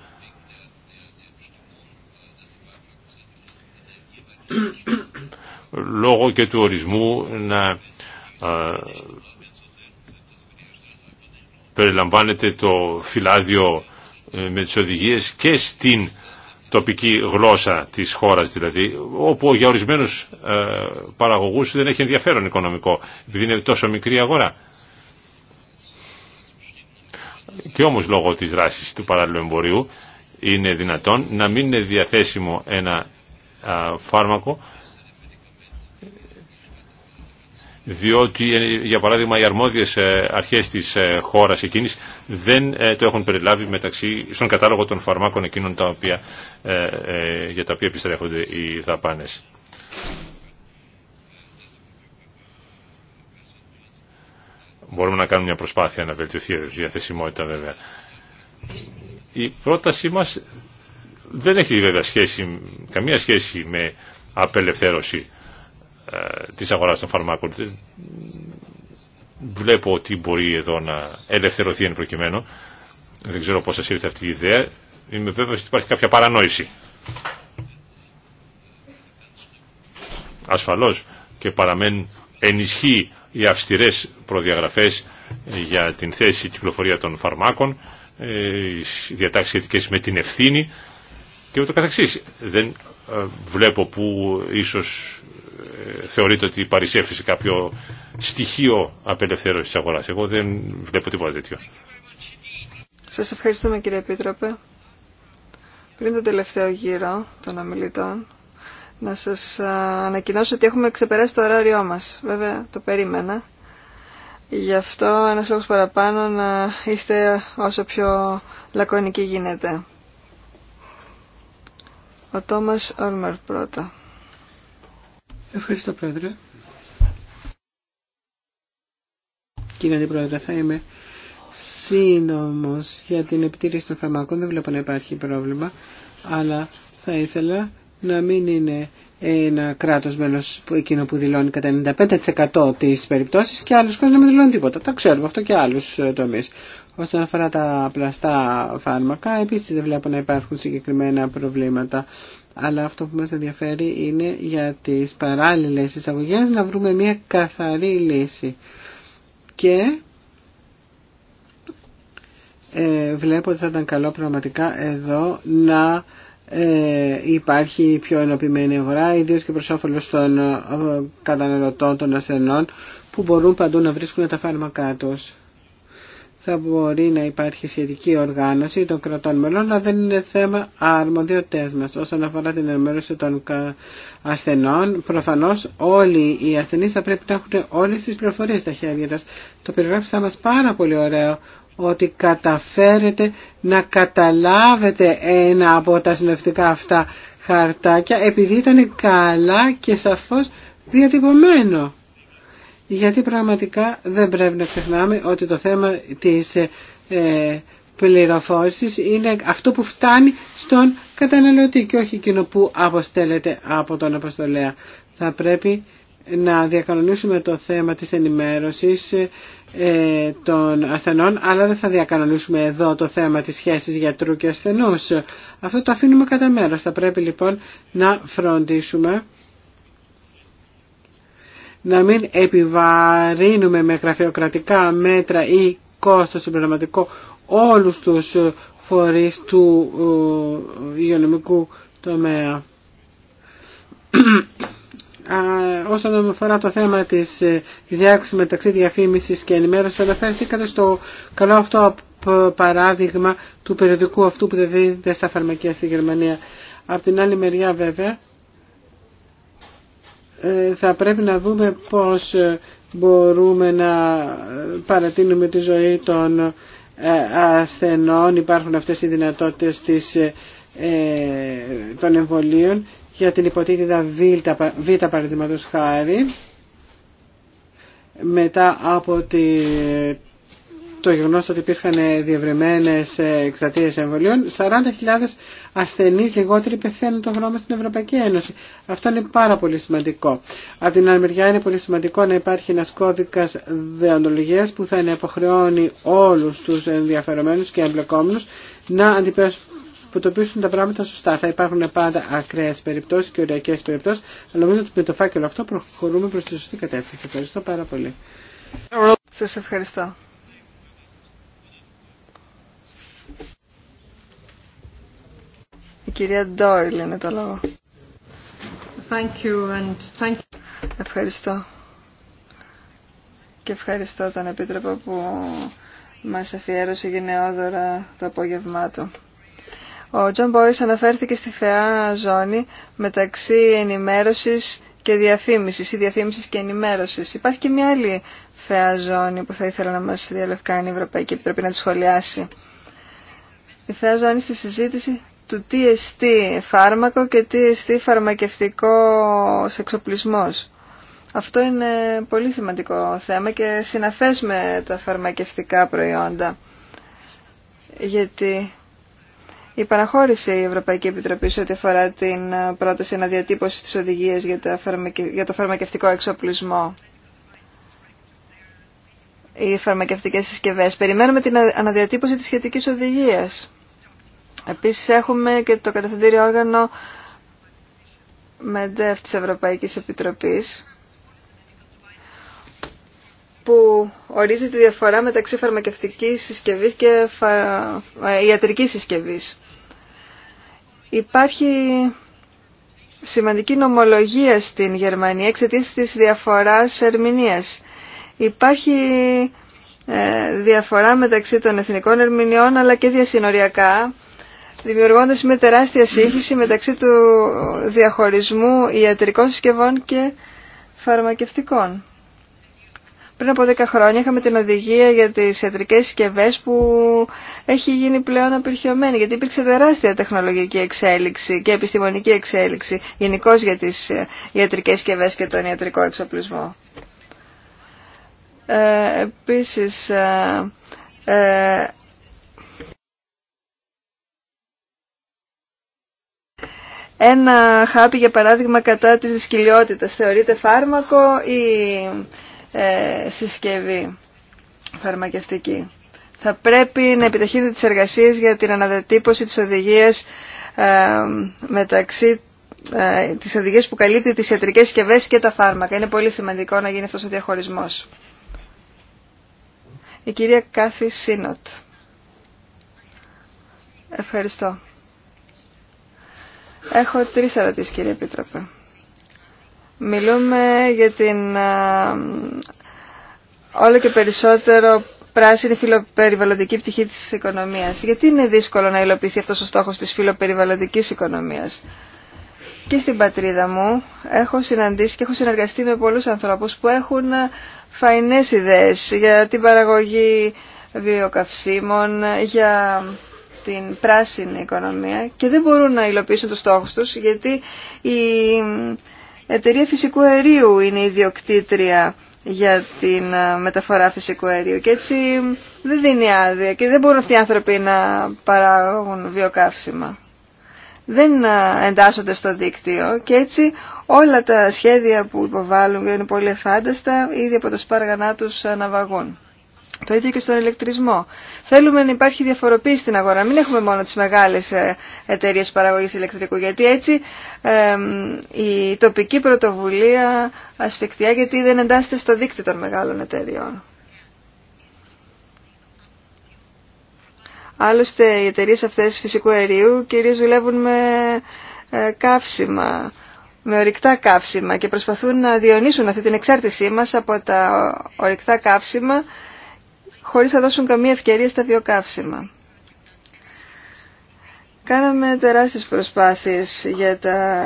λόγω και του ορισμού να ε, περιλαμβάνεται το φυλάδιο ε, με τις οδηγίες και στην τοπική γλώσσα της χώρας δηλαδή, όπου για ορισμένους ε, παραγωγούς δεν έχει ενδιαφέρον οικονομικό, επειδή είναι τόσο μικρή αγορά. Και όμως λόγω της δράσης του παράλληλου εμπορίου είναι δυνατόν να μην είναι διαθέσιμο ένα φάρμακο διότι ε, για παράδειγμα οι αρμόδιες ε, αρχές της ε, χώρας εκείνης δεν το έχουν περιλάβει μεταξύ, στον κατάλογο των φαρμάκων εκείνων τα οποία, για τα οποία επιστρέφονται οι δαπάνες. Μπορούμε να κάνουμε μια προσπάθεια να βελτιωθεί η διαθεσιμότητα βέβαια. Η πρότασή μας δεν έχει βέβαια σχέση, καμία σχέση με απελευθέρωση ε, της αγοράς των φαρμάκων. Βλέπω ότι μπορεί εδώ να ελευθερωθεί εν προκειμένου. Δεν ξέρω πώς σας ήρθε αυτή η ιδέα. Είμαι βέβαιος ότι υπάρχει κάποια παρανόηση. Ασφαλώς και παραμένουν ενισχύει οι αυστηρές προδιαγραφές για την θέση κυκλοφορία των φαρμάκων, ε, οι διατάξεις σχετικές με την ευθύνη και ούτω καθεξής. Δεν ε, βλέπω που ίσως ε, θεωρείτε ότι παρισέφθησε κάποιο στοιχείο απελευθέρωσης της αγοράς. Εγώ δεν βλέπω τίποτα τέτοιο. Σας ευχαριστούμε κύριε Επίτροπε. Πριν τον τελευταίο γύρο των ομιλητών, να σας ε, ανακοινώσω ότι έχουμε ξεπεράσει το ωράριό μας. Βέβαια το περίμενα. Γι' αυτό ένας λόγος παραπάνω να είστε όσο πιο λακωνικοί γίνεται. Ο Τόμας Όρμαρ πρώτα. Ευχαριστώ πρόεδρε. Κύριε Αντιπρόεδρε, θα είμαι σύνομος για την επιτήρηση των φαρμάκων. Δεν βλέπω να υπάρχει πρόβλημα, αλλά θα ήθελα να μην είναι ένα κράτος μέλος που εκείνο που δηλώνει κατά 95% τις περιπτώσεις και άλλους κόσμος να μην δηλώνει τίποτα. Τα ξέρουμε αυτό και άλλους ε, τομείς. Όσον αφορά τα πλαστά φάρμακα, επίσης δεν βλέπω να υπάρχουν συγκεκριμένα προβλήματα. Αλλά αυτό που μας ενδιαφέρει είναι για τις παράλληλες εισαγωγές να βρούμε μια καθαρή λύση. Και ε, βλέπω ότι θα ήταν καλό πραγματικά εδώ να ε, υπάρχει πιο ενωπημένη αγορά, ιδίως και προς όφελος των ε, καταναλωτών, των ασθενών, που μπορούν παντού να βρίσκουν τα φάρμακά τους θα μπορεί να υπάρχει σχετική οργάνωση των κρατών μελών, αλλά δεν είναι θέμα αρμοδιότητας μας. Όσον αφορά την ενημέρωση των ασθενών, προφανώς όλοι οι ασθενείς θα πρέπει να έχουν όλες τις πληροφορίες στα χέρια τους. Το περιγράψα μας πάρα πολύ ωραίο ότι καταφέρετε να καταλάβετε ένα από τα συνοδευτικά αυτά χαρτάκια επειδή ήταν καλά και σαφώς διατυπωμένο γιατί πραγματικά δεν πρέπει να ξεχνάμε ότι το θέμα της ε, πληροφόρησης είναι αυτό που φτάνει στον καταναλωτή και όχι εκείνο που αποστέλλεται από τον αποστολέα. Θα πρέπει να διακανονίσουμε το θέμα της ενημέρωσης ε, των ασθενών, αλλά δεν θα διακανονίσουμε εδώ το θέμα της σχέσης γιατρού και ασθενούς. Αυτό το αφήνουμε κατά μέρος. Θα πρέπει λοιπόν να φροντίσουμε να μην επιβαρύνουμε με γραφειοκρατικά μέτρα ή κόστος συμπληρωματικό όλους τους ε, φορείς του ε, υγειονομικού τομέα. Όσον αφορά το θέμα της ε, διάκρισης μεταξύ διαφήμισης και ενημέρωσης, αναφέρθηκατε στο καλό αυτό παράδειγμα του περιοδικού αυτού που δίδεται στα φαρμακεία στη Γερμανία. Από την άλλη μεριά βέβαια, ε, θα πρέπει να δούμε πώς μπορούμε να παρατείνουμε τη ζωή των ε, ασθενών. Υπάρχουν αυτές οι δυνατότητες ε, των εμβολίων για την υποτίτητα Β, παραδείγματος χάρη μετά από τη, το γεγονός ότι υπήρχαν διευρυμένες εκστατείες εμβολίων, 40.000 ασθενείς λιγότεροι πεθαίνουν το χρόνο στην Ευρωπαϊκή Ένωση. Αυτό είναι πάρα πολύ σημαντικό. Από την άλλη μεριά είναι πολύ σημαντικό να υπάρχει ένας κώδικας δεοντολογίας που θα είναι αποχρεώνει όλους τους ενδιαφερομένους και εμπλεκόμενους να αντιμετωπίσουν τα πράγματα σωστά. Θα υπάρχουν πάντα ακραίε περιπτώσει και οριακέ περιπτώσει, αλλά νομίζω ότι με το φάκελο αυτό προχωρούμε προ τη σωστή κατεύθυνση. Ευχαριστώ πάρα πολύ. Σα ευχαριστώ. Η κυρία Ντόιλ είναι το λόγο. Thank you and thank you. Ευχαριστώ. Και ευχαριστώ τον Επίτροπο που μας αφιέρωσε γενναιόδωρα το απόγευμά του. Ο Τζον Μπόις αναφέρθηκε στη θεά ζώνη μεταξύ ενημέρωσης και διαφήμισης ή διαφήμισης και ενημέρωσης. Υπάρχει και μια άλλη θεά ζώνη που θα ήθελα να μας διαλευκάνει η Ευρωπαϊκή Επιτροπή να τη σχολιάσει. Η θεά ζώνη στη συζήτηση του τι εστί φάρμακο και τι εστί φαρμακευτικό εξοπλισμός. Αυτό είναι πολύ σημαντικό θέμα και συναφές με τα φαρμακευτικά προϊόντα. Γιατί η παραχώρηση η Ευρωπαϊκή Επιτροπή σε ό,τι αφορά την πρόταση αναδιατύπωση της οδηγίας για το φαρμακευτικό εξοπλισμό οι φαρμακευτικές συσκευές. Περιμένουμε την αναδιατύπωση της σχετικής οδηγίας. Επίσης έχουμε και το κατευθυντήριο όργανο ΜΕΝΤΕΦ της Ευρωπαϊκής Επιτροπής που ορίζει τη διαφορά μεταξύ φαρμακευτικής συσκευής και ε, ιατρικής συσκευής. Υπάρχει σημαντική νομολογία στην Γερμανία εξαιτία της διαφοράς ερμηνείας. Υπάρχει ε, διαφορά μεταξύ των εθνικών ερμηνεών αλλά και διασυνοριακά δημιουργώντας μια τεράστια σύγχυση μεταξύ του διαχωρισμού ιατρικών συσκευών και φαρμακευτικών. Πριν από 10 χρόνια είχαμε την οδηγία για τις ιατρικές συσκευές που έχει γίνει πλέον απερχιωμένη γιατί υπήρξε τεράστια τεχνολογική εξέλιξη και επιστημονική εξέλιξη γενικώ για τις ε, ιατρικές συσκευέ και τον ιατρικό εξοπλισμό. Ε, επίσης, ε, ε ένα χάπι για παράδειγμα κατά της δυσκυλιότητας θεωρείται φάρμακο ή ε, συσκευή φαρμακευτική. Θα πρέπει να επιταχύνεται τις εργασίες για την αναδετύπωση της οδηγίας ε, μεταξύ ε, τις που καλύπτει τις ιατρικές συσκευέ και τα φάρμακα. Είναι πολύ σημαντικό να γίνει αυτός ο διαχωρισμός. Η κυρία Κάθη Σίνοτ. Ευχαριστώ. Έχω τρεις ερωτήσεις κύριε Επίτροπε. Μιλούμε για την όλο και περισσότερο πράσινη φιλοπεριβαλλοντική πτυχή της οικονομίας. Γιατί είναι δύσκολο να υλοποιηθεί αυτός ο στόχος της φιλοπεριβαλλοντικής οικονομίας. Και στην πατρίδα μου έχω συναντήσει και έχω συνεργαστεί με πολλούς ανθρώπους που έχουν φαϊνές ιδέες για την παραγωγή βιοκαυσίμων, για την πράσινη οικονομία και δεν μπορούν να υλοποιήσουν τους στόχους τους γιατί η εταιρεία φυσικού αερίου είναι ιδιοκτήτρια για την ε, μεταφορά φυσικού αερίου και έτσι δεν δίνει άδεια και δεν μπορούν αυτοί οι άνθρωποι να παράγουν βιοκαύσιμα. Δεν ε, εντάσσονται στο δίκτυο και έτσι όλα τα σχέδια που υποβάλλουν είναι πολύ εφάνταστα ήδη από τα σπάργανά τους αναβαγούν. Το ίδιο και στον ηλεκτρισμό. Θέλουμε να υπάρχει διαφοροποίηση στην αγορά. Μην έχουμε μόνο τις μεγάλες ε, εταιρείε παραγωγής ηλεκτρικού, γιατί έτσι η τοπική πρωτοβουλία ασφικτιά, γιατί δεν εντάσσεται στο δίκτυο των μεγάλων εταιρείων. Άλλωστε οι εταιρείε αυτές φυσικού αερίου κυρίως δουλεύουν με ε, καύσιμα, με ορυκτά καύσιμα και προσπαθούν να διονύσουν αυτή την εξάρτησή μας από τα ορυκτά καύσιμα χωρίς να δώσουν καμία ευκαιρία στα βιοκαύσιμα. Κάναμε τεράστιες προσπάθειες για τα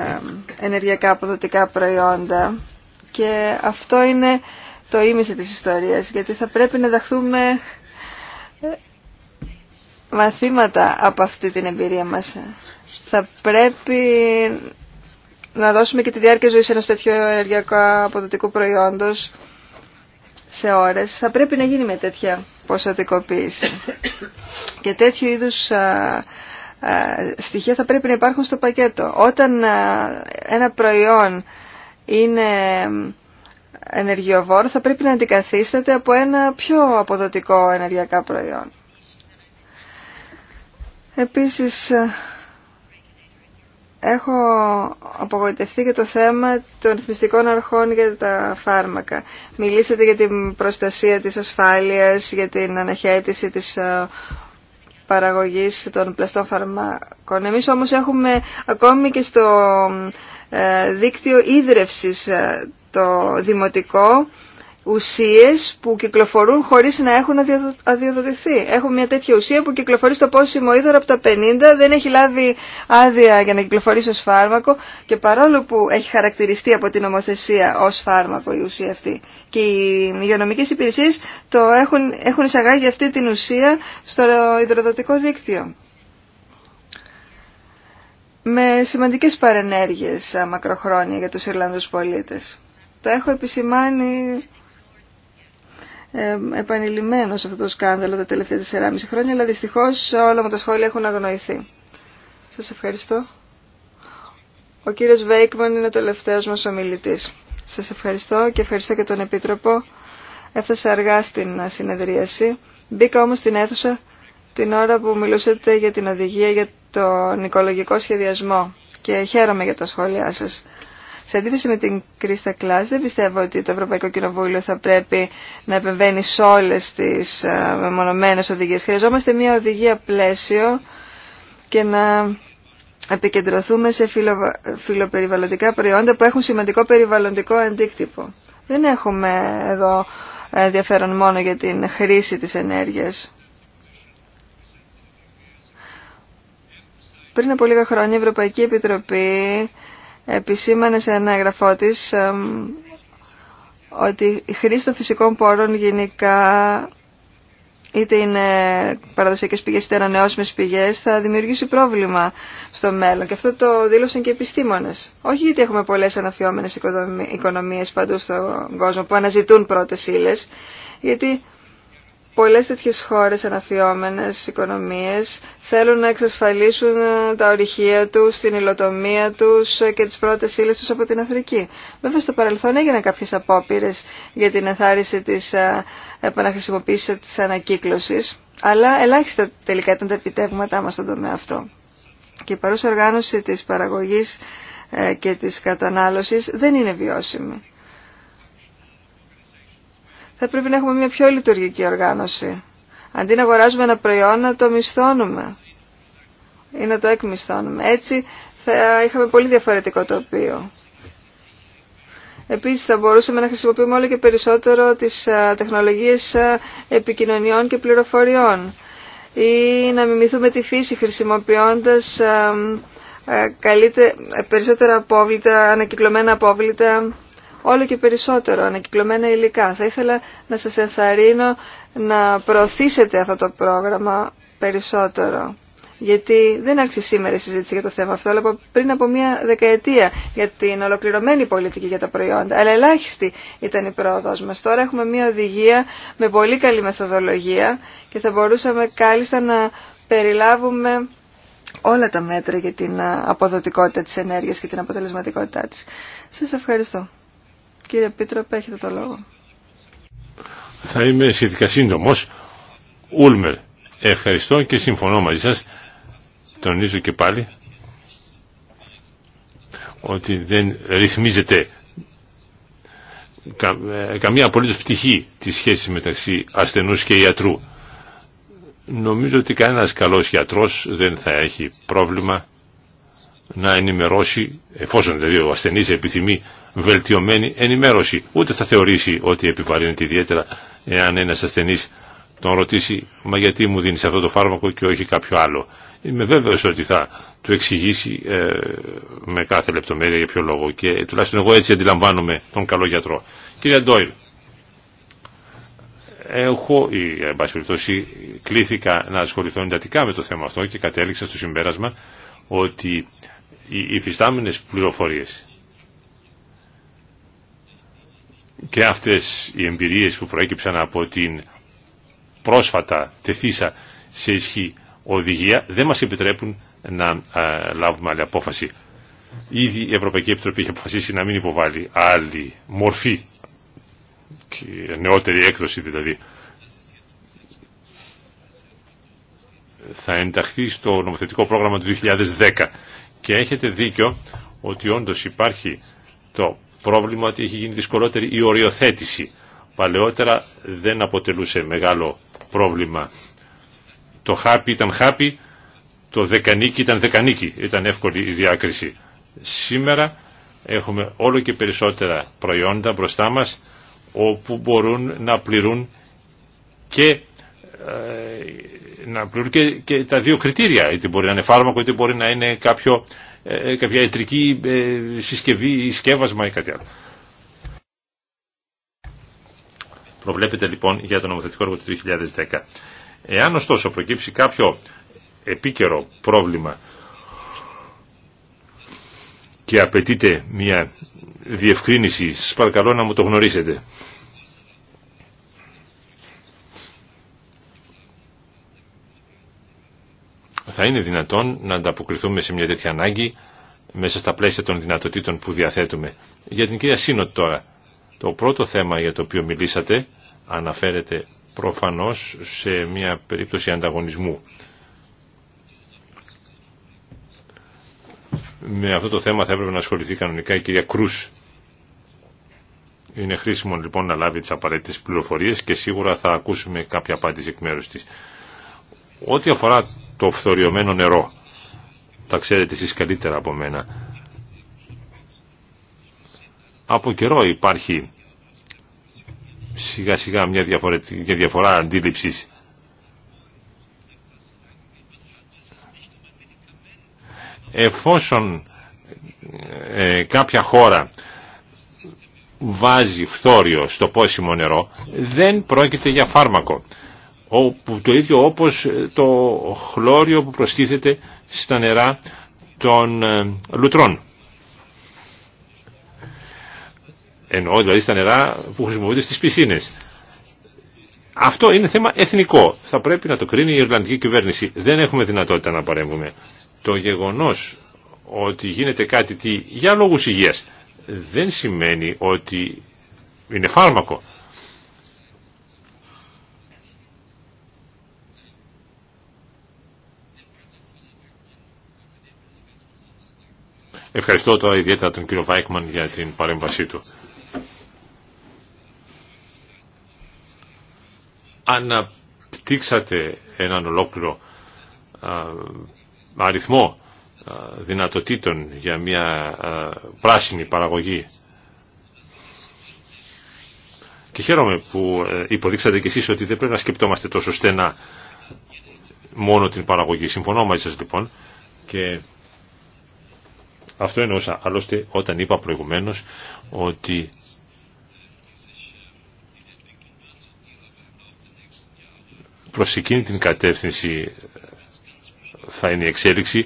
ενεργειακά αποδοτικά προϊόντα και αυτό είναι το ίμιση της ιστορίας, γιατί θα πρέπει να δαχθούμε ε, μαθήματα από αυτή την εμπειρία μας. Θα πρέπει να δώσουμε και τη διάρκεια ζωής ενός τέτοιου ενεργειακού αποδοτικού προϊόντος σε ώρες, θα πρέπει να γίνει με τέτοια ποσοτικοποίηση. Και τέτοιου είδους στοιχεία θα πρέπει να υπάρχουν στο πακέτο. Όταν ένα προϊόν είναι ενεργειοβόρο θα πρέπει να αντικαθίσταται από ένα πιο αποδοτικό ενεργειακά προϊόν. Επίσης έχω απογοητευτεί και το θέμα των ρυθμιστικών αρχών για τα φάρμακα. Μιλήσατε για την προστασία της ασφάλειας, για την αναχέτηση της ε, παραγωγής των πλαστών φαρμάκων. Εμείς όμως έχουμε ακόμη και στο ε, δίκτυο ίδρευσης ε, το δημοτικό ουσίες που κυκλοφορούν χωρίς να έχουν αδειοδοτηθεί. Έχουμε μια τέτοια ουσία που κυκλοφορεί στο πόσιμο είδωρο από τα 50, δεν έχει λάβει άδεια για να κυκλοφορήσει ως φάρμακο και παρόλο που έχει χαρακτηριστεί από την νομοθεσία ως φάρμακο η ουσία αυτή. Και οι υγειονομικές υπηρεσίες το έχουν, έχουν εισαγάγει αυτή την ουσία στο υδροδοτικό δίκτυο. Με σημαντικές παρενέργειες μακροχρόνια για τους Ιρλανδούς πολίτες. Τα έχω επισημάνει επανειλημμένο σε αυτό το σκάνδαλο τα τελευταία 4,5 χρόνια, αλλά δυστυχώ όλα μου τα σχόλια έχουν αγνοηθεί. Σα ευχαριστώ. Ο κύριος Βέικμαν είναι ο τελευταίος μας ομιλητής. Σας ευχαριστώ και ευχαριστώ και τον Επίτροπο. Έφτασα αργά στην συνεδρίαση. Μπήκα όμως στην αίθουσα την ώρα που μιλούσατε για την οδηγία για τον οικολογικό σχεδιασμό και χαίρομαι για τα σχόλιά σας. Σε αντίθεση με την Κρίστα Κλάς, δεν πιστεύω ότι το Ευρωπαϊκό Κοινοβούλιο θα πρέπει να επεμβαίνει σε όλες τις ε, μεμονωμένε οδηγίες. Χρειαζόμαστε μια οδηγία πλαίσιο και να επικεντρωθούμε σε φιλο... φιλοπεριβαλλοντικά προϊόντα που έχουν σημαντικό περιβαλλοντικό αντίκτυπο. Δεν έχουμε εδώ ενδιαφέρον μόνο για την χρήση της ενέργειας. Πριν από λίγα χρόνια η Ευρωπαϊκή Επιτροπή επισήμανε σε ένα εγγραφό τη ότι η χρήση των φυσικών πόρων γενικά είτε είναι παραδοσιακές πηγές είτε ανανεώσιμες πηγές θα δημιουργήσει πρόβλημα στο μέλλον και αυτό το δήλωσαν και οι επιστήμονες όχι γιατί έχουμε πολλές αναφιόμενες οικονομίες παντού στον κόσμο που αναζητούν πρώτες ύλες γιατί πολλές τέτοιες χώρες αναφιόμενες οικονομίες θέλουν να εξασφαλίσουν ε, τα ορυχεία τους, την υλοτομία τους ε, και τις πρώτες ύλες τους από την Αφρική. Βέβαια στο παρελθόν έγιναν κάποιες απόπειρες για την ενθάρρυνση της ε, επαναχρησιμοποίησης της ανακύκλωσης, αλλά ελάχιστα τελικά ήταν τα επιτεύγματά μας στον τομέα αυτό. Και η παρούσα οργάνωση της παραγωγής και της κατανάλωσης δεν είναι βιώσιμη θα πρέπει να έχουμε μια πιο λειτουργική οργάνωση. Αντί να αγοράζουμε ένα προϊόν, να το μισθώνουμε ή να το εκμισθώνουμε. Έτσι θα είχαμε πολύ διαφορετικό τοπίο. Επίσης θα μπορούσαμε να χρησιμοποιούμε όλο και περισσότερο τις τεχνολογίες επικοινωνιών και πληροφοριών ή να μιμηθούμε τη φύση χρησιμοποιώντας ε, περισσότερα απόβλητα, ανακυκλωμένα απόβλητα όλο και περισσότερο ανακυκλωμένα υλικά. Θα ήθελα να σας ενθαρρύνω να προωθήσετε αυτό το πρόγραμμα περισσότερο. Γιατί δεν άρχισε σήμερα η συζήτηση για το θέμα αυτό, αλλά πριν από μία δεκαετία για την ολοκληρωμένη πολιτική για τα προϊόντα. Αλλά ελάχιστη ήταν η πρόοδος μας. Τώρα έχουμε μία οδηγία με πολύ καλή μεθοδολογία και θα μπορούσαμε κάλλιστα να περιλάβουμε όλα τα μέτρα για την ε, αποδοτικότητα της ενέργειας και την αποτελεσματικότητά της. Σας ευχαριστώ. Κύριε Πίτροπε, έχετε το λόγο. Θα είμαι σχετικά σύντομος. Ούλμερ, ευχαριστώ και συμφωνώ μαζί σας. Τονίζω και πάλι ότι δεν ρυθμίζεται ε, καμία απολύτως πτυχή της σχέσης μεταξύ ασθενούς και ιατρού. Νομίζω ότι κανένας καλός ιατρός δεν θα έχει πρόβλημα να ενημερώσει, εφόσον δηλαδή ο ασθενής επιθυμεί βελτιωμένη ενημέρωση. Ούτε θα θεωρήσει ότι επιβαρύνεται ιδιαίτερα εάν ένας ασθενής τον ρωτήσει «Μα γιατί μου δίνεις αυτό το φάρμακο και όχι κάποιο άλλο». Είμαι βέβαιος ότι θα του εξηγήσει ε, με κάθε λεπτομέρεια για ποιο λόγο και τουλάχιστον εγώ έτσι αντιλαμβάνομαι τον καλό γιατρό. Κύριε Ντόιλ, έχω, ή εν πάση κλήθηκα να ασχοληθώ εντατικά με το θέμα αυτό και κατέληξα στο συμπέρασμα ότι οι υφιστάμενες πληροφορίε. και αυτές οι εμπειρίες που προέκυψαν από την πρόσφατα τεθήσα σε ισχύ οδηγία δεν μας επιτρέπουν να ε, λάβουμε άλλη απόφαση. Ήδη η Ευρωπαϊκή Επιτροπή έχει αποφασίσει να μην υποβάλει άλλη μορφή, και νεότερη έκδοση δηλαδή. Θα ενταχθεί στο νομοθετικό πρόγραμμα του 2010 και έχετε δίκιο ότι όντως υπάρχει το πρόβλημα ότι έχει γίνει δυσκολότερη η οριοθέτηση. Παλαιότερα δεν αποτελούσε μεγάλο πρόβλημα. Το χάπι ήταν χάπι, το δεκανίκι ήταν δεκανίκι, ήταν εύκολη η διάκριση. Σήμερα έχουμε όλο και περισσότερα προϊόντα μπροστά μας όπου μπορούν να πληρούν και ε, να πληρούν και, και, τα δύο κριτήρια, είτε μπορεί να είναι φάρμακο είτε μπορεί να είναι κάποιο ε, ε, κάποια ιατρική ε, συσκευή ή σκεύασμα ή κάτι άλλο. Προβλέπεται λοιπόν για το νομοθετικό έργο του 2010. Εάν ωστόσο προκύψει κάποιο επίκαιρο πρόβλημα και απαιτείται μια διευκρίνηση, σας παρακαλώ να μου το γνωρίσετε. θα είναι δυνατόν να ανταποκριθούμε σε μια τέτοια ανάγκη μέσα στα πλαίσια των δυνατοτήτων που διαθέτουμε. Για την κυρία Σύνοτ τώρα, το πρώτο θέμα για το οποίο μιλήσατε αναφέρεται προφανώς σε μια περίπτωση ανταγωνισμού. Με αυτό το θέμα θα έπρεπε να ασχοληθεί κανονικά η κυρία Κρούς. Είναι χρήσιμο λοιπόν να λάβει τις απαραίτητες πληροφορίες και σίγουρα θα ακούσουμε κάποια απάντηση εκ μέρους της. Ό,τι αφορά το φθοριωμένο νερό, τα ξέρετε εσείς καλύτερα από μένα, από καιρό υπάρχει σιγά σιγά μια, μια διαφορά αντίληψης εφόσον ε, κάποια χώρα βάζει φθόριο στο πόσιμο νερό δεν πρόκειται για φάρμακο όπου, το ίδιο όπως ε, το χλώριο που προστίθεται στα νερά των ε, λουτρών. Εννοώ δηλαδή στα νερά που χρησιμοποιούνται στις πισίνες. Αυτό είναι θέμα εθνικό. Θα πρέπει να το κρίνει η Ιρλανδική κυβέρνηση. Δεν έχουμε δυνατότητα να παρέμβουμε. Το γεγονός ότι γίνεται κάτι τι για λόγους υγείας δεν σημαίνει ότι είναι φάρμακο. Ευχαριστώ τώρα ιδιαίτερα τον κύριο Βάικμαν για την παρέμβασή του. Αναπτύξατε έναν ολόκληρο αριθμό δυνατοτήτων για μια πράσινη παραγωγή. Και χαίρομαι που ε, υποδείξατε κι εσείς ότι δεν πρέπει να σκεπτόμαστε τόσο στενά μόνο την παραγωγή. Συμφωνώ μαζί σας λοιπόν και αυτό εννοούσα άλλωστε όταν είπα προηγουμένως ότι προς εκείνη την κατεύθυνση θα είναι η εξέλιξη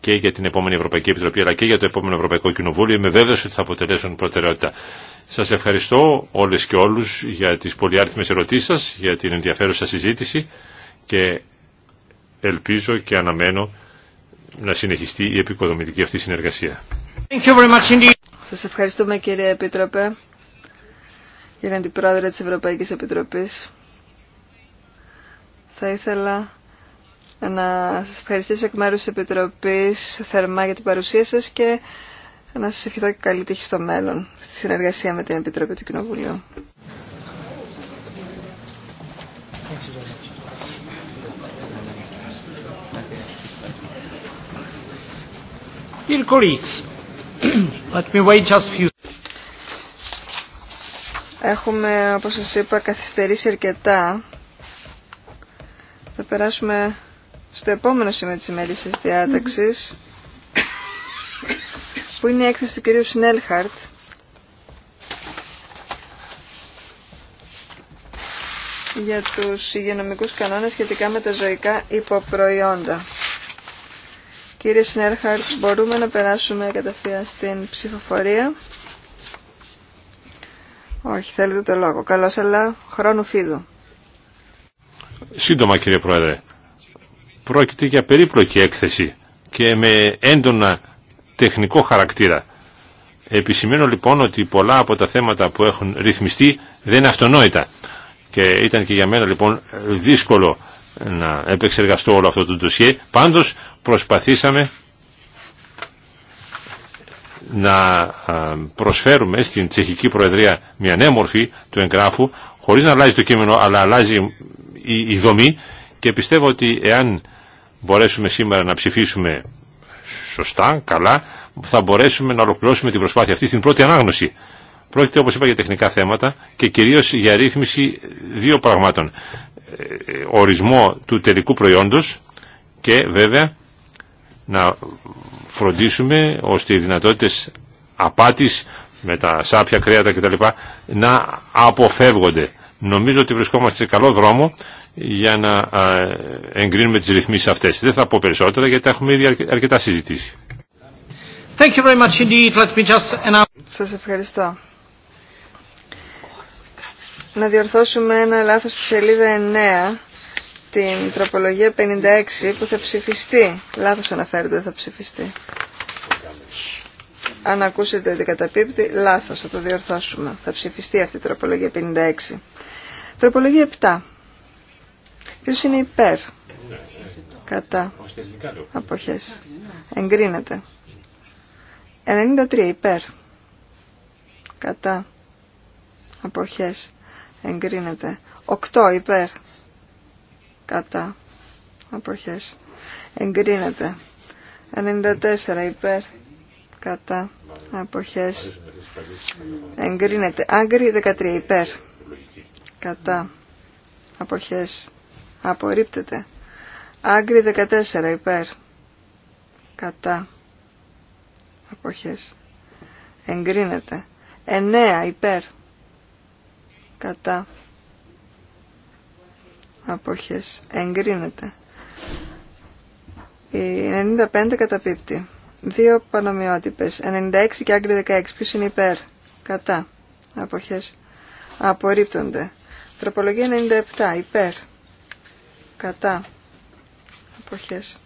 και για την επόμενη Ευρωπαϊκή Επιτροπή αλλά και για το επόμενο Ευρωπαϊκό Κοινοβούλιο. Είμαι βέβαιος ότι θα αποτελέσουν προτεραιότητα. Σας ευχαριστώ όλες και όλους για τις πολυάριθμες ερωτήσεις σας, για την ενδιαφέρουσα συζήτηση και ελπίζω και αναμένω να συνεχιστεί η επικοδομητική αυτή συνεργασία. Σα ευχαριστούμε κύριε Επίτροπε, κύριε Αντιπρόεδρε της Ευρωπαϊκής Επιτροπής. Θα ήθελα να σας ευχαριστήσω εκ μέρους της Επιτροπής θερμά για την παρουσία σας και να σας ευχηθώ και καλή τύχη στο μέλλον στη συνεργασία με την Επιτροπή του Κοινοβουλίου. Dear colleagues, let me wait just Έχουμε, όπως σας είπα, καθυστερήσει αρκετά. Θα περάσουμε στο επόμενο σημείο της ημέρησης διάταξης, που είναι η έκθεση του κυρίου Σνέλχαρτ. για τους υγειονομικούς κανόνες σχετικά με τα ζωικά υποπροϊόντα. Κύριε Σνέρχαρτ, μπορούμε να περάσουμε κατευθείαν στην ψηφοφορία. Όχι, θέλετε το λόγο. Καλώς, αλλά χρόνου φίδου. Σύντομα κύριε Πρόεδρε, πρόκειται για περίπλοκη έκθεση και με έντονα τεχνικό χαρακτήρα. Επισημαίνω λοιπόν ότι πολλά από τα θέματα που έχουν ρυθμιστεί δεν είναι αυτονόητα και ήταν και για μένα λοιπόν δύσκολο να επεξεργαστώ όλο αυτό το ντοσιέ. Πάντως προσπαθήσαμε να προσφέρουμε στην Τσεχική Προεδρία μια νέα μορφή του εγγράφου χωρίς να αλλάζει το κείμενο αλλά αλλάζει η, δομή και πιστεύω ότι εάν μπορέσουμε σήμερα να ψηφίσουμε σωστά, καλά θα μπορέσουμε να ολοκληρώσουμε την προσπάθεια αυτή στην πρώτη ανάγνωση. Πρόκειται όπως είπα για τεχνικά θέματα και κυρίως για ρύθμιση δύο πραγμάτων. Ε, ορισμό του τελικού προϊόντος και βέβαια να φροντίσουμε ώστε οι δυνατότητες απάτης με τα σάπια κρέατα κτλ να αποφεύγονται. Νομίζω ότι βρισκόμαστε σε καλό δρόμο για να ε, εγκρίνουμε τις ρυθμίσεις αυτές. Δεν θα πω περισσότερα γιατί έχουμε ήδη αρκετά συζητήσει. Thank Σας ευχαριστώ να διορθώσουμε ένα λάθος στη σελίδα 9, την τροπολογία 56 που θα ψηφιστεί. Λάθος αναφέρεται, θα ψηφιστεί. Αν ακούσετε την καταπίπτει, λάθος, θα το διορθώσουμε. Θα ψηφιστεί αυτή η τροπολογία 56. Τροπολογία 7. Ποιος είναι υπέρ. Κατά. Αποχές. Εγκρίνεται. 93 υπέρ. Κατά. Αποχές εγκρίνεται. 8 υπέρ κατά αποχές εγκρίνεται. 94 υπέρ κατά αποχές εγκρίνεται. Άγκρι 13 υπέρ κατά αποχές απορρίπτεται. Άγκρι 14 υπέρ κατά αποχές εγκρίνεται. 9 υπέρ κατά αποχές εγκρίνεται η 95 καταπίπτει δύο πανομοιότυπες 96 και άγκρι 16 ποιος είναι υπέρ κατά αποχές απορρίπτονται τροπολογία 97 υπέρ κατά αποχές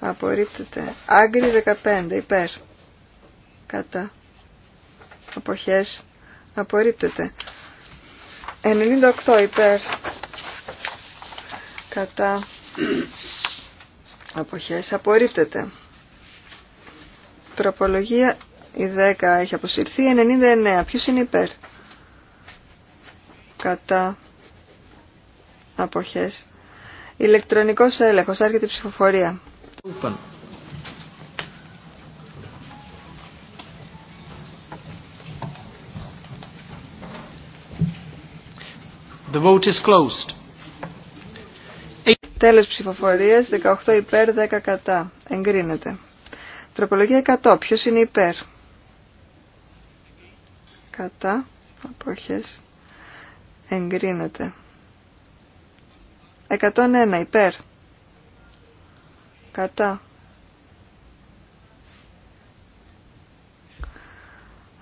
απορρίπτεται άγκρι 15 υπέρ κατά αποχές απορρίπτεται 98 υπέρ κατά αποχές απορρίπτεται. Τροπολογία η 10 έχει αποσυρθεί. 99. Ποιος είναι υπέρ. Κατά αποχές. Ηλεκτρονικός έλεγχος. Άρχεται η ψηφοφορία. The vote is closed. Τέλος ψηφοφορίας, 18 υπέρ, 10 κατά. Εγκρίνεται. Τροπολογία 100. Ποιος είναι υπέρ. Κατά. Απόχες. Εγκρίνεται. 101 υπέρ. Κατά.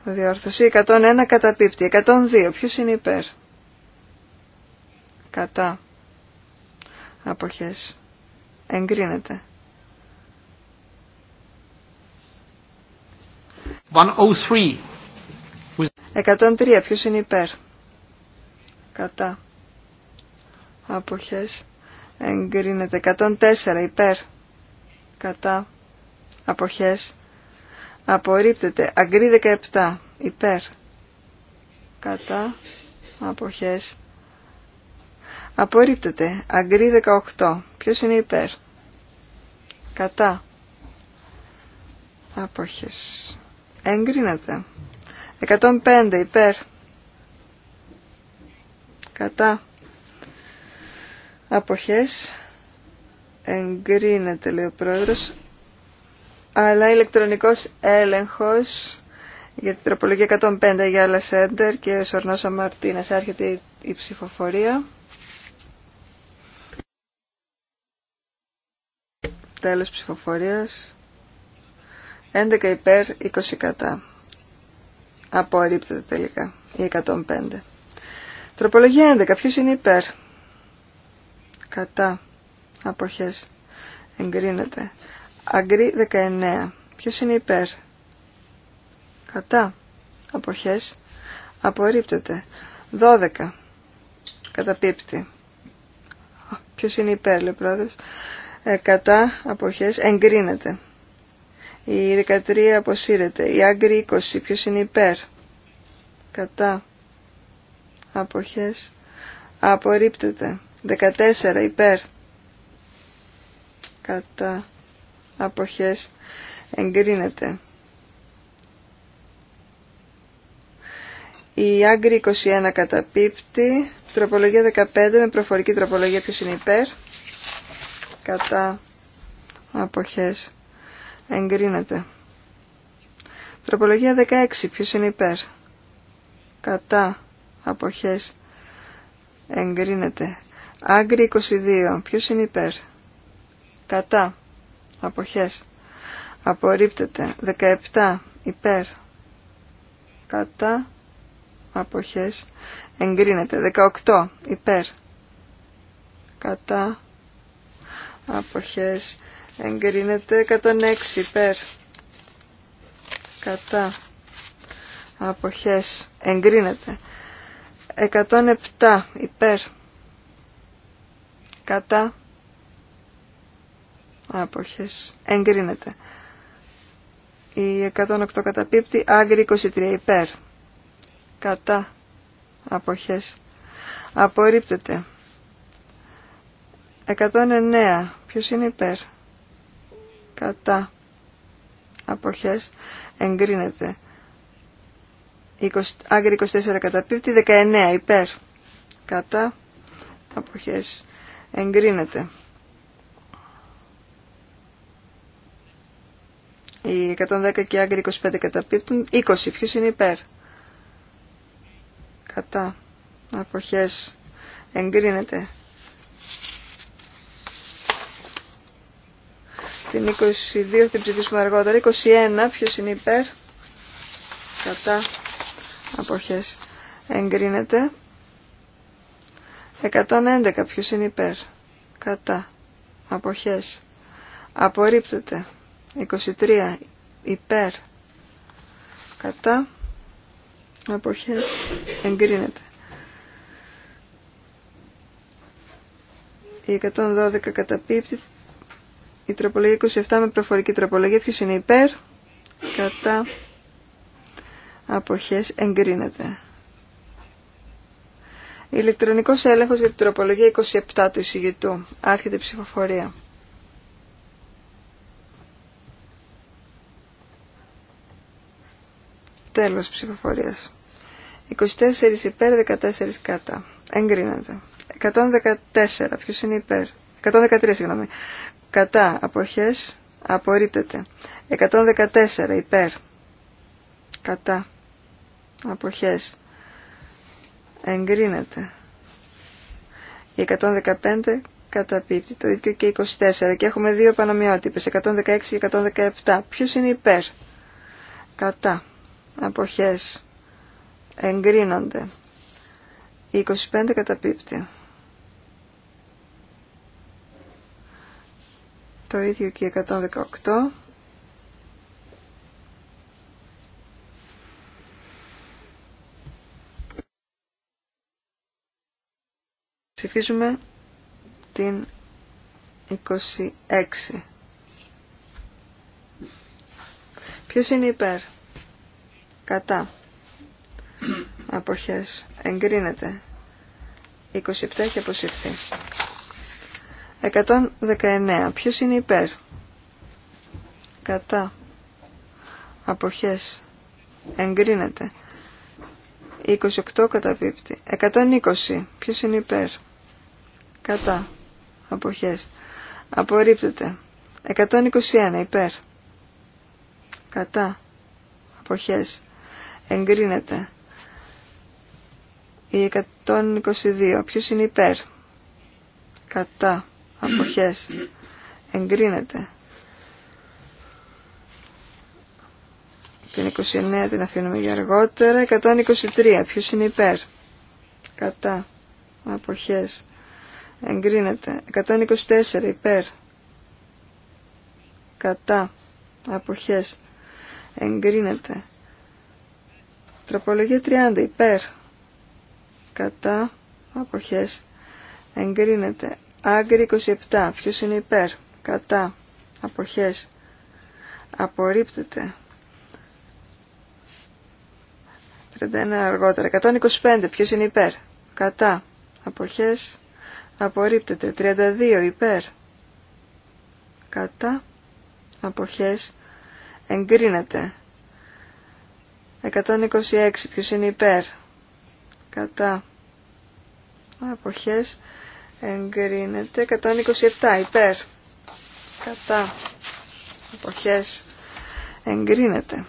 Διόρθωση 101 καταπίπτει. 102. Ποιος είναι υπέρ κατά αποχές εγκρίνεται 103 ποιο ποιος είναι υπέρ κατά αποχές εγκρίνεται 104 υπέρ κατά αποχές απορρίπτεται αγκρί 17 υπέρ κατά αποχές Απορρίπτεται. Αγκρί 18. Ποιος είναι υπέρ. Κατά. Απόχες. Εγκρίνεται. 105 υπέρ. Κατά. Αποχές. Εγκρίνεται λέει ο πρόεδρος. Αλλά ηλεκτρονικός έλεγχος για την τροπολογία 105 για άλλα σέντερ και ο Σορνός Αμαρτίνας. Άρχεται η ψηφοφορία. Τέλος ψηφοφορίας. 11 υπέρ, 20 κατά. Απορρίπτεται τελικά. Η 105. Τροπολογία 11. Ποιος είναι υπέρ. Κατά. Αποχές. Εγκρίνεται. Αγκρί 19. Ποιος είναι υπέρ. Κατά. Αποχές. Απορρίπτεται. 12. Καταπίπτει. Ποιος είναι υπέρ, λέει ο πρόεδρος. Ε, κατά αποχές εγκρίνεται. Η 13 αποσύρεται. Η άγκρη 20 ποιος είναι υπέρ κατά αποχές απορρίπτεται. 14 υπέρ κατά αποχές εγκρίνεται. Η άγκρη 21 καταπίπτει. Τροπολογία 15 με προφορική τροπολογία ποιος είναι υπέρ κατά αποχές εγκρίνεται. Τροπολογία 16. Ποιος είναι υπέρ. Κατά αποχές εγκρίνεται. Άγκρι 22. Ποιος είναι υπέρ. Κατά αποχές απορρίπτεται. 17. Υπέρ. Κατά αποχές εγκρίνεται. 18. Υπέρ. Κατά αποχές εγκρίνεται 106 υπέρ κατά αποχές εγκρίνεται 107 υπέρ κατά αποχές εγκρίνεται η 108 καταπίπτει άγκρι 23 υπέρ κατά αποχές απορρίπτεται 109 Ποιος είναι υπέρ. Κατά. Αποχές. Εγκρίνεται. 20, άγκρι 24 καταπίπτει. 19 υπέρ. Κατά. Αποχές. Εγκρίνεται. Οι 110 και άγκρι 25 καταπίπτουν. 20. Ποιος είναι υπέρ. Κατά. Αποχές. Εγκρίνεται. Την 22 θα την ψηφίσουμε αργότερα. 21 ποιος είναι υπέρ. Κατά αποχές εγκρίνεται. 111 ποιος είναι υπέρ. Κατά αποχές απορρίπτεται. 23 υπέρ. Κατά αποχές εγκρίνεται. Η 112 καταπίπτει η τροπολογία 27 με προφορική τροπολογία. Ποιος είναι υπέρ. Κατά. Αποχές εγκρίνεται. Ηλεκτρονικός έλεγχος για την τροπολογία 27 του εισηγητού. Άρχεται η ψηφοφορία. Τέλος ψηφοφορίας. 24 υπέρ, 14 κατά. Εγκρίνεται. 114. Ποιος είναι υπέρ. 113, συγγνώμη κατά αποχές απορρίπτεται 114 υπέρ κατά αποχές εγκρίνεται 115 καταπίπτει το ίδιο και 24 και έχουμε δύο επανομοιότυπες 116 και 117 ποιος είναι υπέρ κατά αποχές εγκρίνονται 25 καταπίπτει Το ίδιο και 118. Ψηφίζουμε την 26. Ποιος είναι υπέρ. Κατά. Αποχές. Εγκρίνεται. 27 και αποσυρθεί. 119. Ποιος είναι υπέρ. Κατά. Αποχές. Εγκρίνεται. 28 καταπίπτει. 120. Ποιος είναι υπέρ. Κατά. Αποχές. Απορρίπτεται. 121. Υπέρ. Κατά. Αποχές. Εγκρίνεται. 122. Ποιος είναι υπέρ. Κατά αποχές εγκρίνεται. Την 29 την αφήνουμε για αργότερα. 123. Ποιος είναι υπέρ. Κατά. Αποχές. Εγκρίνεται. 124 υπέρ. Κατά. Αποχές. Εγκρίνεται. Τροπολογία 30 υπέρ. Κατά. Αποχές. Εγκρίνεται. Άγκρι 27. Ποιο είναι υπέρ. Κατά. Αποχέ. Απορρίπτεται. 31 αργότερα. 125. ποιο είναι υπέρ. Κατά. αποχέ. Απορρίπτεται. 32 υπέρ. Κατά. Αποχές. Εγκρίνεται. 126. Ποιο είναι υπέρ. Κατά. Αποχές εγκρίνεται 127 υπέρ κατά εποχές εγκρίνεται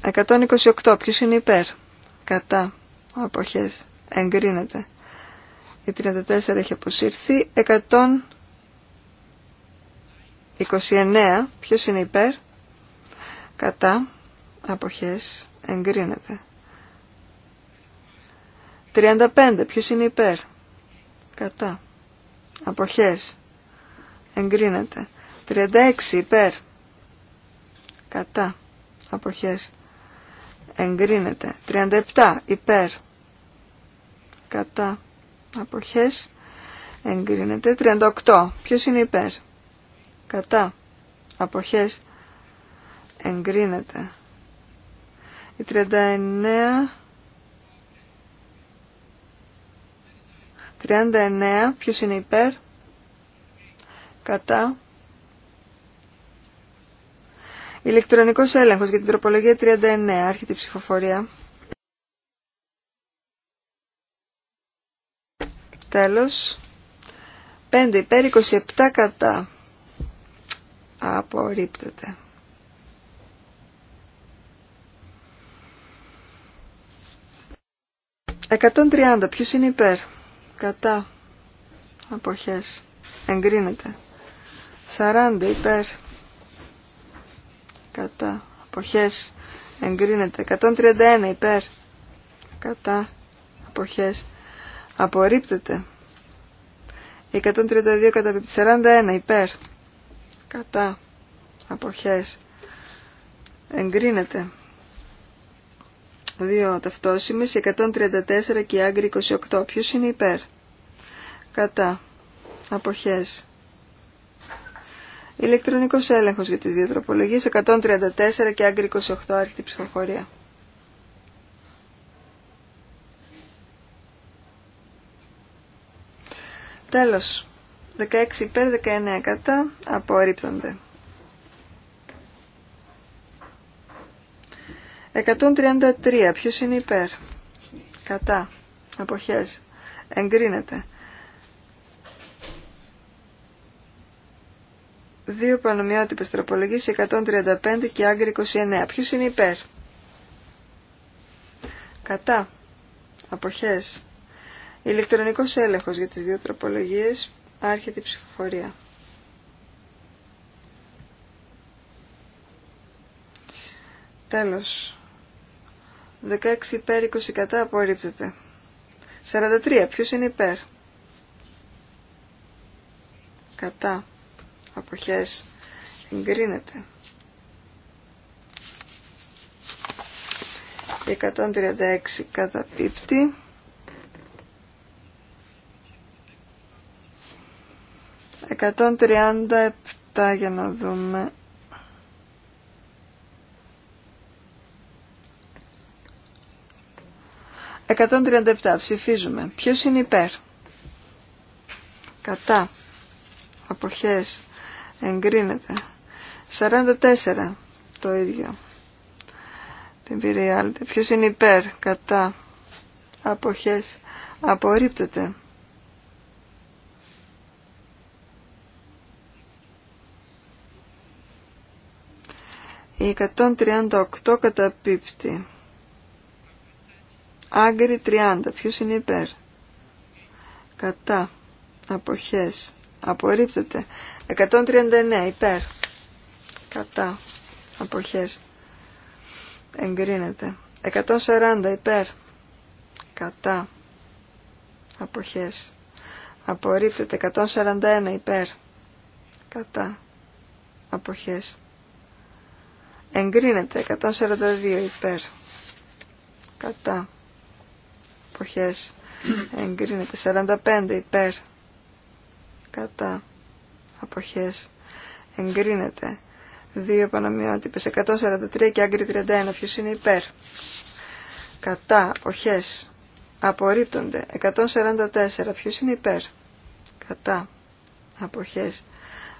128. ποιος είναι υπέρ κατά εποχές εγκρίνεται η 34 έχει αποσύρθει 129 ποιος είναι υπέρ κατά αποχές. εγκρίνεται 35. Ποιος είναι υπέρ. Κατά. Αποχές. Εγκρίνεται. 36. Υπέρ. Κατά. Αποχές. Εγκρίνεται. 37. Υπέρ. Κατά. Αποχές. Εγκρίνεται. 38. Ποιος είναι υπέρ. Κατά. Αποχές. Εγκρίνεται. 39 39. Ποιος είναι υπέρ. Κατά. Ηλεκτρονικός έλεγχος για την τροπολογία 39. Άρχεται η ψηφοφορία. Τέλος. 5 υπέρ 27 κατά. Απορρίπτεται. 130. τριάντα. Ποιος είναι υπέρ κατά αποχές εγκρίνεται 40 υπέρ κατά αποχές εγκρίνεται 131 υπέρ κατά αποχές απορρίπτεται 132 κατά 41 υπέρ κατά αποχές εγκρίνεται Δύο ταυτόσημες, 134 και άγκρι 28. Ποιος είναι υπέρ. Κατά. Αποχές. Ηλεκτρονικός έλεγχος για τις δύο 134 και άγκρι 28. Άρχιτη ψυχοφορία. Τέλος. 16 υπέρ, 19 κατά. Απορρίπτονται. 133. Ποιος είναι υπέρ. Κατά. Αποχές. Εγκρίνεται. Δύο πανομοιότυπες τροπολογίες 135 και άγκρι 29. Ποιος είναι υπέρ. Κατά. Αποχές. Ηλεκτρονικός έλεγχος για τις δύο τροπολογίες. Άρχεται η ψηφοφορία. Τέλος 16 υπέρ, 20 κατά απορρίπτεται. 43. Ποιος είναι υπέρ. Κατά. Αποχές. Εγκρίνεται. 136 καταπίπτει. Εκατόν για να δούμε 137. Ψηφίζουμε. Ποιος είναι υπέρ. Κατά. Αποχές. Εγκρίνεται. 44. Το ίδιο. Την πήρε Ποιος είναι υπέρ. Κατά. Αποχές. Απορρίπτεται. Η 138 καταπίπτει. Άγκρι 30. Ποιος είναι υπέρ. Κατά. Αποχές. Απορρίπτεται. 139. Υπέρ. Κατά. Αποχές. Εγκρίνεται. 140. Υπέρ. Κατά. Αποχές. Απορρίπτεται. 141. Υπέρ. Κατά. Αποχές. Εγκρίνεται. 142. Υπέρ. Κατά εγκρίνεται 45 υπέρ κατά αποχές εγκρίνεται 2 επανομοιότυπες 143 και άγκρι 31 ποιος είναι υπέρ κατά αποχές απορρίπτονται 144 ποιος είναι υπέρ κατά αποχές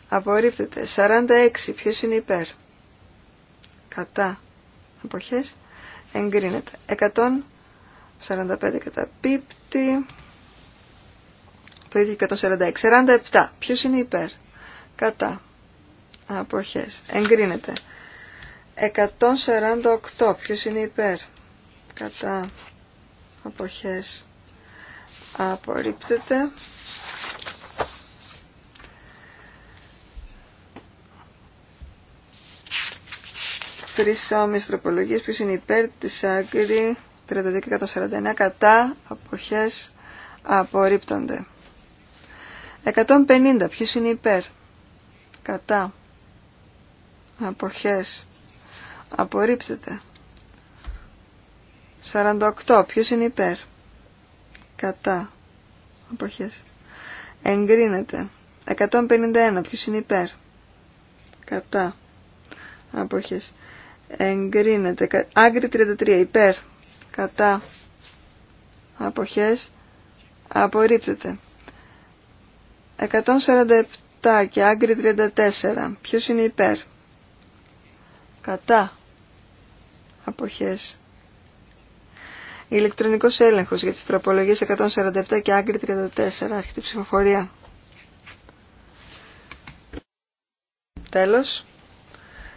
απορρίπτεται 46 ποιος είναι υπέρ κατά αποχές εγκρίνεται 100 45 καταπίπτει. Το ίδιο 146. 47. Ποιος είναι υπέρ. Κατά. Αποχές. Εγκρίνεται. 148. Ποιος είναι υπέρ. Κατά. Αποχές. Απορρίπτεται. Τρεις όμοιες τροπολογίες. Ποιος είναι υπέρ της άγκρη. 32 και 149 κατά αποχές απορρίπτονται. 150 ποιος είναι υπέρ κατά αποχές απορρίπτεται. 48 ποιος είναι υπέρ κατά αποχές εγκρίνεται. 151 ποιος είναι υπέρ κατά αποχές εγκρίνεται. Άγκρι 33 υπέρ κατά αποχές απορρίπτεται. 147 και άγκρι 34. Ποιος είναι υπέρ. Κατά αποχές. Ηλεκτρονικός έλεγχος για τις τροπολογίες 147 και άγκρι 34. Άρχεται ψηφοφορία. Τέλος.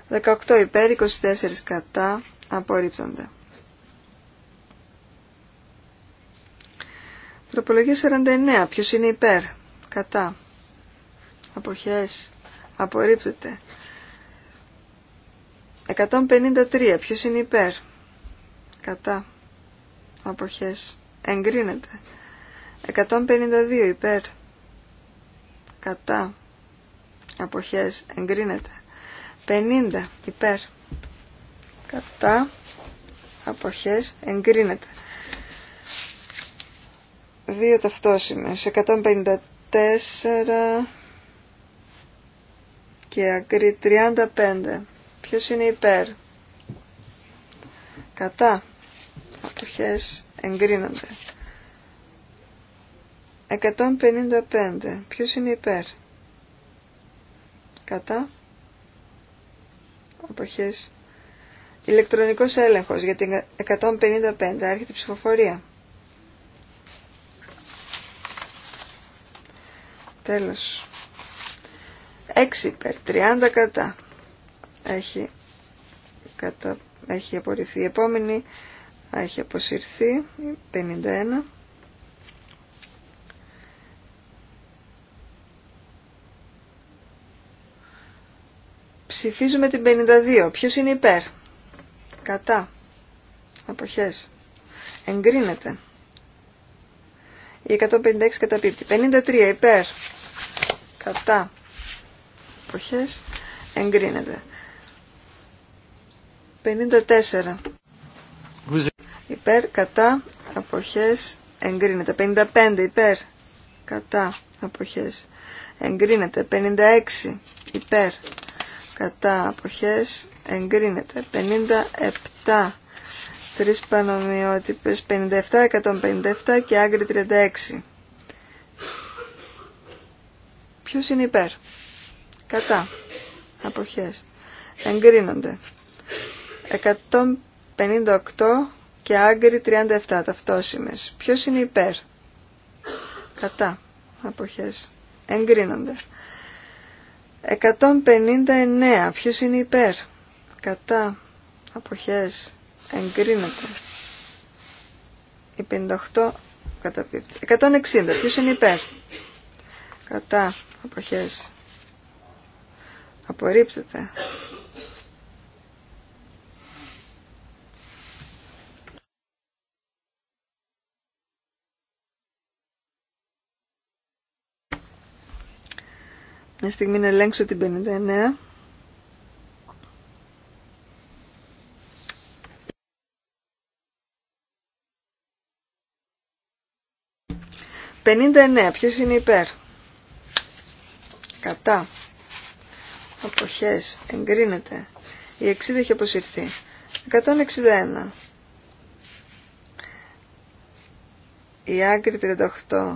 18 υπέρ, 24 κατά απορρίπτονται. Τροπολογία 49. Ποιος είναι υπέρ. Κατά. Αποχές. Απορρίπτεται. 153. Ποιος είναι υπέρ. Κατά. Αποχές. Εγκρίνεται. 152. Υπέρ. Κατά. Αποχές. Εγκρίνεται. 50. Υπέρ. Κατά. Αποχές. Εγκρίνεται. Δύο ταυτόσημες. 154 και αγκρί 35. Ποιος είναι υπέρ. Κατά. Αποχές εγκρίνονται. 155. Ποιος είναι υπέρ. Κατά. Αποχές. Ηλεκτρονικός έλεγχος για την 155. Άρχεται η ψηφοφορία. Τέλος. 6 υπέρ. 30 κατά. Έχει, κατά, έχει απορριφθεί η επόμενη. Έχει αποσυρθεί. 51. Ψηφίζουμε την 52. Ποιος είναι υπέρ. Κατά. Αποχές. Εγκρίνεται. Η 156 καταπίπτει. 53 υπέρ κατά εποχές εγκρίνεται 54 υπέρ κατά αποχές εγκρίνεται 55 υπέρ κατά αποχές εγκρίνεται 56 υπέρ κατά αποχές εγκρίνεται 57 τρεις πανομοιότυπες 57, 157 και άγκρι 36 Ποιος είναι υπέρ. Κατά. Αποχές. Εγκρίνονται. 158 και άγκρι 37 ταυτόσημες. Ποιος είναι υπέρ. Κατά. Αποχές. Εγκρίνονται. 159. Ποιος είναι υπέρ. Κατά. Αποχές. Εγκρίνονται. Η 58 καταπίπτει. 160. Ποιος είναι υπέρ. Κατά αποχές απορρίπτεται. Μια στιγμή να ελέγξω την 59. 59. εννέα. Ποιος είναι υπέρ κατά αποχές εγκρίνεται η 60 έχει αποσυρθεί 161 η άγκρη 38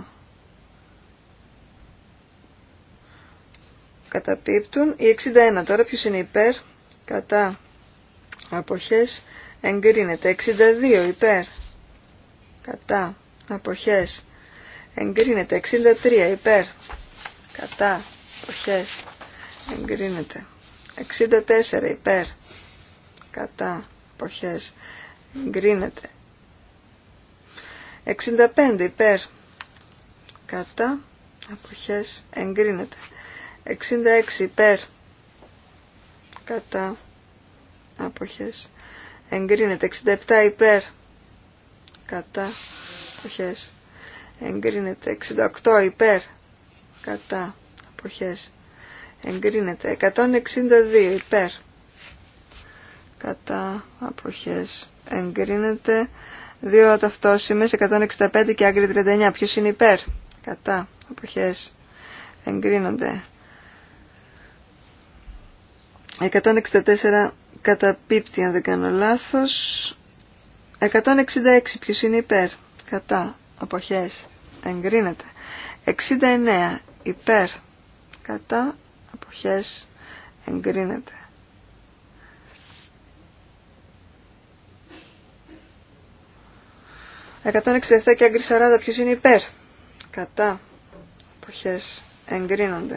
καταπίπτουν η 61 τώρα ποιος είναι υπέρ κατά αποχές εγκρίνεται 62 υπέρ κατά αποχές εγκρίνεται 63 υπέρ κατά εποχές εγκρίνεται 64 υπέρ κατά εποχές εγκρίνεται 65 υπέρ κατά εποχές εγκρίνεται 66 υπέρ κατά εποχές εγκρίνεται 67 υπέρ κατά εποχές εγκρίνεται 68 υπέρ κατά αποχές εγκρίνεται 162 υπέρ κατά αποχές εγκρίνεται δύο ταυτόσημες 165 και άγκρι 39 ποιος είναι υπέρ κατά αποχές εγκρίνονται 164 καταπίπτει αν δεν κάνω λάθος 166 ποιος είναι υπέρ κατά αποχές εγκρίνεται 69 υπέρ κατά αποχές εγκρίνεται. Εκατόν και άγκρι 40 ποιος είναι υπέρ. Κατά αποχές εγκρίνονται.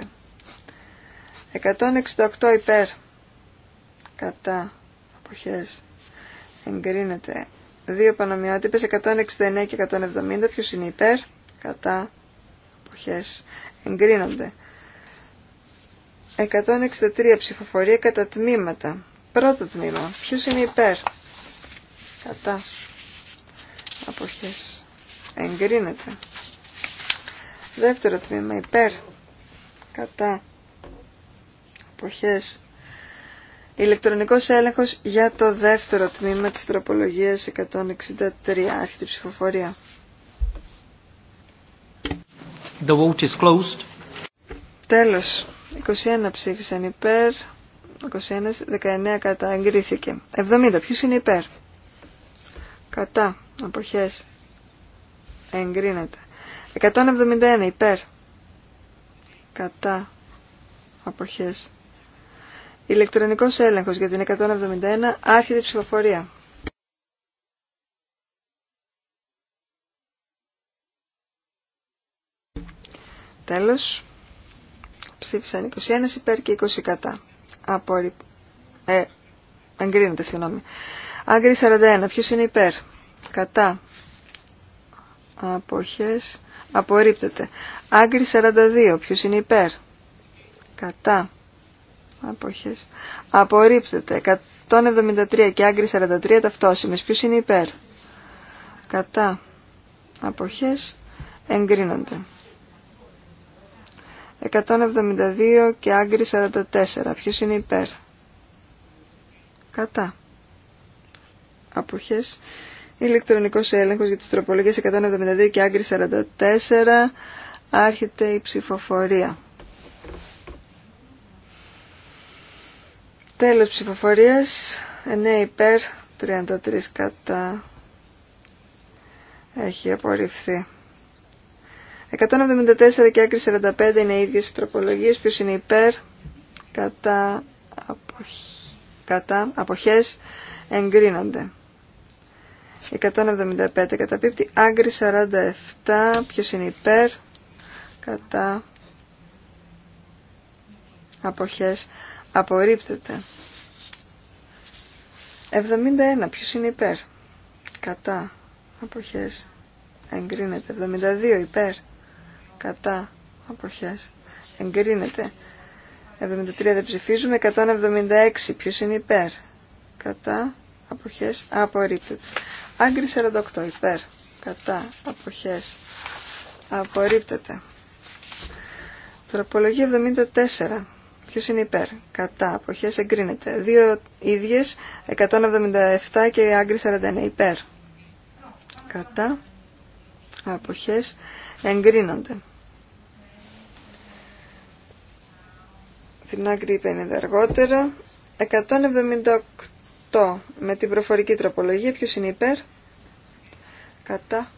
168 υπέρ. Κατά αποχές εγκρίνεται. Δύο πανομοιότυπες 169 και 170 ποιος είναι υπέρ. Κατά αποχές εγκρίνονται. 163 ψηφοφορία κατά τμήματα. Πρώτο τμήμα. Ποιο είναι υπέρ. Κατά. Αποχές. Εγκρίνεται. Δεύτερο τμήμα. Υπέρ. Κατά. Αποχές. Ηλεκτρονικός έλεγχος για το δεύτερο τμήμα της τροπολογίας 163. Άρχεται ψηφοφορία. The vote is closed. Τέλος. 21 ψήφισαν υπέρ, 21, 19 κατά, εγκρίθηκε. 70, ποιος είναι υπέρ. Κατά, αποχές, εγκρίνεται. 171 υπέρ, κατά, αποχές. Ηλεκτρονικός έλεγχος για την 171, άρχεται ψηφοφορία. Τέλος ψήφισαν 21 υπέρ και 20 κατά. Από ε, εγκρίνεται, συγγνώμη. Άγκρι 41. Ποιος είναι υπέρ. Κατά. Αποχές. Απορρίπτεται. Άγκρι 42. Ποιος είναι υπέρ. Κατά. Αποχές. Απορρίπτεται. 173 και άγκρι 43 ταυτόσημες. Ποιος είναι υπέρ. Κατά. Αποχές. Εγκρίνονται. 172 και άγκρι 44. Ποιος είναι υπέρ. Κατά. Αποχές. Ηλεκτρονικός έλεγχος για τις τροπολογίες 172 και άγκρι 44. Άρχεται η ψηφοφορία. Τέλος ψηφοφορίας. 9 υπέρ, 33 κατά. Έχει απορριφθεί. 174 και άκρη 45 είναι οι ίδιες τροπολογίες. Ποιος είναι υπέρ, κατά, κατά αποχές εγκρίνονται. 175 καταπίπτει. Άγκρι 47. Ποιος είναι υπέρ. Κατά. Αποχές. Απορρίπτεται. 71. Ποιος είναι υπέρ. Κατά. Αποχές. Εγκρίνεται. 72. Υπέρ κατά αποχές εγκρίνεται 73 δεν ψηφίζουμε 176 ποιος είναι υπέρ κατά αποχές απορρίπτεται άγκρι 48 υπέρ κατά αποχές απορρίπτεται τροπολογία 74 Ποιος είναι υπέρ, κατά, αποχές εγκρίνεται. Δύο ίδιες, 177 και άγκρι 49, υπέρ. Κατά, αποχές εγκρίνονται. την άγκρη 50 αργότερα. 178 με την προφορική τροπολογία. Ποιος είναι υπέρ. Κατά.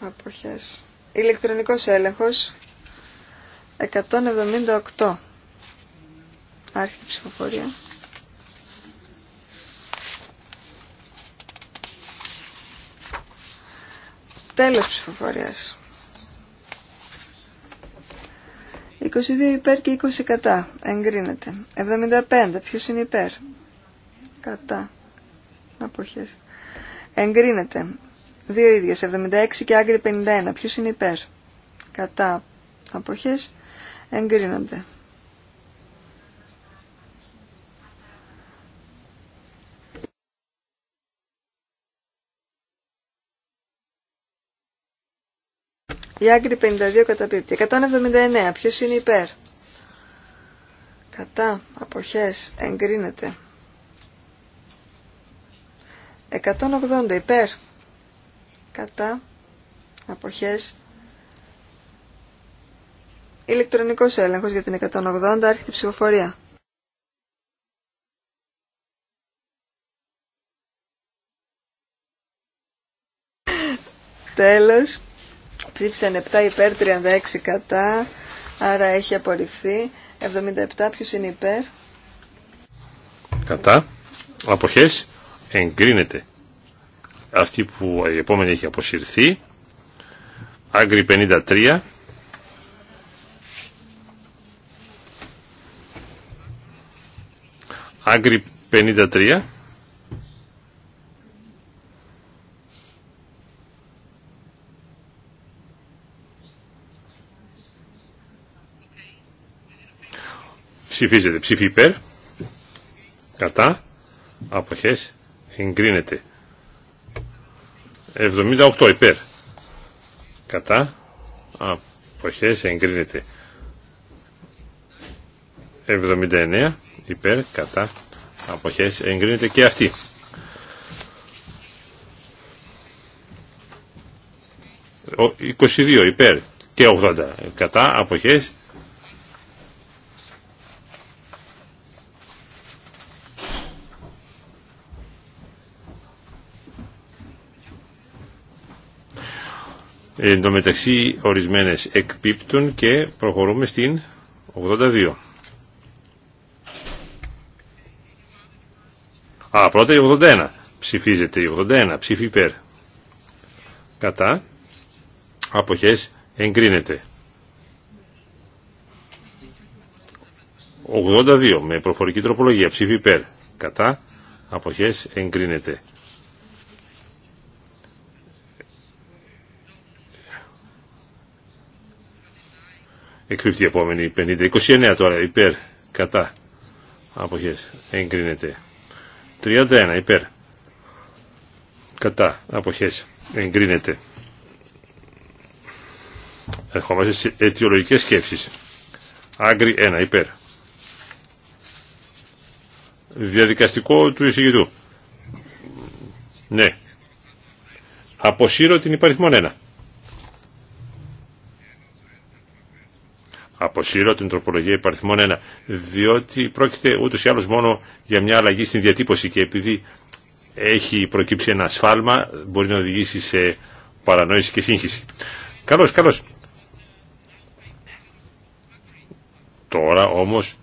Αποχές. Ηλεκτρονικός έλεγχος. 178. Άρχεται ψηφοφορία. Τέλος ψηφοφορίας. 22 υπέρ και 20 κατά. Εγκρίνεται. 75. Ποιος είναι υπέρ. Κατά. Αποχές. Εγκρίνεται. Δύο ίδιες. 76 και άγκρι 51. Ποιος είναι υπέρ. Κατά. Αποχές. Εγκρίνονται. Η άγκρη 52 καταπίπτει. 179. Ποιος είναι υπέρ. Κατά. Αποχές. Εγκρίνεται. 180 υπέρ. Κατά. Αποχές. Ηλεκτρονικός έλεγχος για την 180. Άρχεται ψηφοφορία. Τέλος. Ψήφισαν 7 υπέρ, 36 κατά, άρα έχει απορριφθεί. 77 ποιος είναι υπέρ. Κατά. Αποχές. Εγκρίνεται. Αυτή που η επόμενη έχει αποσυρθεί. Άγκρι 53. Άγκρι 53. Ψηφίζεται. Ψήφι υπέρ. Κατά. Αποχές. Εγκρίνεται. 78 υπέρ. Κατά. Αποχές. Εγκρίνεται. 79 υπέρ. Κατά. Αποχές. Εγκρίνεται και αυτή. 22 υπέρ και 80 κατά αποχές Ε, εν τω μεταξύ ορισμένες εκπίπτουν και προχωρούμε στην 82. Α, πρώτα η 81. Ψηφίζεται η 81. Ψήφι υπέρ. Κατά. Αποχές εγκρίνεται. 82 με προφορική τροπολογία. Ψήφι υπέρ. Κατά. Αποχές εγκρίνεται. Εκπίπτει η επόμενη 50. 29 τώρα υπέρ κατά αποχές εγκρίνεται. 31 υπέρ κατά αποχές εγκρίνεται. Ερχόμαστε σε αιτιολογικές σκέψεις. Άγκρι 1 υπέρ. Διαδικαστικό του εισηγητού. Ναι. Αποσύρω την υπαριθμόν 1. Αποσύρω την τροπολογία υπαριθμών 1, διότι πρόκειται ούτως ή άλλως μόνο για μια αλλαγή στην διατύπωση και επειδή έχει προκύψει ένα σφάλμα μπορεί να οδηγήσει σε παρανόηση και σύγχυση. Καλώς, καλώς. Τώρα όμως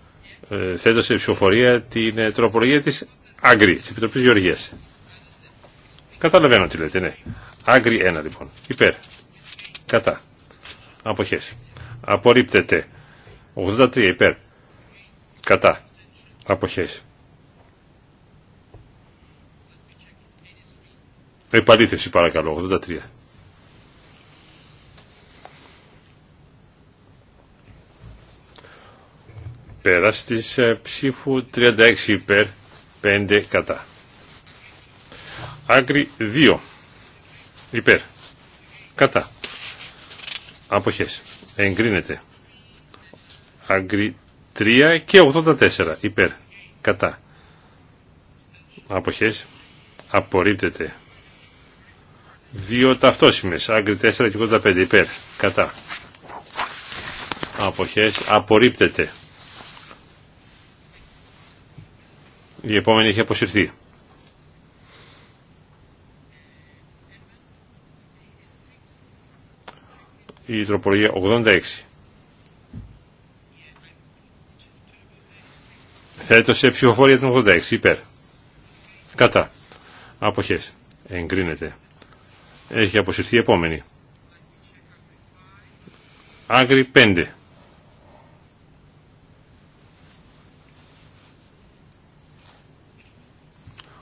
ε, θέτω σε ψηφοφορία την ε, τροπολογία της Άγκρη, της Επιτροπής Γεωργίας. Καταλαβαίνω τι λέτε, ναι. Άγκρη 1 λοιπόν. Υπέρ. Κατά. Αποχές απορρίπτεται. 83 υπέρ. Κατά. Αποχές. Επαλήθευση παρακαλώ. 83. Πέρα της ε, ψήφου 36 υπέρ 5 κατά. Άγκρι 2 υπέρ κατά. Αποχές. Εγκρίνεται. Αγκρι 3 και 84. Υπέρ. Κατά. Αποχές. Απορρίπτεται. Δύο ταυτόσημες. Άγκρι 4 και 85. Υπέρ. Κατά. Αποχές. Απορρίπτεται. Η επόμενη έχει αποσυρθεί. η τροπολογία 86. Θέτω σε ψηφοφορία την 86 υπέρ. Κατά. Αποχές. Εγκρίνεται. Έχει αποσυρθεί η επόμενη. Άγρι 5.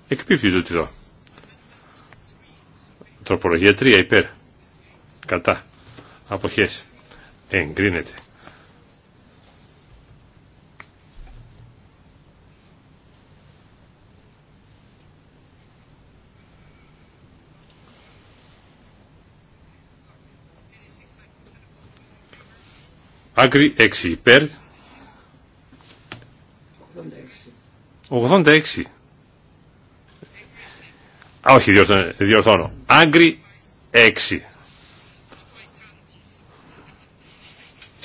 Εκπίπτει το τυρό. Τροπολογία 3 υπέρ. Κατά αποχές εγκρίνεται. Άκρη 6 υπέρ 86 Α, όχι, διορθώνω. Άγκρι 6.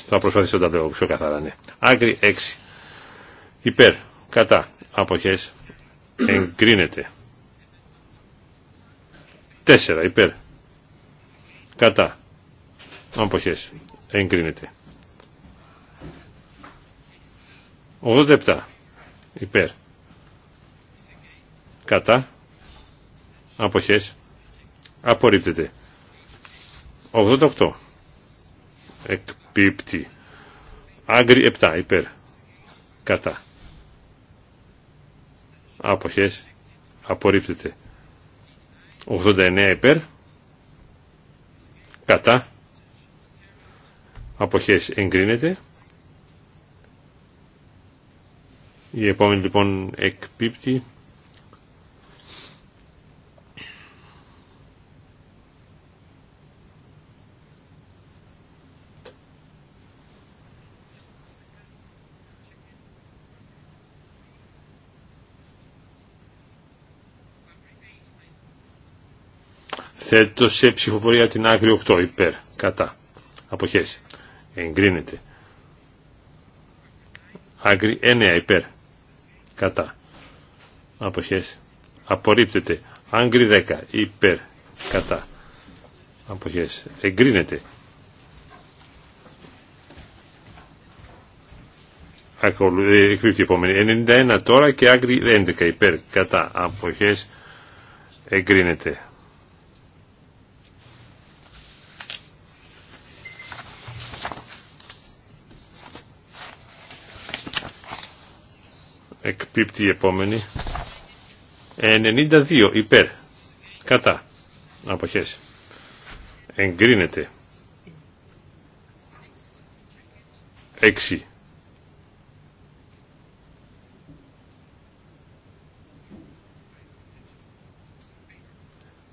Θα προσπαθήσω να τα λέω πιο καθαρά, ναι. Άκρη 6. Υπέρ, κατά, αποχές, εγκρίνεται. 4. Υπέρ, κατά, αποχές, εγκρίνεται. 87. Υπέρ, κατά, αποχές, απορρίπτεται. 88. Εκ Πίπτη. Άγκρι 7 υπέρ. Κατά. Άποχες. Απορρίπτεται. 89 υπέρ. Κατά. Αποχές εγκρίνεται. Η επόμενη λοιπόν εκπίπτει. Θέτω σε ψηφοφορία την άκρη 8 υπέρ. Κατά. Αποχές. Εγκρίνεται. Άκρη 9 υπέρ. Κατά. Αποχές. Απορρίπτεται. Άγκρι 10 υπέρ. Κατά. Αποχές. Εγκρίνεται. Ε, εκπίπτει η επόμενη. 91 τώρα και άγκρι 11 υπέρ. Κατά. Αποχές. Εγκρίνεται. Εκπίπτει η επόμενη. 92 υπέρ. Κατά. Αποχές. Εγκρίνεται. 6.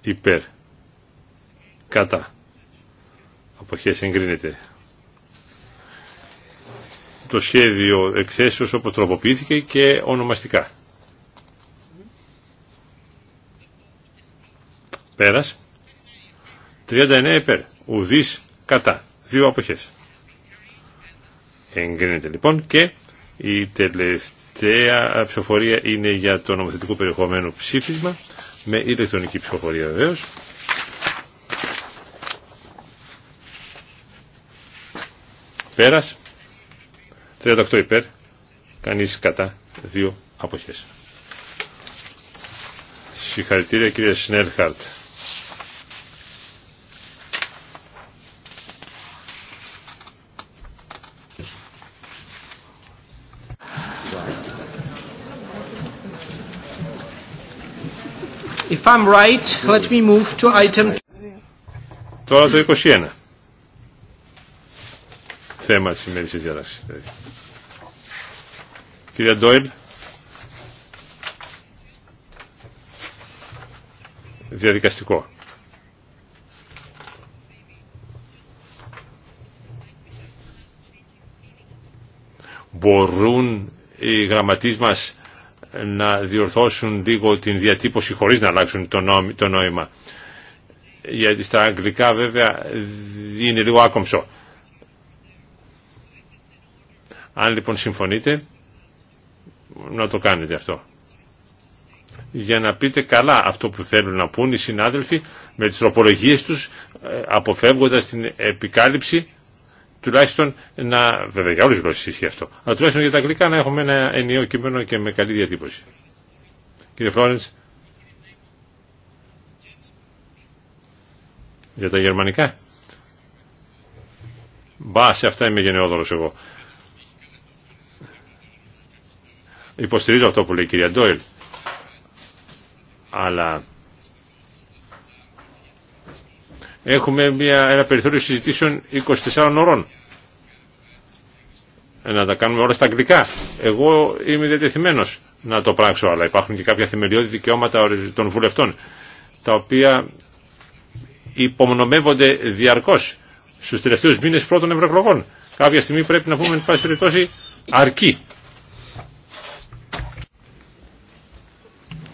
Υπέρ. Κατά. Αποχές εγκρίνεται το σχέδιο εκθέσεως όπως τροποποιήθηκε και ονομαστικά. Πέρας. 39 υπέρ. Ουδής κατά. Δύο αποχές. Εγκρίνεται λοιπόν και η τελευταία ψηφοφορία είναι για το νομοθετικό περιεχομένο ψήφισμα με ηλεκτρονική ψηφοφορία βεβαίω. Πέρας. 38 υπέρ, κανείς κατά, δύο αποχές. Συγχαρητήρια κύριε Σνέλχαρτ. Τώρα το 21 θέμα της σημερινής διάταξης. Κύριε Ντόιλ. Διαδικαστικό. Μπορούν οι γραμματείς μας να διορθώσουν λίγο την διατύπωση χωρίς να αλλάξουν το νόημα. Γιατί στα αγγλικά βέβαια είναι λίγο άκομψο. Αν λοιπόν συμφωνείτε, να το κάνετε αυτό. Για να πείτε καλά αυτό που θέλουν να πούν οι συνάδελφοι με τις τροπολογίες τους, ε, αποφεύγοντας την επικάλυψη, τουλάχιστον να, βέβαια για όλες τις γλώσσες ισχύει αυτό, αλλά τουλάχιστον για τα αγγλικά να έχουμε ένα ενιαίο κείμενο και με καλή διατύπωση. Κύριε Φλόρενς, για τα γερμανικά. Μπα, σε αυτά είμαι γενναιόδωρος εγώ. Υποστηρίζω αυτό που λέει η κυρία Ντόιλ. Αλλά έχουμε μια, ένα περιθώριο συζητήσεων 24 ώρων. Ε, να τα κάνουμε όλα στα αγγλικά. Εγώ είμαι διατεθειμένος να το πράξω, αλλά υπάρχουν και κάποια θεμελιώδη δικαιώματα των βουλευτών, τα οποία υπομονωμεύονται διαρκώς στους τελευταίους μήνες πρώτων ευρωεκλογών. Κάποια στιγμή πρέπει να πούμε, εν πάση περιπτώσει, αρκεί.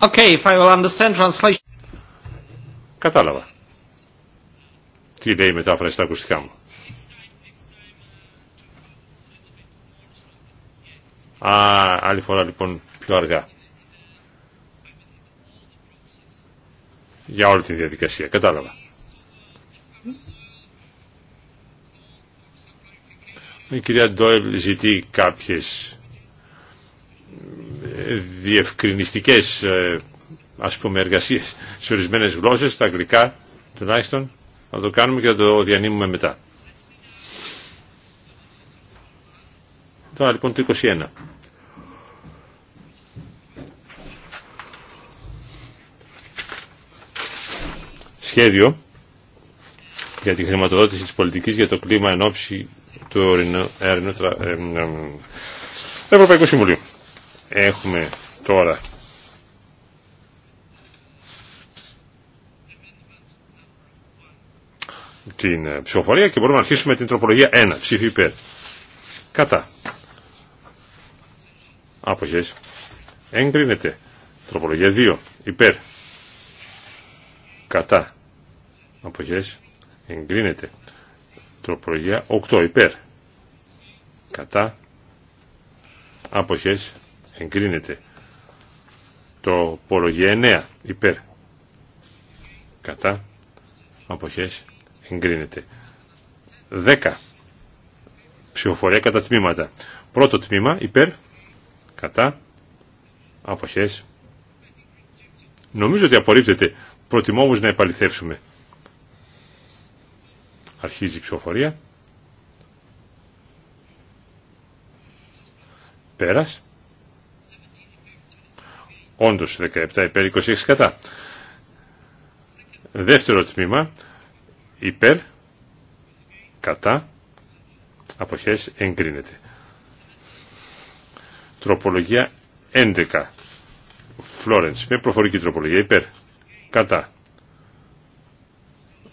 Okay, if I will understand translation. Κατάλαβα. Τι λέει η μετάφραση στα ακουστικά μου. Α, άλλη φορά λοιπόν πιο αργά. Για όλη τη διαδικασία, κατάλαβα. Η κυρία Ντόελ ζητεί κάποιες διευκρινιστικές ε, ας πούμε εργασίες σε ορισμένες γλώσσες, τα αγγλικά τουλάχιστον, να το κάνουμε και θα το διανύμουμε μετά. Τώρα λοιπόν το 21. Σχέδιο για τη χρηματοδότηση της πολιτικής για το κλίμα εν ώψη του ε, ε, Ευρωπαϊκού Συμβουλίου. Έχουμε τώρα την ε, ψηφοφορία και μπορούμε να αρχίσουμε την τροπολογία 1. Ψήφι υπέρ. Κατά. Άποχες. Εγκρίνεται. Τροπολογία 2. Υπέρ. Κατά. Αποχές. Εγκρίνεται. Τροπολογία 8. Υπέρ. Κατά. Αποχές εγκρίνεται. Το πορογενεα 9 υπέρ κατά αποχές εγκρίνεται. 10 ψηφοφορία κατά τμήματα. Πρώτο τμήμα υπέρ κατά αποχές Νομίζω ότι απορρίπτεται. Προτιμώ όμως να επαληθεύσουμε. Αρχίζει η ψηφοφορία. Πέρας. Όντως 17 υπέρ 26 κατά. Δεύτερο τμήμα υπέρ κατά αποχές εγκρίνεται. Τροπολογία 11. Florence, με προφορική τροπολογία υπέρ κατά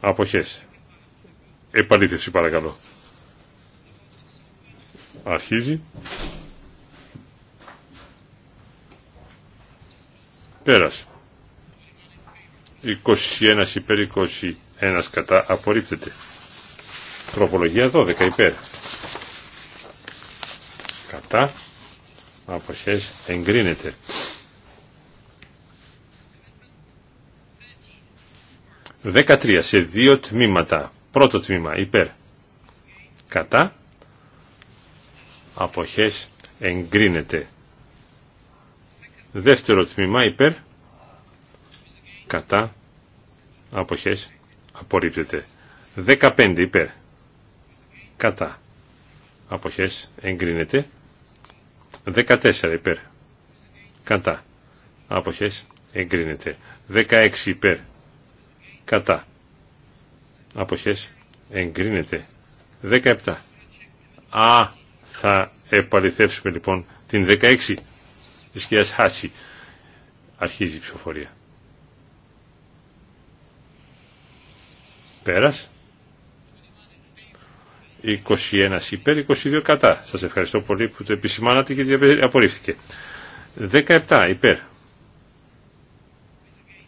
αποχές. Επαλήθευση παρακαλώ. Αρχίζει. Πέρας. 21 υπέρ 21 κατά απορρίπτεται. Τροπολογία 12 υπέρ. Κατά αποχές εγκρίνεται. 13 σε δύο τμήματα. Πρώτο τμήμα υπέρ. Κατά αποχές εγκρίνεται. Δεύτερο τμήμα υπέρ κατά αποχές απορρίπτεται. 15 υπέρ κατά αποχές εγκρίνεται. 14 υπέρ κατά αποχές εγκρίνεται. 16 υπέρ κατά αποχές εγκρίνεται. 17. Α, θα επαληθεύσουμε λοιπόν την 16 της κυρίας Χάση. Αρχίζει η ψηφοφορία. Πέρας. 21 υπέρ, 22 κατά. Σας ευχαριστώ πολύ που το επισημάνατε και απορρίφθηκε. 17 υπέρ.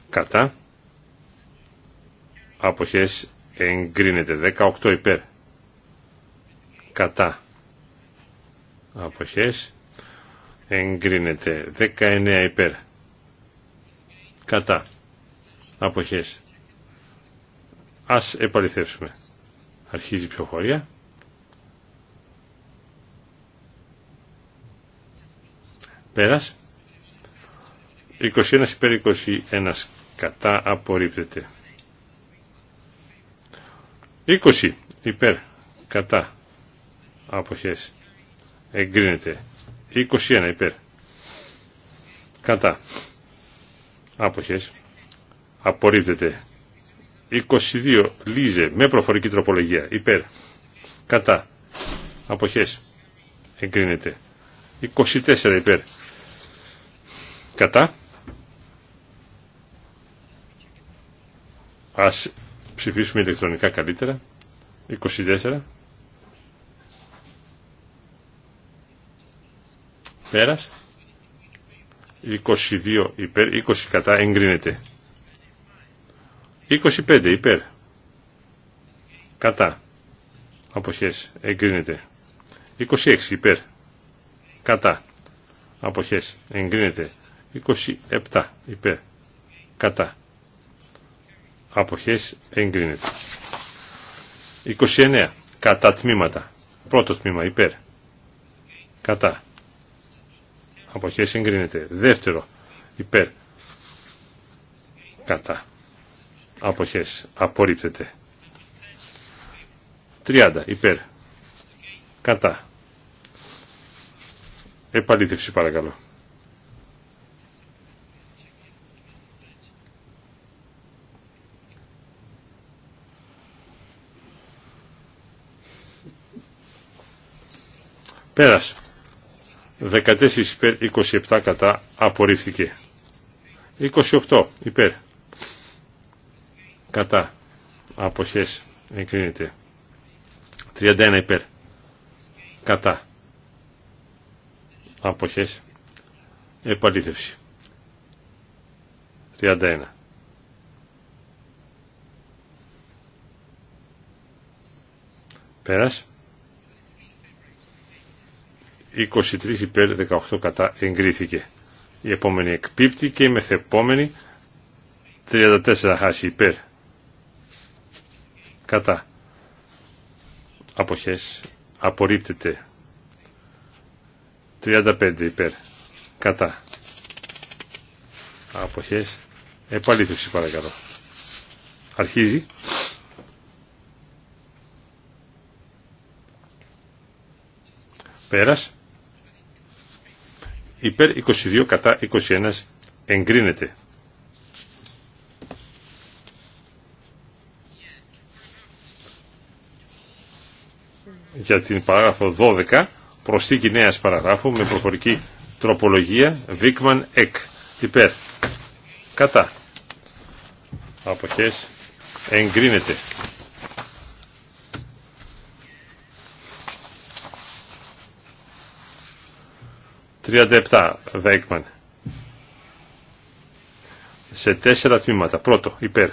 Κατά. Αποχές εγκρίνεται. 18 υπέρ. Κατά. Αποχές εγκρίνεται 19 υπέρ κατά αποχές ας επαληθεύσουμε αρχίζει η πιοφορία πέρας 21 υπέρ 21 κατά απορρίπτεται 20 υπέρ κατά αποχές εγκρίνεται 21 υπέρ. Κατά. Άποχες. Απορρίπτεται. 22 λίζε με προφορική τροπολογία. Υπέρ. Κατά. Αποχές. Εγκρίνεται. 24 υπέρ. Κατά. Ας ψηφίσουμε ηλεκτρονικά καλύτερα. 24. 22 υπέρ, 20 κατά εγκρίνεται. 25 υπέρ. Κατά. Αποχές. Εγκρίνεται. 26 υπέρ. Κατά. Αποχές. Εγκρίνεται. 27 υπέρ. Κατά. Αποχές. Εγκρίνεται. 29. Κατά τμήματα. Πρώτο τμήμα υπέρ. Κατά. Αποχές εγκρίνεται. Δεύτερο. Υπέρ. Κατά. Αποχές. Απορρίπτεται. 30. Υπέρ. Κατά. Επαλήθευση παρακαλώ. Πέρασε. 14 υπέρ, 27 κατά, απορρίφθηκε. 28 υπέρ, κατά, αποχές, εγκρίνεται. 31 υπέρ, κατά, αποχές, επαλήθευση. 31. Πέρας. 23 υπέρ 18 κατά εγκρίθηκε. Η επόμενη εκπίπτει και η μεθεπόμενη 34 χάσει υπέρ κατά αποχές απορρίπτεται 35 υπέρ κατά αποχές επαλήθευση παρακαλώ αρχίζει πέρας υπέρ 22 κατά 21 εγκρίνεται. Για την παράγραφο 12 προσθήκη νέας παραγράφου με προφορική τροπολογία Βίκμαν Εκ υπέρ κατά αποχές εγκρίνεται. 37 Βέικμαν. Σε τέσσερα τμήματα. Πρώτο, υπέρ.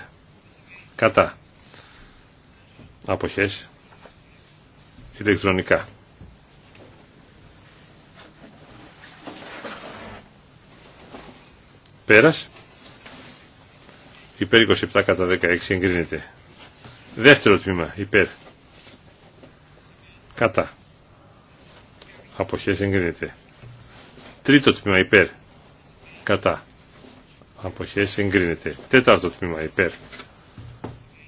Κατά. Αποχές. Ηλεκτρονικά. Πέρας. Υπέρ 27 κατά 16 εγκρίνεται. Δεύτερο τμήμα. Υπέρ. Κατά. Αποχές εγκρίνεται. Τρίτο τμήμα υπέρ. Κατά. Αποχές εγκρίνεται. Τέταρτο τμήμα υπέρ.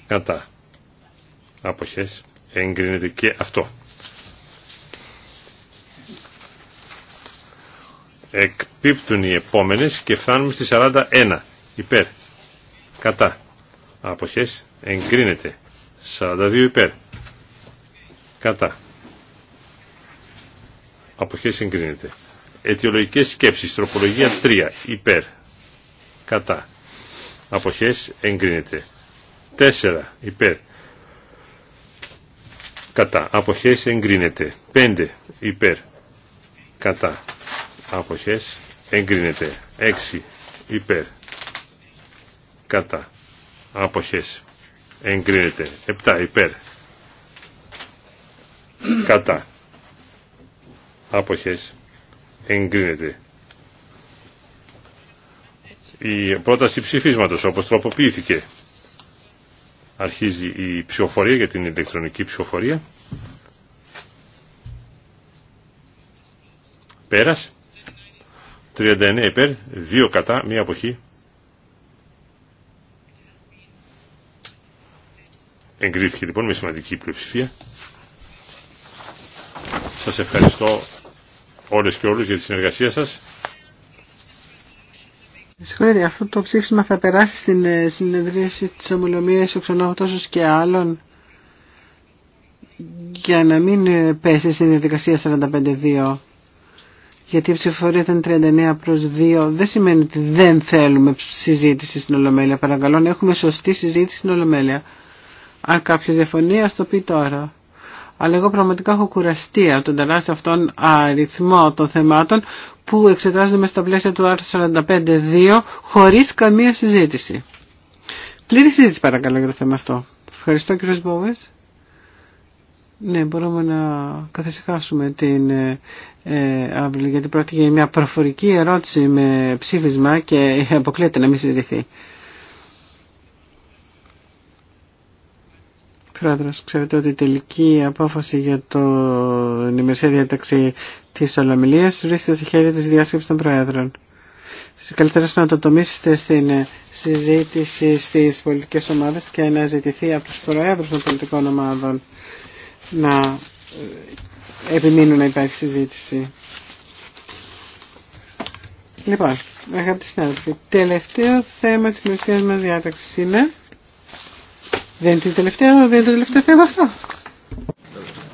Κατά. Αποχές εγκρίνεται και αυτό. Εκπίπτουν οι επόμενες και φτάνουμε στη 41. Υπέρ. Κατά. Αποχές εγκρίνεται. 42 υπέρ. Κατά. Αποχές εγκρίνεται αιτιολογικές σκέψει τροπολογία 3, υπέρ, κατά, αποχές, εγκρίνεται. 4, υπέρ, κατά, αποχές, εγκρίνεται. 5, υπέρ, κατά, αποχές, εγκρίνεται. 6, υπέρ, κατά, αποχές, εγκρίνεται. 7, υπέρ, κατά, αποχές, εγκρίνεται. Η πρόταση ψηφίσματος όπως τροποποιήθηκε αρχίζει η ψηφοφορία για την ηλεκτρονική ψηφοφορία. Πέρας. 39 υπέρ, 2 κατά, 1 αποχή. Εγκρίθηκε λοιπόν με σημαντική πλειοψηφία. Σας ευχαριστώ όλες και όλους για τη συνεργασία σας. Συγχωρείτε, αυτό το ψήφισμα θα περάσει στην ε, συνεδρίαση της ο ως και άλλων για να μην ε, πέσει στην διαδικασία 45-2. Γιατί η ψηφοφορία ήταν 39 προς 2. Δεν σημαίνει ότι δεν θέλουμε συζήτηση στην Ολομέλεια. Παρακαλώ να έχουμε σωστή συζήτηση στην Ολομέλεια. Αν κάποιος διαφωνεί, ας το πει τώρα. Αλλά εγώ πραγματικά έχω κουραστεί από τον τεράστιο αυτόν αριθμό των θεμάτων που εξετάζονται στα πλαίσια του άρθρου 45.2 χωρίς καμία συζήτηση. Πλήρη συζήτηση παρακαλώ για το θέμα αυτό. Ευχαριστώ κύριε Μπόβες. Ναι, μπορούμε να καθησυχάσουμε την ε, ε, αύριο, γιατί πρόκειται για μια προφορική ερώτηση με ψήφισμα και αποκλείεται να μην συζητηθεί. Πρόεδρος, ξέρετε ότι η τελική απόφαση για το ημερησία διάταξη της Ολομιλίας βρίσκεται στη χέρια της διάσκεψης των Πρόεδρων. Καλύτερα να το τομίσετε στην συζήτηση στις πολιτικές ομάδες και να ζητηθεί από τους Προέδρους των πολιτικών ομάδων να ε, επιμείνουν να υπάρχει συζήτηση. Λοιπόν, αγαπητοί συνάδελφοι, τελευταίο θέμα της μεσίας μας διάταξης είναι... Δεν είναι το τελευταίο, δεν είναι το τελευταίο θέμα αυτό.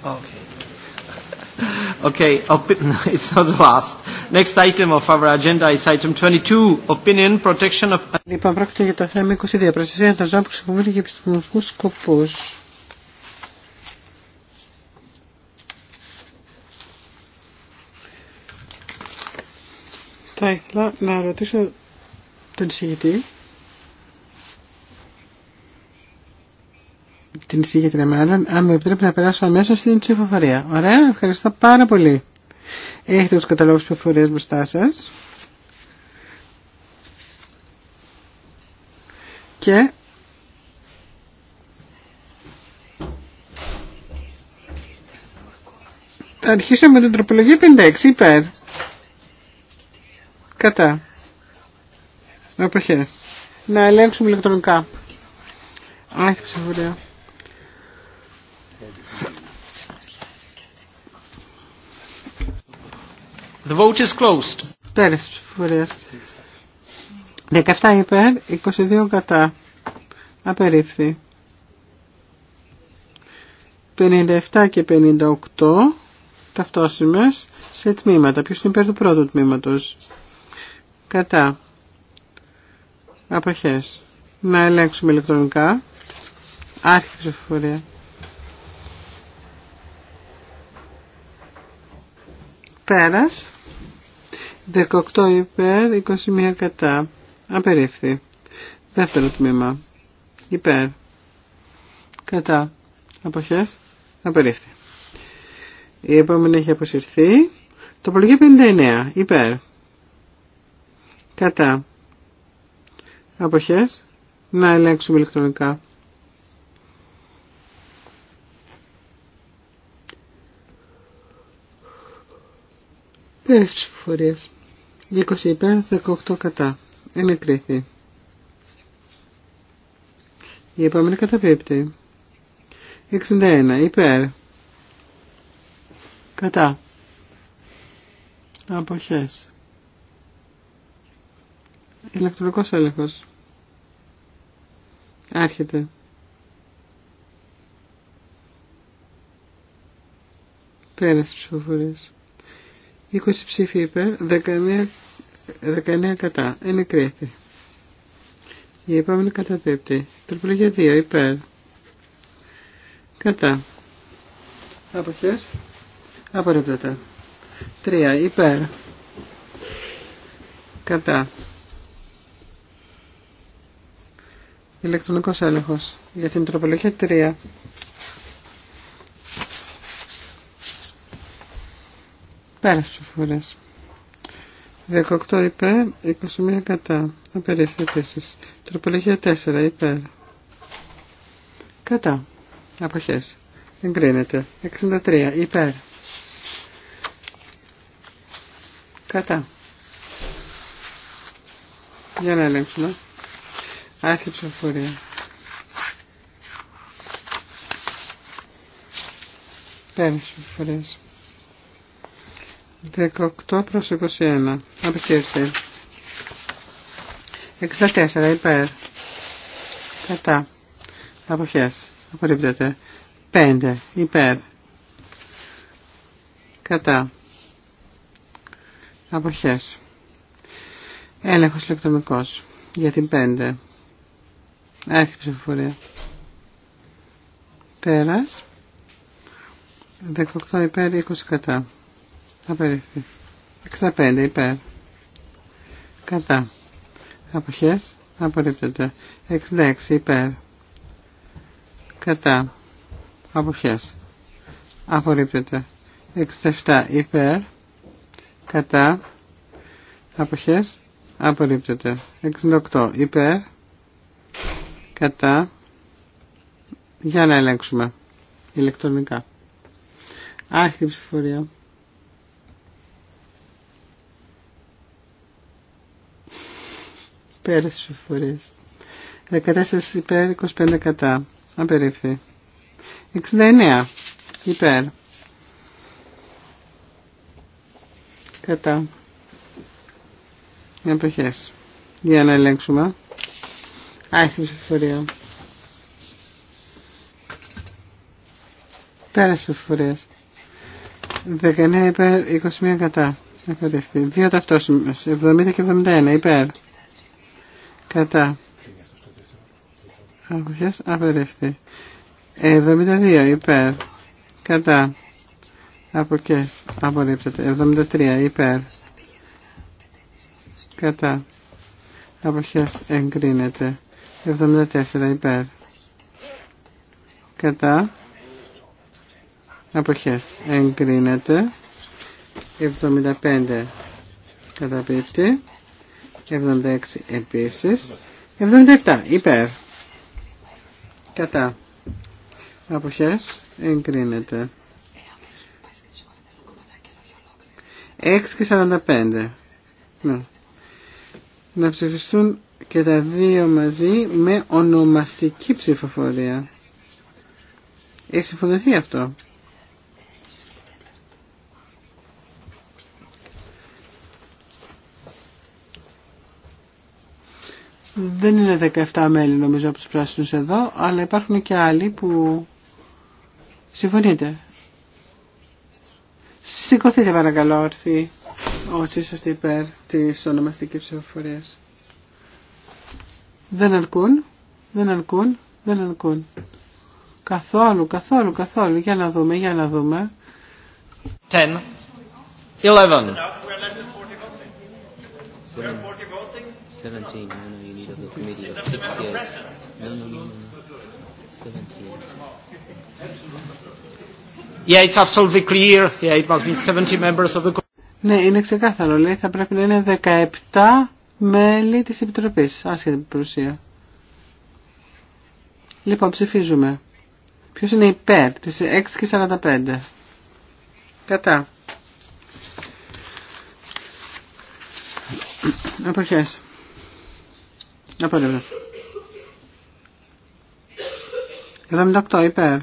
Okay. Okay, it's not the last. Next item of our agenda is item 22, opinion protection of... Λοιπόν, πρόκειται για το θέμα 22, προστασία των ζώων που χρησιμοποιούνται για επιστημονικούς σκοπούς. Θα ήθελα να ρωτήσω τον εισηγητή. την την μάλλον, αν μου επιτρέπει να περάσω αμέσως στην ψηφοφορία. Ωραία, ευχαριστώ πάρα πολύ. Έχετε τους καταλόγους ψηφοφορίας μπροστά σας. Και θα αρχίσω με την τροπολογία 56, υπέρ. Κατά. Να ελέγξουμε ηλεκτρονικά. Άχι ψηφοφορία. The vote is closed. Πέρασε 17 υπέρ, 22 κατά. Απερίφθη. 57 και 58 ταυτόσημες σε τμήματα. Ποιος είναι υπέρ του πρώτου τμήματος. Κατά. Αποχές. Να ελέγξουμε ηλεκτρονικά. Άρχιψη ψηφοφορία. Πέρας. 18 υπέρ, 21 κατά. Απερίφθη. Δεύτερο τμήμα. Υπέρ. Κατά. Αποχές. Απερίφθη. Η επόμενη έχει αποσυρθεί. Τοπολογία 59. Υπέρ. Κατά. Αποχές. Να ελέγξουμε ηλεκτρονικά. περασε ψηφοφορίας. 20 υπέρ, 18 κατά. εμικρήθη. Η επόμενη καταπίπτει. 61 υπέρ. Κατά. Αποχές. Ηλεκτρονικός έλεγχος. Άρχεται. τι ψηφοφορίας. 20 ψήφοι υπέρ, 19, 19 κατά. Είναι Η επόμενη καταπίπτει. Τροπολογία 2 υπέρ. Κατά. Αποχές. Απορρίπτεται. 3 υπέρ. Κατά. Ηλεκτρονικός έλεγχος για την τροπολογία 3. Πέρας ψηφοφορίας. 18 υπέρ, 21 κατά. Απερίφθη επίση. Τροπολογία 4 υπέρ. Κατά. Αποχές. Εγκρίνεται. 63 υπέρ. Κατά. Για να ελέγξουμε. Άρχη ψηφοφορία. Πέρας ψηφοφορίας. 18 προς 21. Απεσύρθη. 64 υπέρ. Κατά. Αποχές. Απορρίπτεται. 5 υπέρ. Κατά. Αποχές. Έλεγχος ηλεκτρονικός. Για την 5. Έχει ψηφοφορία. Πέρας. 18 υπέρ, 20 κατά. Απερίφθη. 65 υπέρ. Κατά. Αποχές. Απορρίπτεται. 66 υπέρ. Κατά. Αποχές. Απορρίπτεται. 67 υπέρ. Κατά. Αποχές. Απορρίπτεται. 68 υπέρ. Κατά. Για να ελέγξουμε ηλεκτρονικά. άχρη ψηφορία. Πέρασε στις 14 υπέρ, 25 κατά. Απερίφθη. 69 υπέρ. Κατά. Εποχές. Για να ελέγξουμε. Άρχισε ψηφοφορία. Πέρασε ψηφοφορία. 19 υπέρ, 21 κατά. Απερίφθη. Δύο ταυτόσημες. 70 και 71 υπέρ κατά αποχές απερίφθη 72 υπέρ κατά αποχές απορρίπτεται 73 υπέρ κατά αποχές εγκρίνεται 74 υπέρ κατά αποχές εγκρίνεται 75 καταπίπτει 76 επίσης. 77 υπέρ. Κατά. Αποχές εγκρίνεται. 6 και 45. Ναι. Να ψηφιστούν και τα δύο μαζί με ονομαστική ψηφοφορία. Έχει συμφωνηθεί αυτό. Δεν είναι 17 μέλη νομίζω από τους πράσινους εδώ, αλλά υπάρχουν και άλλοι που συμφωνείτε. Σηκωθείτε παρακαλώ όρθιοι όσοι είσαστε υπέρ της ονομαστικής ψηφοφορίας. Δεν αρκούν, δεν αρκούν, δεν αρκούν. Καθόλου, καθόλου, καθόλου. Για να δούμε, για να δούμε. 10, 11. 17. No, no, you need a committee of 68. No, no, no, no. 17. Yeah, it's absolutely clear. Yeah, it must be 70 members of the ναι, είναι ξεκάθαρο. Λέει θα πρέπει να είναι 17 μέλη της Επιτροπής, άσχετη προσία. Λοιπόν, ψηφίζουμε. Ποιος είναι υπέρ της 6 και 45. Κατά. Εποχές. Απορρίπτω. 78 υπέρ.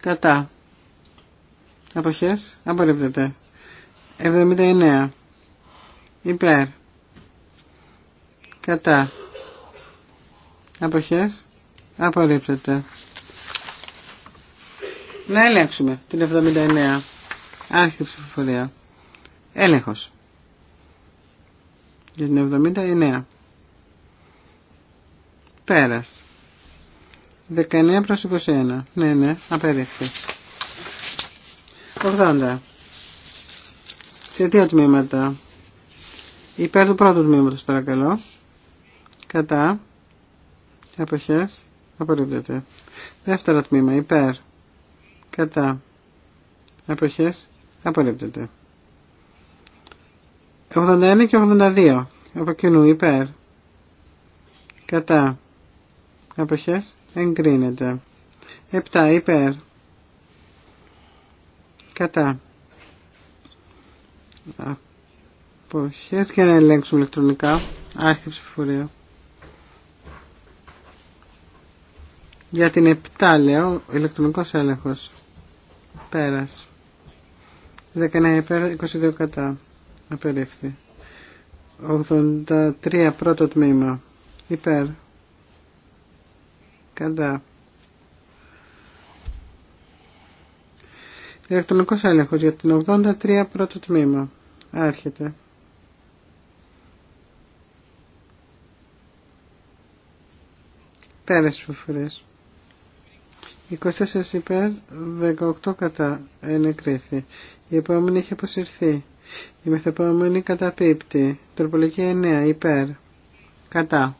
Κατά. Αποχές. Απορρίπτεται. 79. Υπέρ. Κατά. Αποχές. Απορρίπτεται. Να ελέγξουμε την 79. Άρχιτη ψηφοφορία. Έλεγχος. Για την 79. Πέρας. 19 προς 21. Ναι, ναι, απερίφθη. 80. Σε δύο τμήματα. Υπέρ του πρώτου τμήματος παρακαλώ. Κατά. Αποχές. Απορρίπτεται. Δεύτερο τμήμα. Υπέρ. Κατά. Αποχές. Απορρίπτεται. 81 και 82. Από κοινού. Υπέρ. Κατά εποχές Εγκρίνεται. 7. Υπέρ. Κατά. Αποχές. και να ελέγξουμε ηλεκτρονικά. Άρχιτε ψηφοφορία. Για την 7 λέω ηλεκτρονικός έλεγχος. Πέρας. 19 υπέρ, 22 κατά. Απερίφθη. 83 πρώτο τμήμα. Υπέρ. Κατά. Ηλεκτρονικός έλεγχος για την 83 πρώτο τμήμα. Άρχεται. Πέρασε φορες 24 υπέρ, 18 κατά ενεκρίθη. Η επόμενη έχει αποσυρθεί. Η μεθεπόμενη καταπίπτει. Τροπολογία 9 υπέρ. Κατά.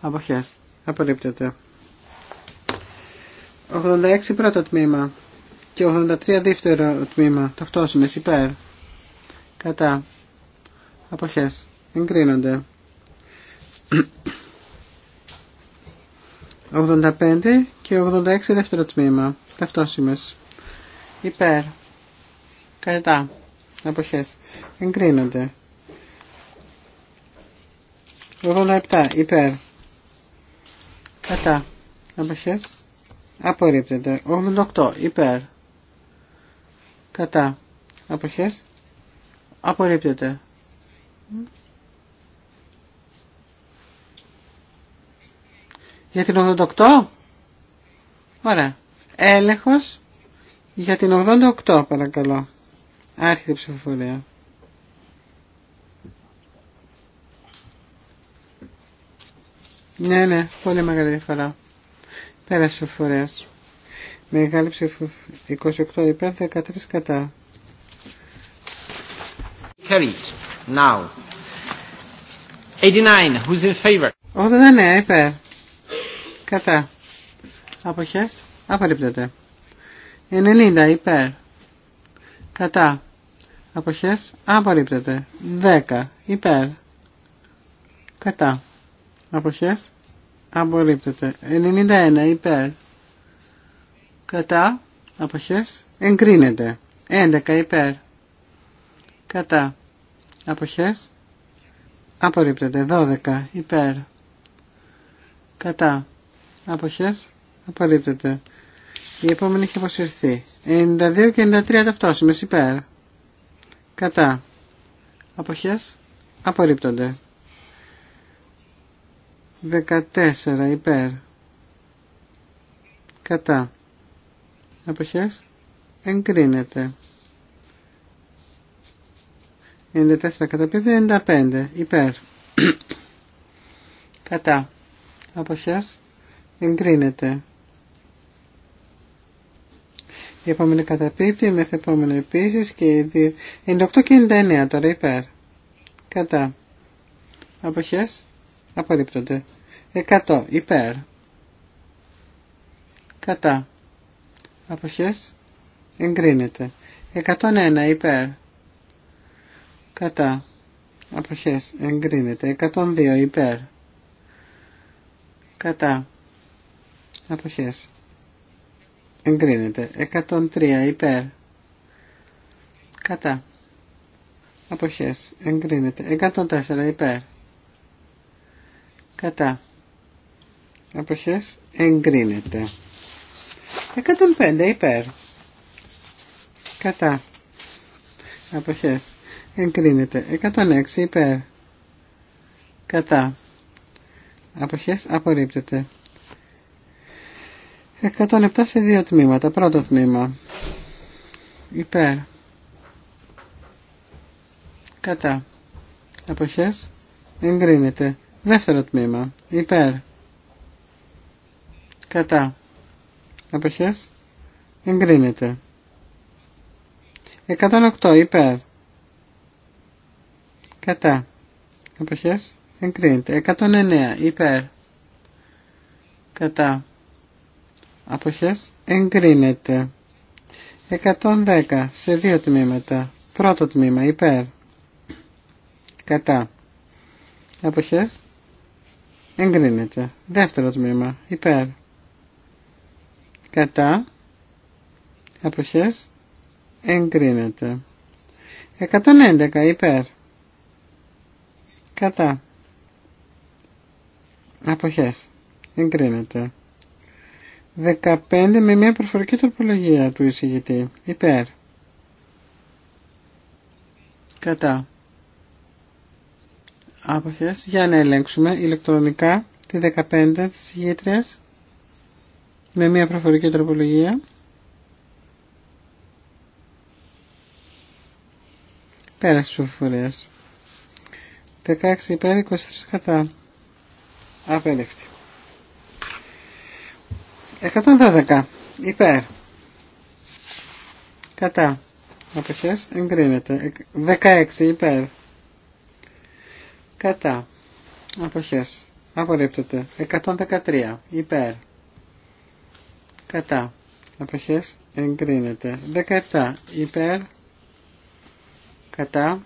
Αποχές. Απορρίπτεται. 86 πρώτο τμήμα και 83 δεύτερο τμήμα. Ταυτόσιμες υπέρ. Κατά. Αποχές. Εγκρίνονται. 85 και 86 δεύτερο τμήμα. Ταυτόσιμες. Υπέρ. Κατά. Αποχές. Εγκρίνονται. 87 υπέρ. Κατά. Αποχές. Απορρίπτεται. 88 υπέρ. Κατά. Αποχές. Απορρίπτεται. Για την 88. Ωραία. Έλεγχος για την 88 παρακαλώ. Άρχεται η ψηφοφορία. Ναι, ναι, πολύ μεγάλη διαφορά. Πέρασε ο φορέας. Μεγάλη ψηφο 28 υπέρ 13 κατά. Carried. Now. 89. Who's in favor? Ναι, ναι, υπέρ. Κατά. Αποχές. Απορρίπτεται. 90 υπέρ. Κατά. Αποχές. Απορρίπτεται. 10 υπέρ. Κατά. Αποχές. Απορρίπτεται. 91 υπέρ. Κατά. Αποχές. Εγκρίνεται. 11 υπέρ. Κατά. Αποχές. Απορρίπτεται. 12 υπέρ. Κατά. Αποχές. Απορρίπτεται. Η επόμενη έχει αποσυρθεί. 92 και 93 ταυτόσιμες υπέρ. Κατά. Αποχές. Απορρίπτονται. 14 υπέρ. Κατά. Αποχές. Εγκρίνεται. 94 κατά 95 υπέρ. κατά. Αποχές. Εγκρίνεται. Η επόμενη καταπίπτει, η μεθεπόμενη επίση και η δύο. 98 και 99 τώρα υπέρ. Κατά. Αποχές απορρίπτονται. 100 υπέρ κατά Αποχέ. εγκρίνεται. 101 υπέρ κατά αποχές εγκρίνεται. 102 υπέρ κατά Αποχέ. εγκρίνεται. 103 υπέρ κατά Αποχέ εγκρίνεται. 104 υπέρ κατά αποχές εγκρίνεται 105 υπέρ κατά αποχές εγκρίνεται 106 υπέρ κατά αποχές απορρίπτεται 107 σε δύο τμήματα πρώτο τμήμα υπέρ κατά αποχές εγκρίνεται Δεύτερο τμήμα. Υπέρ. Κατά. Αποχές. Εγκρίνεται. 108. Υπέρ. Κατά. Αποχές. Εγκρίνεται. 109. Υπέρ. Κατά. Αποχές. Εγκρίνεται. 110. Σε δύο τμήματα. Πρώτο τμήμα. Υπέρ. Κατά. Αποχές εγκρίνεται. Δεύτερο τμήμα, υπέρ. Κατά, αποχές, εγκρίνεται. 111 υπέρ. Κατά. Αποχές. Εγκρίνεται. 15 με μια προφορική τροπολογία του εισηγητή. Υπέρ. Κατά άποχες. Για να ελέγξουμε ηλεκτρονικά τη 15 της ηγήτριας με μια προφορική τροπολογία. Πέρασε προφορίες. 16 υπέρ 23 κατά. Απέλευτη. 112 υπέρ. Κατά. Αποχές εγκρίνεται. 16 υπέρ. Κατά. Αποχές. Απορρίπτεται. 113. Υπέρ. Κατά. Αποχές. Εγκρίνεται. 17. Υπέρ. Κατά.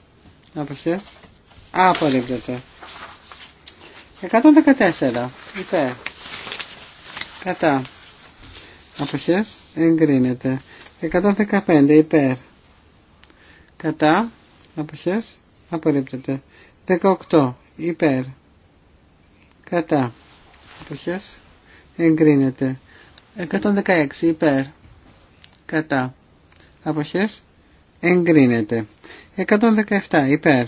Αποχές. Απορρίπτεται. 114. Υπέρ. Κατά. Αποχές. Εγκρίνεται. 115. Υπέρ. Κατά. Αποχές. Απορρίπτεται. 18 υπέρ κατά εποχές εγκρίνεται 116 υπέρ κατά αποχές εγκρίνεται 117 υπέρ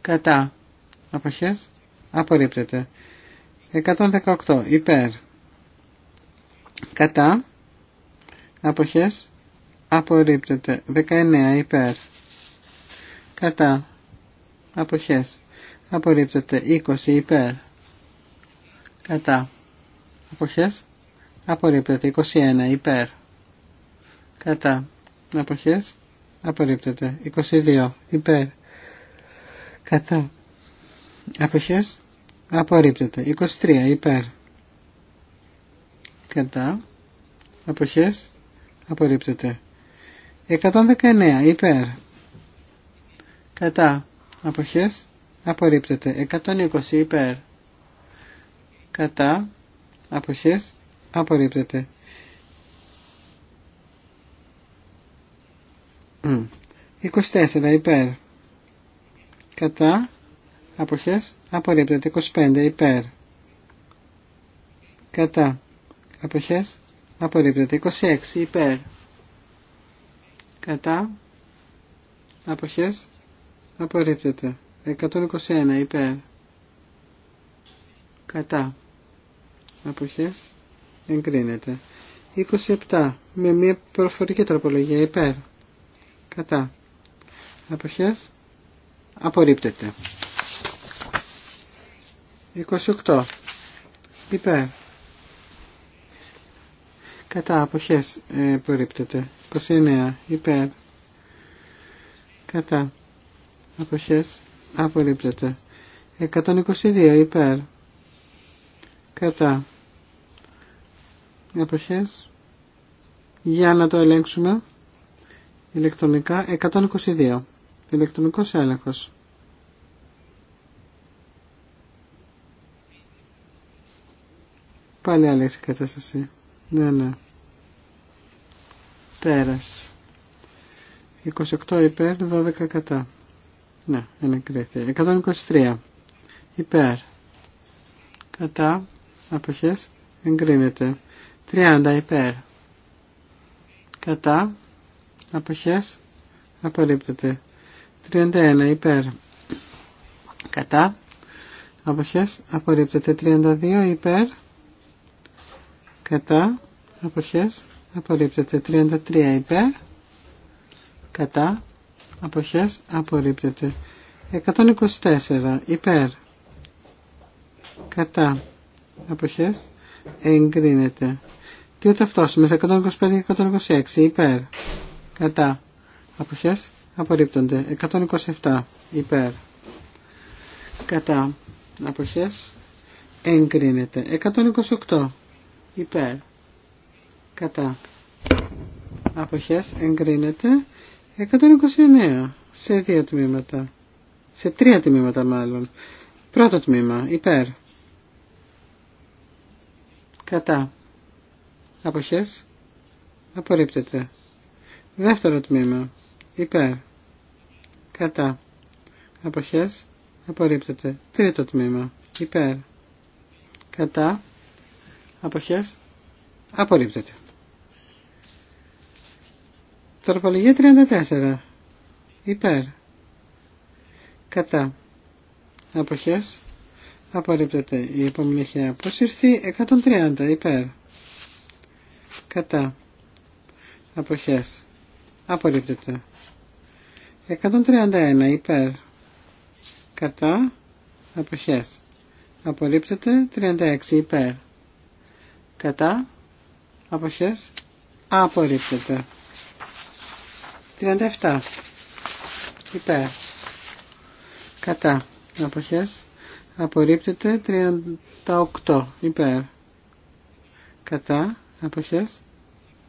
κατά αποχές απορρίπτεται 118 υπέρ κατά αποχές απορρίπτεται 19 υπέρ κατά αποχές απορρίπτεται 20 υπέρ κατά αποχές απορρίπτεται 21 υπέρ κατά αποχές απορρίπτεται 22 υπέρ κατά αποχές απορρίπτεται 23 υπέρ κατά αποχές απορρίπτεται 119 υπέρ κατά αποχές απορρίπτεται 120 υπέρ κατά αποχές απορρίπτεται 24 υπέρ κατά αποχές απορρίπτεται 25 υπέρ κατά αποχές απορρίπτεται 26 υπέρ κατά αποχές Απορρίπτεται. 121 υπέρ. Κατά. Αποχές. Εγκρίνεται. 27 με μια προφορική τροπολογία υπέρ. Κατά. Αποχές. Απορρίπτεται. 28 υπέρ. Κατά. Αποχές. Ε, απορρίπτεται. 29 υπέρ. Κατά αποχές απορρίπτεται 122 υπέρ κατά αποχές για να το ελέγξουμε ηλεκτρονικά 122 ηλεκτρονικός έλεγχος πάλι άλλη η κατάσταση ναι ναι τέρας 28 υπέρ 12 κατά ναι, είναι κρυφή. 123. Υπέρ. Κατά. Αποχές. Εγκρίνεται. 30. Υπέρ. Κατά. Αποχές. Απορρίπτεται. 31. Υπέρ. Κατά. Αποχές. Απορρίπτεται. 32. Υπέρ. Κατά. Αποχές. Απορρίπτεται. 33. Υπέρ. Κατά αποχές απορρίπτεται. 124 υπέρ κατά αποχές εγκρίνεται. Δύο σε 125 και 126 υπέρ κατά αποχές απορρίπτονται. 127 υπέρ κατά αποχές εγκρίνεται. 128 υπέρ κατά αποχές εγκρίνεται. 129 σε δύο τμήματα. Σε τρία τμήματα μάλλον. Πρώτο τμήμα, υπέρ. Κατά. Αποχές. Απορρίπτεται. Δεύτερο τμήμα, υπέρ. Κατά. Αποχές. Απορρίπτεται. Τρίτο τμήμα, υπέρ. Κατά. Αποχές. Απορρίπτεται. Τροπολογία 34. Υπέρ. Κατά. Αποχές. Απορρίπτεται. Η επόμενη έχει αποσυρθεί. 130. Υπέρ. Κατά. Αποχές. Απορρίπτεται. 131. Υπέρ. Κατά. Αποχές. Απορρίπτεται. 36. Υπέρ. Κατά. Αποχές. Απορρίπτεται. 37 υπέρ κατά αποχές απορρίπτεται 38 υπέρ κατά αποχές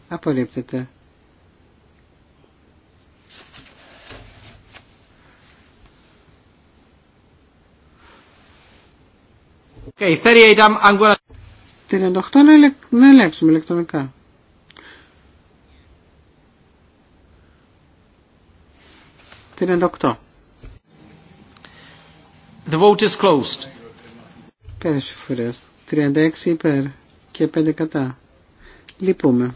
απορρίπτεται 38 να ελέγξουμε ηλεκτρονικά. 38. The vote is closed. 36 υπέρ και 5 κατά. Λυπούμε.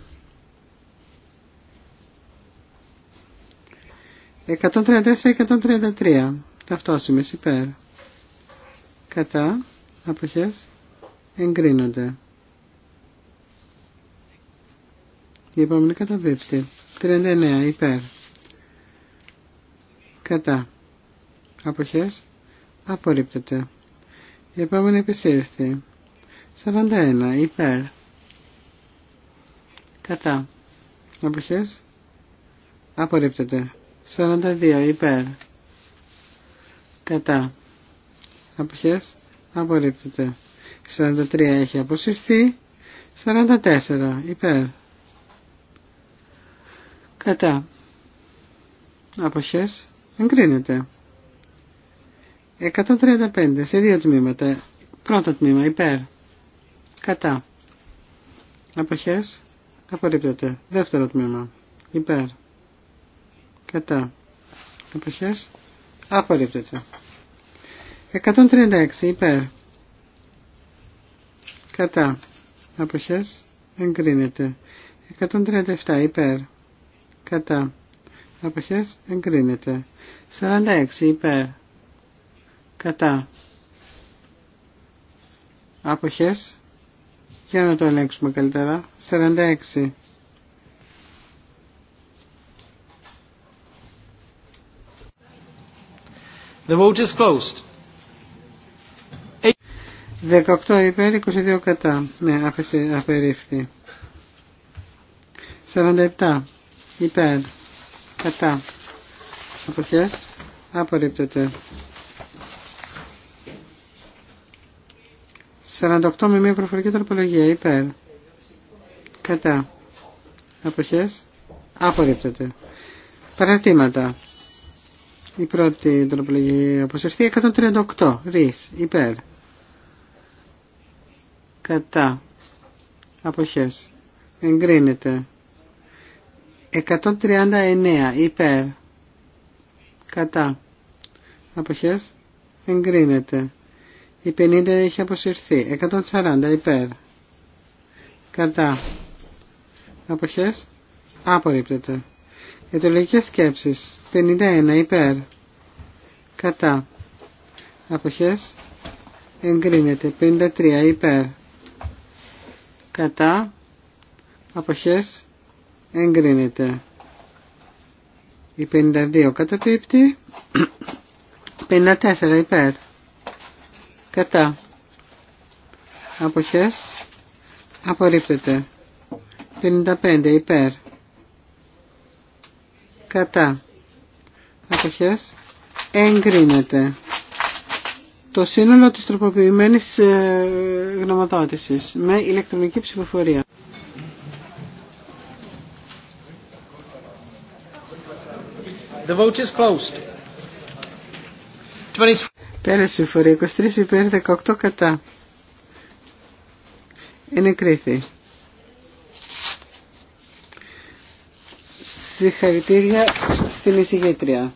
134-133. Ταυτόσημες υπέρ. Κατά. Αποχέ. Εγκρίνονται. Η επόμενη καταπίπτει. 39 υπέρ κατά αποχές απορρίπτεται. Η επόμενη επισήρθη. 41 υπέρ κατά αποχές απορρίπτεται. 42 υπέρ κατά αποχές απορρίπτεται. 43 έχει αποσυρθεί. 44 υπέρ κατά αποχές Εγκρίνεται. 135 σε δύο τμήματα. Πρώτο τμήμα υπέρ. Κατά. Αποχές. Απορρίπτεται. Δεύτερο τμήμα. Υπέρ. Κατά. Αποχές. Απορρίπτεται. 136 υπέρ. Κατά. Αποχές. Εγκρίνεται. 137 υπέρ. Κατά αποχές εγκρίνεται 46 υπέρ κατά αποχές για να το ελέγξουμε καλύτερα 46 The vote is closed. 18 υπέρ, 22 κατά. Ναι, απερίφθη. 47 υπέρ κατά αποχές απορρίπτεται 48 με μία προφορική τροπολογία υπέρ κατά αποχές απορρίπτεται παρατήματα η πρώτη τροπολογία αποσυρθεί 138 ρις υπέρ κατά αποχές εγκρίνεται 139 υπέρ κατά αποχές εγκρίνεται η 50 έχει αποσυρθεί 140 υπέρ κατά αποχές απορρίπτεται ετολογικές σκέψεις 51 υπέρ κατά αποχές εγκρίνεται 53 υπέρ κατά αποχές εγκρίνεται. Η 52 καταπίπτει. 54 υπέρ. Κατά. Αποχές. Απορρίπτεται. 55 υπέρ. Κατά. Αποχές. Εγκρίνεται. Το σύνολο της τροποποιημένης ε, γνωματότησης με ηλεκτρονική ψηφοφορία. The vote is closed. 20... Πέρασε η φορή 23 υπέρ 18 κατά. Είναι κρίθη. Συγχαρητήρια στην εισηγήτρια.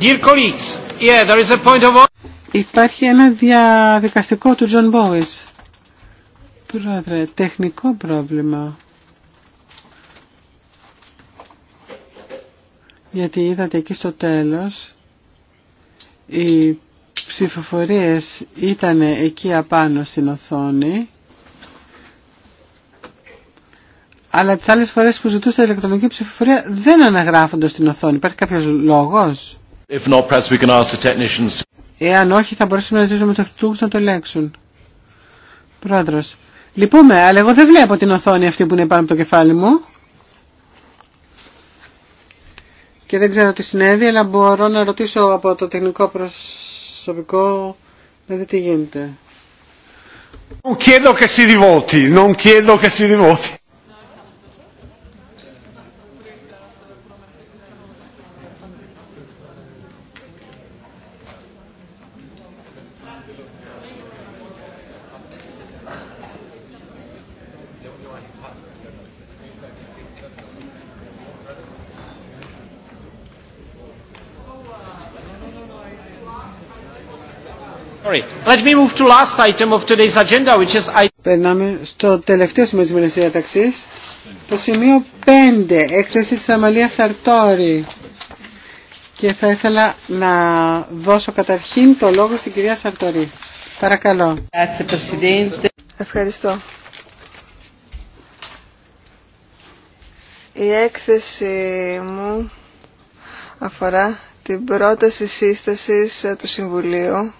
Dear colleagues, yeah, there is a point of... Υπάρχει ένα διαδικαστικό του John Bowes. Πρόεδρε, τεχνικό πρόβλημα. Γιατί είδατε εκεί στο τέλος οι ψηφοφορίες ήταν εκεί απάνω στην οθόνη αλλά τις άλλες φορές που ζητούσα ηλεκτρονική ψηφοφορία δεν αναγράφονται στην οθόνη. Υπάρχει κάποιος λόγος? not, Εάν όχι θα μπορούσαμε να ζητήσουμε τους τεχνικούς να το ελέγξουν. Πρόεδρος, Λυπούμε, αλλά εγώ δεν βλέπω την οθόνη αυτή που είναι πάνω από το κεφάλι μου. Και δεν ξέρω τι συνέβη, αλλά μπορώ να ρωτήσω από το τεχνικό προσωπικό να δει τι γίνεται. Περνάμε στο τελευταίο σημείο της το σημείο 5, έκθεση της Αμαλίας Σαρτόρη. Και θα ήθελα να δώσω καταρχήν το λόγο στην κυρία Σαρτορή. Παρακαλώ. Ευχαριστώ. Η έκθεση μου αφορά την πρόταση σύστασης του Συμβουλίου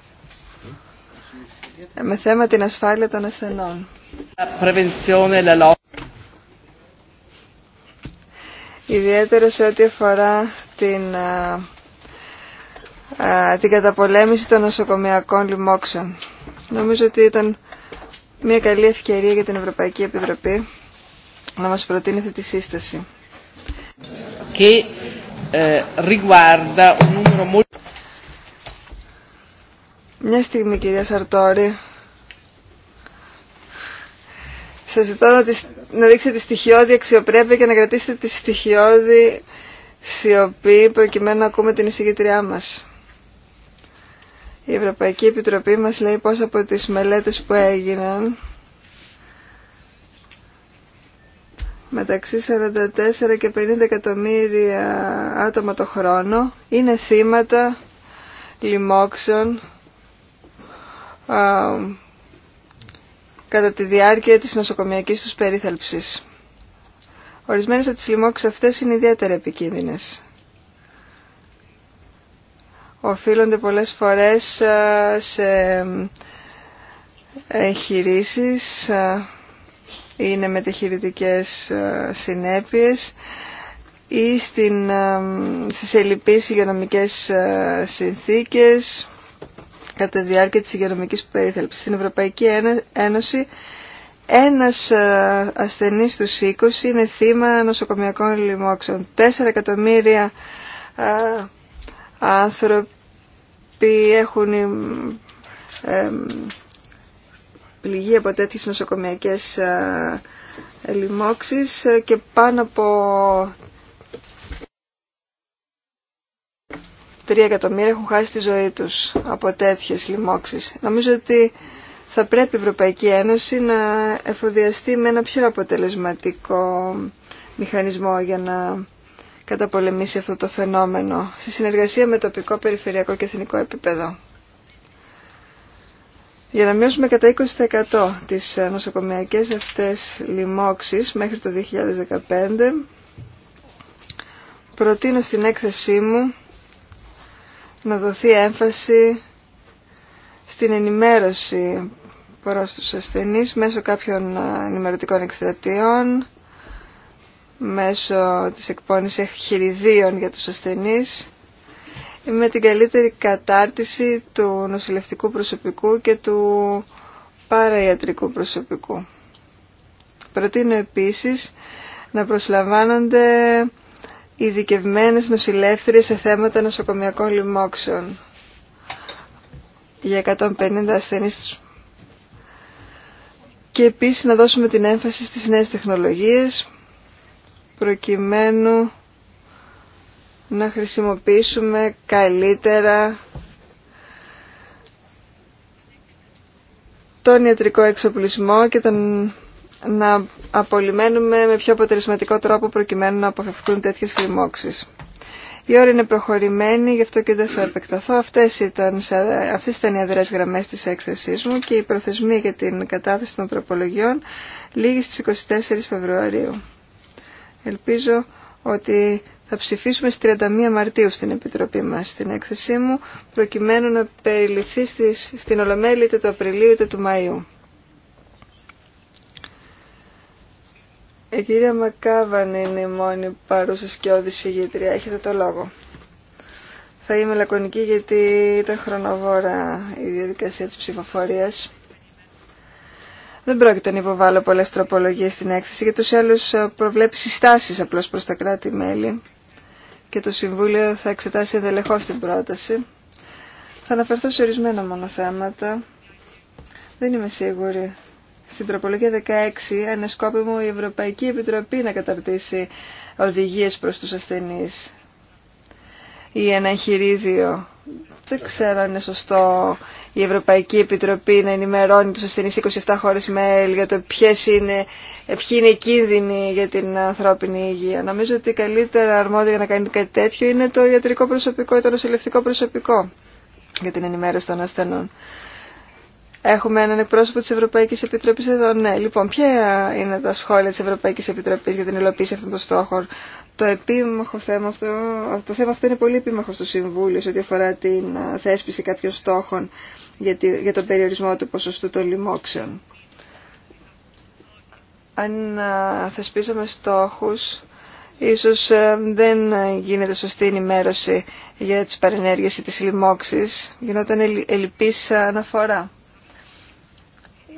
με θέμα την ασφάλεια των ασθενών. Ιδιαίτερα σε ό,τι αφορά την, α, καταπολέμηση των νοσοκομιακών λοιμόξεων. Νομίζω ότι ήταν μια καλή ευκαιρία για την Ευρωπαϊκή Επιτροπή να μας προτείνει αυτή τη σύσταση. Και, ε, μια στιγμή κυρία Σαρτόρη. Σας ζητώ να, να δείξετε τη στοιχειώδη αξιοπρέπεια και να κρατήσετε τη στοιχειώδη σιωπή προκειμένου να ακούμε την εισηγητριά μας. Η Ευρωπαϊκή Επιτροπή μας λέει πως από τις μελέτες που έγιναν μεταξύ 44 και 50 εκατομμύρια άτομα το χρόνο είναι θύματα λοιμόξεων κατά τη διάρκεια της νοσοκομιακής τους περίθαλψης. Ορισμένες από τις αυτές είναι ιδιαίτερα επικίνδυνες. Οφείλονται πολλές φορές σε ή είναι μετεχειρητικές συνέπειες ή στην, στις ελλειπείς υγειονομικές συνθήκες κατά τη διάρκεια της υγειονομικής περίθαλψης. Στην Ευρωπαϊκή Ένωση ένας ε, ασθενής του 20 είναι θύμα νοσοκομειακών λοιμόξεων. 4 εκατομμύρια ε, άνθρωποι έχουν ε, πληγεί από τέτοιες νοσοκομιακές λοιμόξεις και πάνω από Τρία εκατομμύρια έχουν χάσει τη ζωή τους από τέτοιες λοιμώξεις. Νομίζω ότι θα πρέπει η Ευρωπαϊκή Ένωση να εφοδιαστεί με ένα πιο αποτελεσματικό μηχανισμό για να καταπολεμήσει αυτό το φαινόμενο στη συνεργασία με τοπικό, περιφερειακό και εθνικό επίπεδο. Για να μειώσουμε κατά 20% τις ε, νοσοκομιακές αυτές λοιμώξεις μέχρι το 2015, προτείνω στην έκθεσή μου να δοθεί έμφαση στην ενημέρωση προς τους ασθενείς μέσω κάποιων ε, ενημερωτικών εκστρατείων, μέσω της εκπόνησης χειριδίων για τους ασθενείς, με την καλύτερη κατάρτιση του νοσηλευτικού προσωπικού και του παραϊατρικού προσωπικού. Προτείνω επίσης να προσλαμβάνονται ειδικευμένε νοσηλεύτριε σε θέματα νοσοκομιακών λοιμόξεων για 150 ασθενείς και επίσης να δώσουμε την έμφαση στις νέες τεχνολογίες προκειμένου να χρησιμοποιήσουμε καλύτερα τον ιατρικό εξοπλισμό και τον να απολυμμένουμε με πιο αποτελεσματικό τρόπο προκειμένου να αποφευκτούν τέτοιες λοιμώξεις. Η ώρα είναι προχωρημένη, γι' αυτό και δεν θα επεκταθώ. Αυτές ήταν, αυτές ήταν οι αδερές γραμμές της έκθεσής μου και οι προθεσμοί για την κατάθεση των τροπολογιών λίγη στις 24 Φεβρουαρίου. Ελπίζω ότι θα ψηφίσουμε στις 31 Μαρτίου στην Επιτροπή μας στην έκθεσή μου, προκειμένου να περιληφθεί στην Ολομέλη είτε του Απριλίου είτε του Μαΐου. Η ε, κυρία Μακάβαν είναι η μόνη παρούσα σκιώδη συγγετρία. Έχετε το λόγο. Θα είμαι λακωνική γιατί ήταν χρονοβόρα η διαδικασία της ψηφοφορίας. Δεν πρόκειται να υποβάλω πολλές τροπολογίες στην έκθεση και τους άλλους προβλέπει συστάσεις απλώς προς τα κράτη-μέλη και το Συμβούλιο θα εξετάσει ενδελεχώς την πρόταση. Θα αναφερθώ σε ορισμένα μόνο θέματα. Δεν είμαι σίγουρη στην τροπολογία 16 μου η Ευρωπαϊκή Επιτροπή να καταρτήσει οδηγίες προς τους ασθενείς ή ένα εγχειρίδιο. Δεν ξέρω αν είναι σωστό η Ευρωπαϊκή Επιτροπή να ενημερώνει τους ασθενείς 27 χώρες μέλη για το ποιες είναι, ποιοι είναι οι κίνδυνοι για την ανθρώπινη υγεία. Νομίζω ότι καλύτερα αρμόδια να κάνει κάτι τέτοιο είναι το ιατρικό προσωπικό ή το νοσηλευτικό προσωπικό για την ενημέρωση των ασθενών. Έχουμε έναν εκπρόσωπο της Ευρωπαϊκής Επιτροπής εδώ. Ναι, λοιπόν, ποια είναι τα σχόλια της Ευρωπαϊκής Επιτροπής για την υλοποίηση αυτών των στόχων. Το επίμαχο θέμα αυτό, το θέμα αυτό είναι πολύ επίμαχο στο Συμβούλιο σε ό,τι αφορά την θέσπιση κάποιων στόχων για, τη, για τον περιορισμό του ποσοστού των λοιμόξεων. Αν θεσπίζαμε στόχους, ίσως ε, δεν γίνεται σωστή ενημέρωση για τις παρενέργειες ή τις λοιμόξεις, γινόταν ελλειπής αναφορά.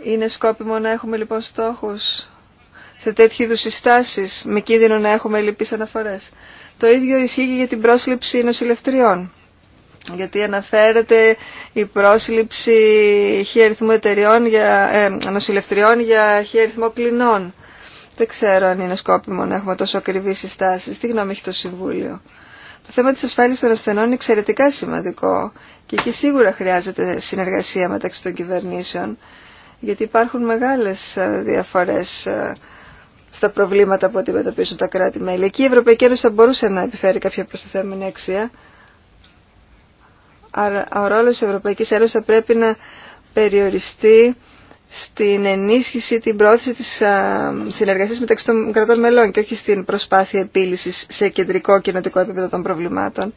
Είναι σκόπιμο να έχουμε λοιπόν στόχους σε τέτοιου είδου συστάσεις με κίνδυνο να έχουμε λυπείς αναφορές. Το ίδιο ισχύει και για την πρόσληψη νοσηλευτριών. Γιατί αναφέρεται η πρόσληψη αριθμού εταιριών για, ε, νοσηλευτριών για αριθμό κλινών. Δεν ξέρω αν είναι σκόπιμο να έχουμε τόσο ακριβή συστάσεις. Τι γνώμη έχει το Συμβούλιο. Το θέμα της ασφάλειας των ασθενών είναι εξαιρετικά σημαντικό και εκεί σίγουρα χρειάζεται συνεργασία μεταξύ των κυβερνήσεων γιατί υπάρχουν μεγάλες ε, διαφορές ε, στα προβλήματα που αντιμετωπίζουν τα κράτη-μέλη. Εκεί η Ευρωπαϊκή Ένωση θα μπορούσε να επιφέρει κάποια προσταθέμενη αξία. Άρα ο ρόλος της Ευρωπαϊκής Ένωσης θα πρέπει να περιοριστεί στην ενίσχυση, την πρόθεση της ε, συνεργασίας μεταξύ των κρατών μελών και όχι στην προσπάθεια επίλυσης σε κεντρικό κοινοτικό επίπεδο των προβλημάτων.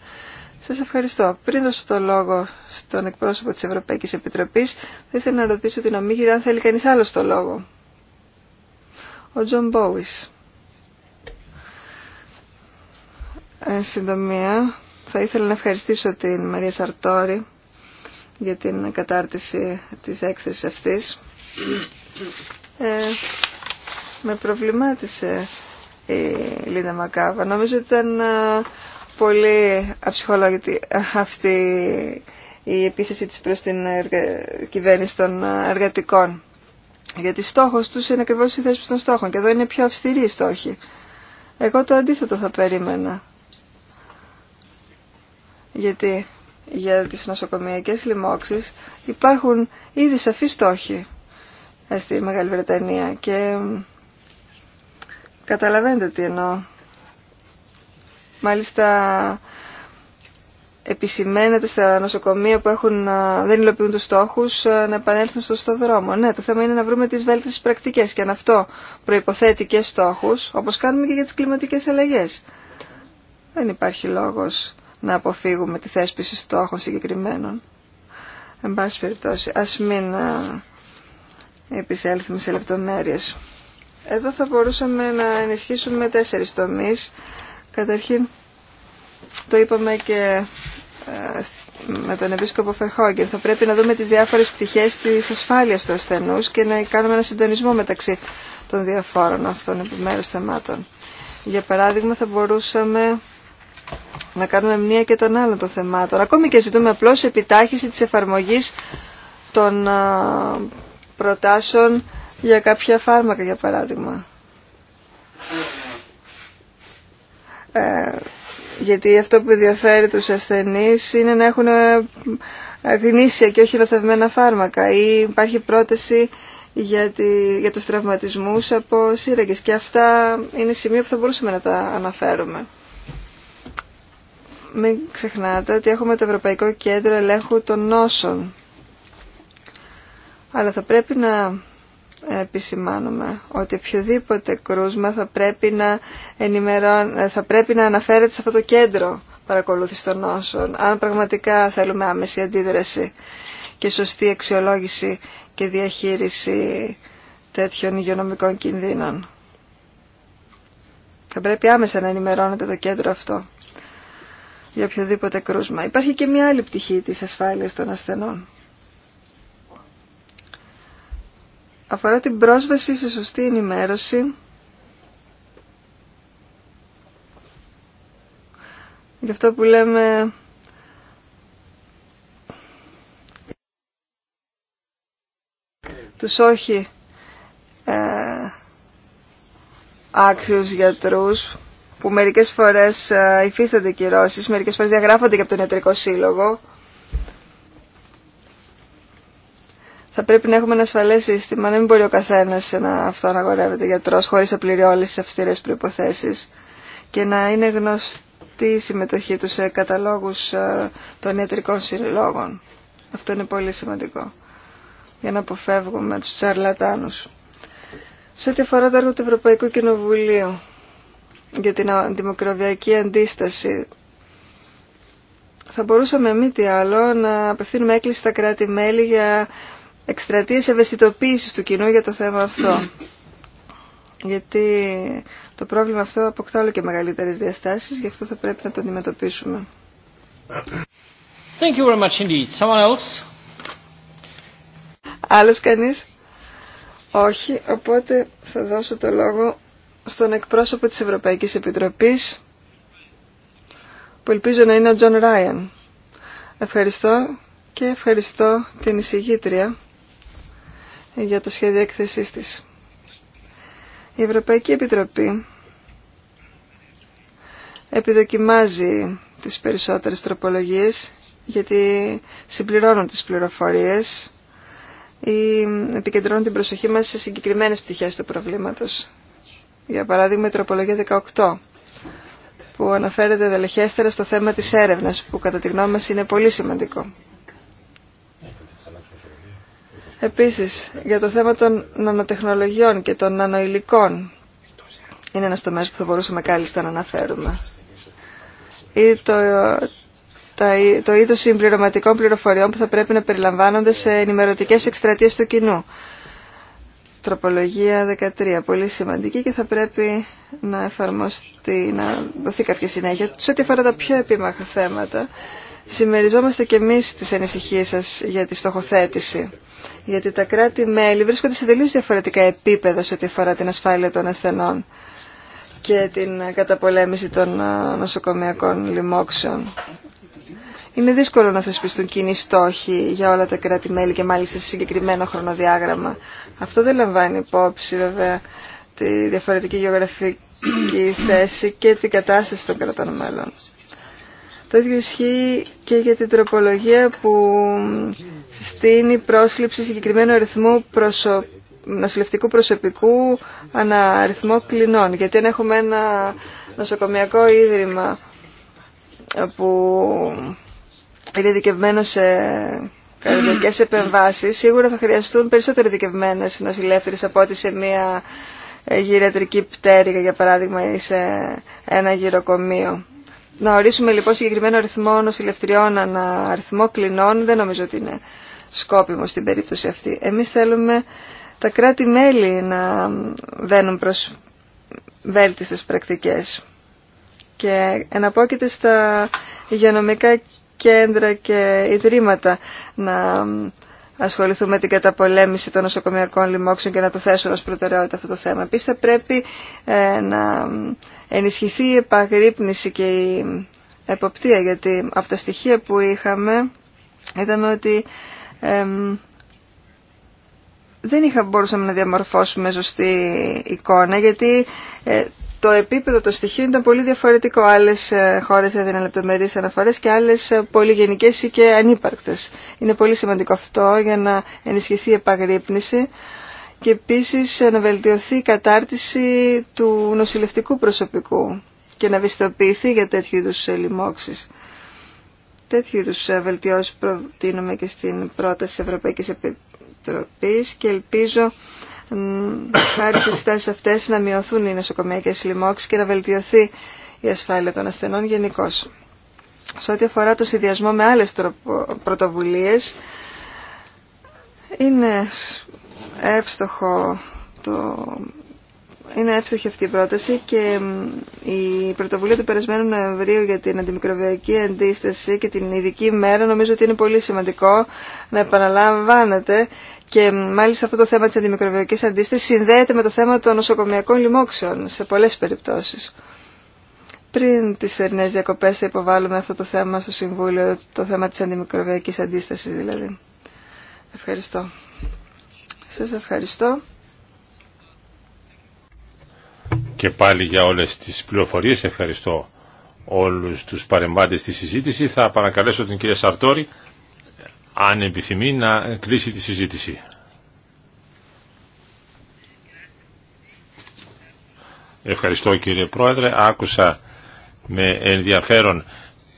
Σας ευχαριστώ. Πριν δώσω το λόγο στον εκπρόσωπο της Ευρωπαϊκής Επιτροπής, θα ήθελα να ρωτήσω την ομίγυρα αν θέλει κανείς άλλο το λόγο. Ο Τζον Μπόουις. Εν συντομία, θα ήθελα να ευχαριστήσω την Μαρία Σαρτόρη για την κατάρτιση της έκθεσης αυτής. Ε, με προβλημάτισε η Λίνα Μακάβα. Νομίζω ήταν ε, πολύ αψυχολόγητη αυτή η επίθεση της προς την κυβέρνηση των εργατικών. Γιατί στόχος τους είναι ακριβώς η θέση των στόχων και εδώ είναι πιο αυστηρή η στόχη. Εγώ το αντίθετο θα περίμενα. Γιατί για τις νοσοκομειακές λοιμώξεις υπάρχουν ήδη σαφή στόχοι ε, στη Μεγάλη Βρετανία και καταλαβαίνετε τι εννοώ. Μάλιστα επισημαίνεται στα νοσοκομεία που έχουν, δεν υλοποιούν τους στόχους να επανέλθουν στο, στο δρόμο. Ναι, το θέμα είναι να βρούμε τις βέλτιστες πρακτικές και αν αυτό προϋποθέτει και στόχους, όπως κάνουμε και για τις κλιματικές αλλαγές. Δεν υπάρχει λόγος να αποφύγουμε τη θέσπιση στόχων συγκεκριμένων. Εν πάση περιπτώσει, ας μην επισέλθουμε σε λεπτομέρειες. Εδώ θα μπορούσαμε να ενισχύσουμε τέσσερις τομείς Καταρχήν, το είπαμε και ε, με τον Επίσκοπο Φερχόγγεν. Θα πρέπει να δούμε τις διάφορες πτυχές της ασφάλειας του ασθενούς και να κάνουμε ένα συντονισμό μεταξύ των διαφόρων αυτών επιμέρους θεμάτων. Για παράδειγμα θα μπορούσαμε να κάνουμε μία και τον άλλο των θεμάτων. Ακόμη και ζητούμε απλώς επιτάχυση της εφαρμογής των ε, προτάσεων για κάποια φάρμακα για παράδειγμα. Ε, γιατί αυτό που ενδιαφέρει τους ασθενείς είναι να έχουν ε, γνήσια και όχι λοθευμένα φάρμακα ή υπάρχει πρόταση για, τη, για τους τραυματισμούς από σύραγγες και αυτά είναι σημεία που θα μπορούσαμε να τα αναφέρουμε. Μην ξεχνάτε ότι έχουμε το Ευρωπαϊκό Κέντρο Ελέγχου των Νόσων αλλά θα πρέπει να επισημάνουμε ότι οποιοδήποτε κρούσμα θα πρέπει να, ενημερών, θα πρέπει να αναφέρεται σε αυτό το κέντρο παρακολούθηση των νόσων, αν πραγματικά θέλουμε άμεση αντίδραση και σωστή αξιολόγηση και διαχείριση τέτοιων υγειονομικών κινδύνων. Θα πρέπει άμεσα να ενημερώνεται το κέντρο αυτό για οποιοδήποτε κρούσμα. Υπάρχει και μια άλλη πτυχή της ασφάλειας των ασθενών. αφορά την πρόσβαση σε σωστή ενημέρωση Γι' αυτό που λέμε τους όχι ε, άξιους γιατρούς που μερικές φορές ε, υφίστανται κυρώσεις, μερικές φορές διαγράφονται και από τον ιατρικό σύλλογο θα πρέπει να έχουμε ένα ασφαλέ σύστημα, να μην μπορεί ο καθένα να αυτό να αγορεύεται γιατρός χωρίς να πληρεί όλες τις αυστηρές προϋποθέσεις και να είναι γνωστή η συμμετοχή του σε καταλόγου ε, των ιατρικών συλλόγων. Αυτό είναι πολύ σημαντικό για να αποφεύγουμε τους τσαρλατάνου. Σε ό,τι αφορά το έργο του Ευρωπαϊκού Κοινοβουλίου για την αντιμικροβιακή αντίσταση θα μπορούσαμε μη τι άλλο να απευθύνουμε έκκληση στα κράτη-μέλη για εκστρατείες ευαισθητοποίηση του κοινού για το θέμα αυτό. Γιατί το πρόβλημα αυτό αποκτά όλο και μεγαλύτερε διαστάσει, γι' αυτό θα πρέπει να το αντιμετωπίσουμε. Thank you very much indeed. Someone else? Άλλος κανείς? Όχι, οπότε θα δώσω το λόγο στον εκπρόσωπο της Ευρωπαϊκής Επιτροπής, που ελπίζω να είναι ο Τζον Ράιαν. Ευχαριστώ και ευχαριστώ την εισηγήτρια για το σχέδιο έκθεσής της. Η Ευρωπαϊκή Επιτροπή επιδοκιμάζει τις περισσότερες τροπολογίες γιατί συμπληρώνουν τις πληροφορίες ή επικεντρώνουν την προσοχή μας σε συγκεκριμένες πτυχές του προβλήματος. Για παράδειγμα η τροπολογία 18 που αναφέρεται δελεχέστερα στο θέμα της έρευνας που κατά τη γνώμη μας είναι πολύ σημαντικό. Επίσης, για το θέμα των νανοτεχνολογιών και των νανοηλικών είναι ένας τομέας που θα μπορούσαμε κάλλιστα να αναφέρουμε. Ή το, τα, το είδος συμπληρωματικών πληροφοριών που θα πρέπει να περιλαμβάνονται σε ενημερωτικές εκστρατείες του κοινού. Τροπολογία 13, πολύ σημαντική και θα πρέπει να εφαρμοστεί, να δοθεί κάποια συνέχεια. Σε ό,τι αφορά τα πιο επίμαχα θέματα, Συμμεριζόμαστε και εμείς τις ανησυχίες σας για τη στοχοθέτηση. Γιατί τα κράτη-μέλη βρίσκονται σε τελείως διαφορετικά επίπεδα σε ό,τι αφορά την ασφάλεια των ασθενών και την καταπολέμηση των ε, νοσοκομειακών λοιμόξεων. Είναι δύσκολο να θεσπιστούν κοινοί στόχοι για όλα τα κράτη-μέλη και μάλιστα σε συγκεκριμένο χρονοδιάγραμμα. Αυτό δεν λαμβάνει υπόψη βέβαια τη διαφορετική γεωγραφική θέση και την κατάσταση των κρατών μέλων. Το ίδιο ισχύει και για την τροπολογία που συστήνει πρόσληψη συγκεκριμένου αριθμού προσωπικού νοσηλευτικού προσωπικού ανά αριθμό κλινών. Γιατί αν έχουμε ένα νοσοκομιακό ίδρυμα που είναι ειδικευμένο σε καρδιακές επεμβάσεις, σίγουρα θα χρειαστούν περισσότερο ειδικευμένες νοσηλεύτερες από ό,τι σε μια ε, γυριατρική πτέρυγα, για παράδειγμα, ή σε ένα γυροκομείο. Να ορίσουμε λοιπόν συγκεκριμένο αριθμό νοσηλευτριών ανά αριθμό κλινών δεν νομίζω ότι είναι σκόπιμο στην περίπτωση αυτή. Εμείς θέλουμε τα κράτη-μέλη να βαίνουν προς βέλτιστες πρακτικές και εναπόκειται στα υγειονομικά κέντρα και ιδρύματα να ασχοληθούμε με την καταπολέμηση των νοσοκομιακών λοιμόξεων και να το θέσουν ως προτεραιότητα αυτό το θέμα. Επίσης θα πρέπει ε, να ενισχυθεί η επαγρύπνηση και η εποπτεία, γιατί από τα στοιχεία που είχαμε είδαμε ότι δεν είχα, μπορούσαμε να διαμορφώσουμε ζωστή εικόνα, γιατί ε, το επίπεδο των στοιχείων ήταν πολύ διαφορετικό. άλλε χώρε έδιναν λεπτομερεί αναφορέ και άλλε πολύ γενικές ή και ανύπαρκτες. Είναι πολύ σημαντικό αυτό για να ενισχυθεί η επαγρύπνηση, και επίσης να βελτιωθεί η κατάρτιση του νοσηλευτικού προσωπικού και να βιστοποιηθεί για τέτοιου είδους λοιμώξεις. Τέτοιου είδους βελτιώσεις προτείνουμε και στην πρόταση Ευρωπαϊκής Επιτροπής και ελπίζω χάρη στι τάσεις αυτές να μειωθούν οι νοσοκομιακές λοιμώξεις και να βελτιωθεί η ασφάλεια των ασθενών γενικώ. Σε ό,τι αφορά το συνδυασμό με άλλες πρωτοβουλίες, είναι εύστοχο το... Είναι εύστοχη αυτή η πρόταση και η πρωτοβουλία του περασμένου Νοεμβρίου για την αντιμικροβιακή αντίσταση και την ειδική μέρα νομίζω ότι είναι πολύ σημαντικό να επαναλαμβάνεται και μάλιστα αυτό το θέμα της αντιμικροβιακής αντίστασης συνδέεται με το θέμα των νοσοκομιακών λοιμόξεων σε πολλές περιπτώσεις. Πριν τις θερινές διακοπές θα υποβάλουμε αυτό το θέμα στο Συμβούλιο, το θέμα της αντιμικροβιακής αντίστασης δηλαδή. Ευχαριστώ. Σας ευχαριστώ. Και πάλι για όλες τις πληροφορίες ευχαριστώ όλους τους παρεμβάτες στη συζήτηση. Θα παρακαλέσω την κυρία Σαρτόρη, αν επιθυμεί, να κλείσει τη συζήτηση. Ευχαριστώ κύριε Πρόεδρε. Άκουσα με ενδιαφέρον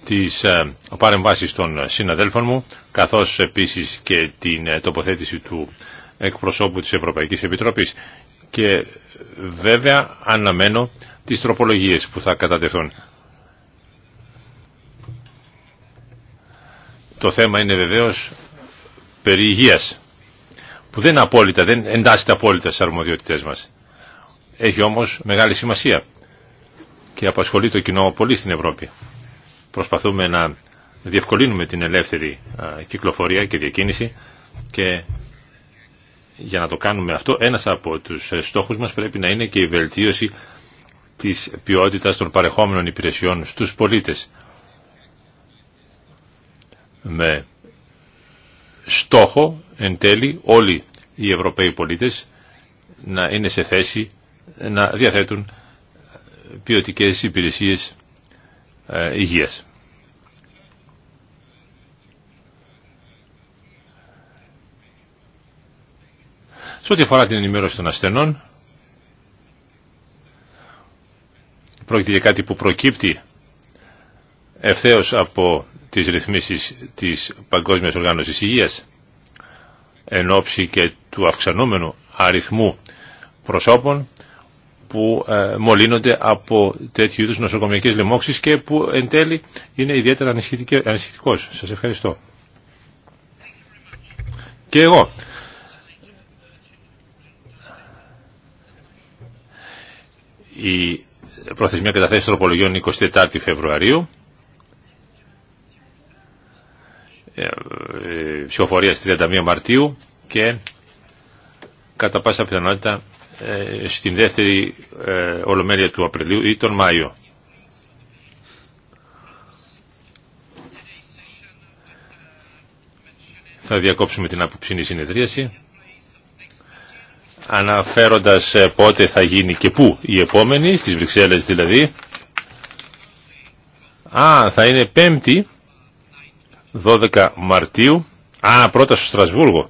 τις ε, παρεμβάσεις των συναδέλφων μου, καθώς επίσης και την ε, τοποθέτηση του εκπροσώπου της Ευρωπαϊκής Επιτροπής και βέβαια αναμένω τις τροπολογίες που θα κατατεθούν. Το θέμα είναι βεβαίως περί υγείας, που δεν, απόλυτα, δεν εντάσσεται απόλυτα στις αρμοδιότητές μας. Έχει όμως μεγάλη σημασία και απασχολεί το κοινό πολύ στην Ευρώπη. Προσπαθούμε να διευκολύνουμε την ελεύθερη κυκλοφορία και διακίνηση και για να το κάνουμε αυτό, ένας από τους ε, στόχους μας πρέπει να είναι και η βελτίωση της ποιότητας των παρεχόμενων υπηρεσιών στους πολίτες. Με στόχο εν τέλει όλοι οι Ευρωπαίοι πολίτες να είναι σε θέση να διαθέτουν ποιοτικές υπηρεσίες ε, υγείας. Σε ό,τι αφορά την ενημέρωση των ασθενών, πρόκειται για κάτι που προκύπτει ευθέως από τις ρυθμίσεις της Παγκόσμιας Οργάνωσης Υγείας εν ώψη και του αυξανόμενου αριθμού προσώπων που ε, μολύνονται από τέτοιου είδους νοσοκομιακές λοιμώξεις και που εν τέλει είναι ιδιαίτερα ανησυχητικός. Σας ευχαριστώ. Και εγώ η προθεσμία καταθεσεις τροπολογιών 24 Φεβρουαρίου. Ε, ε, ψηφοφορία στις 31 Μαρτίου και κατά πάσα πιθανότητα ε, στην δεύτερη ολομέλεια του Απριλίου ή τον Μάιο. Θα διακόψουμε την αποψινή συνεδρίαση αναφέροντας ε, πότε θα γίνει και πού η επόμενη, στις Βρυξέλλες δηλαδή. Α, θα είναι 5η, 12 Μαρτίου. Α, πρώτα στο Στρασβούργο.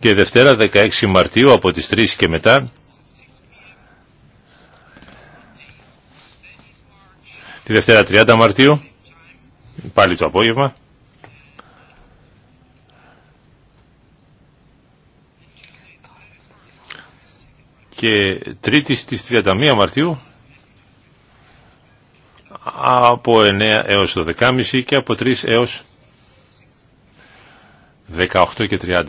Και Δευτέρα 16 Μαρτίου από τις 3 και μετά. Τη Δευτέρα 30 Μαρτίου, πάλι το απόγευμα. και τρίτη στις 31 Μαρτίου από 9 έως 12.30 και από 3 έως 18 και 30.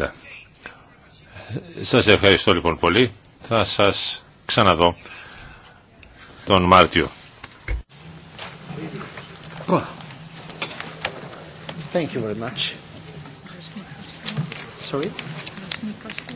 Σας ευχαριστώ λοιπόν πολύ. Θα σας ξαναδώ τον Μάρτιο. Thank you very much. Sorry?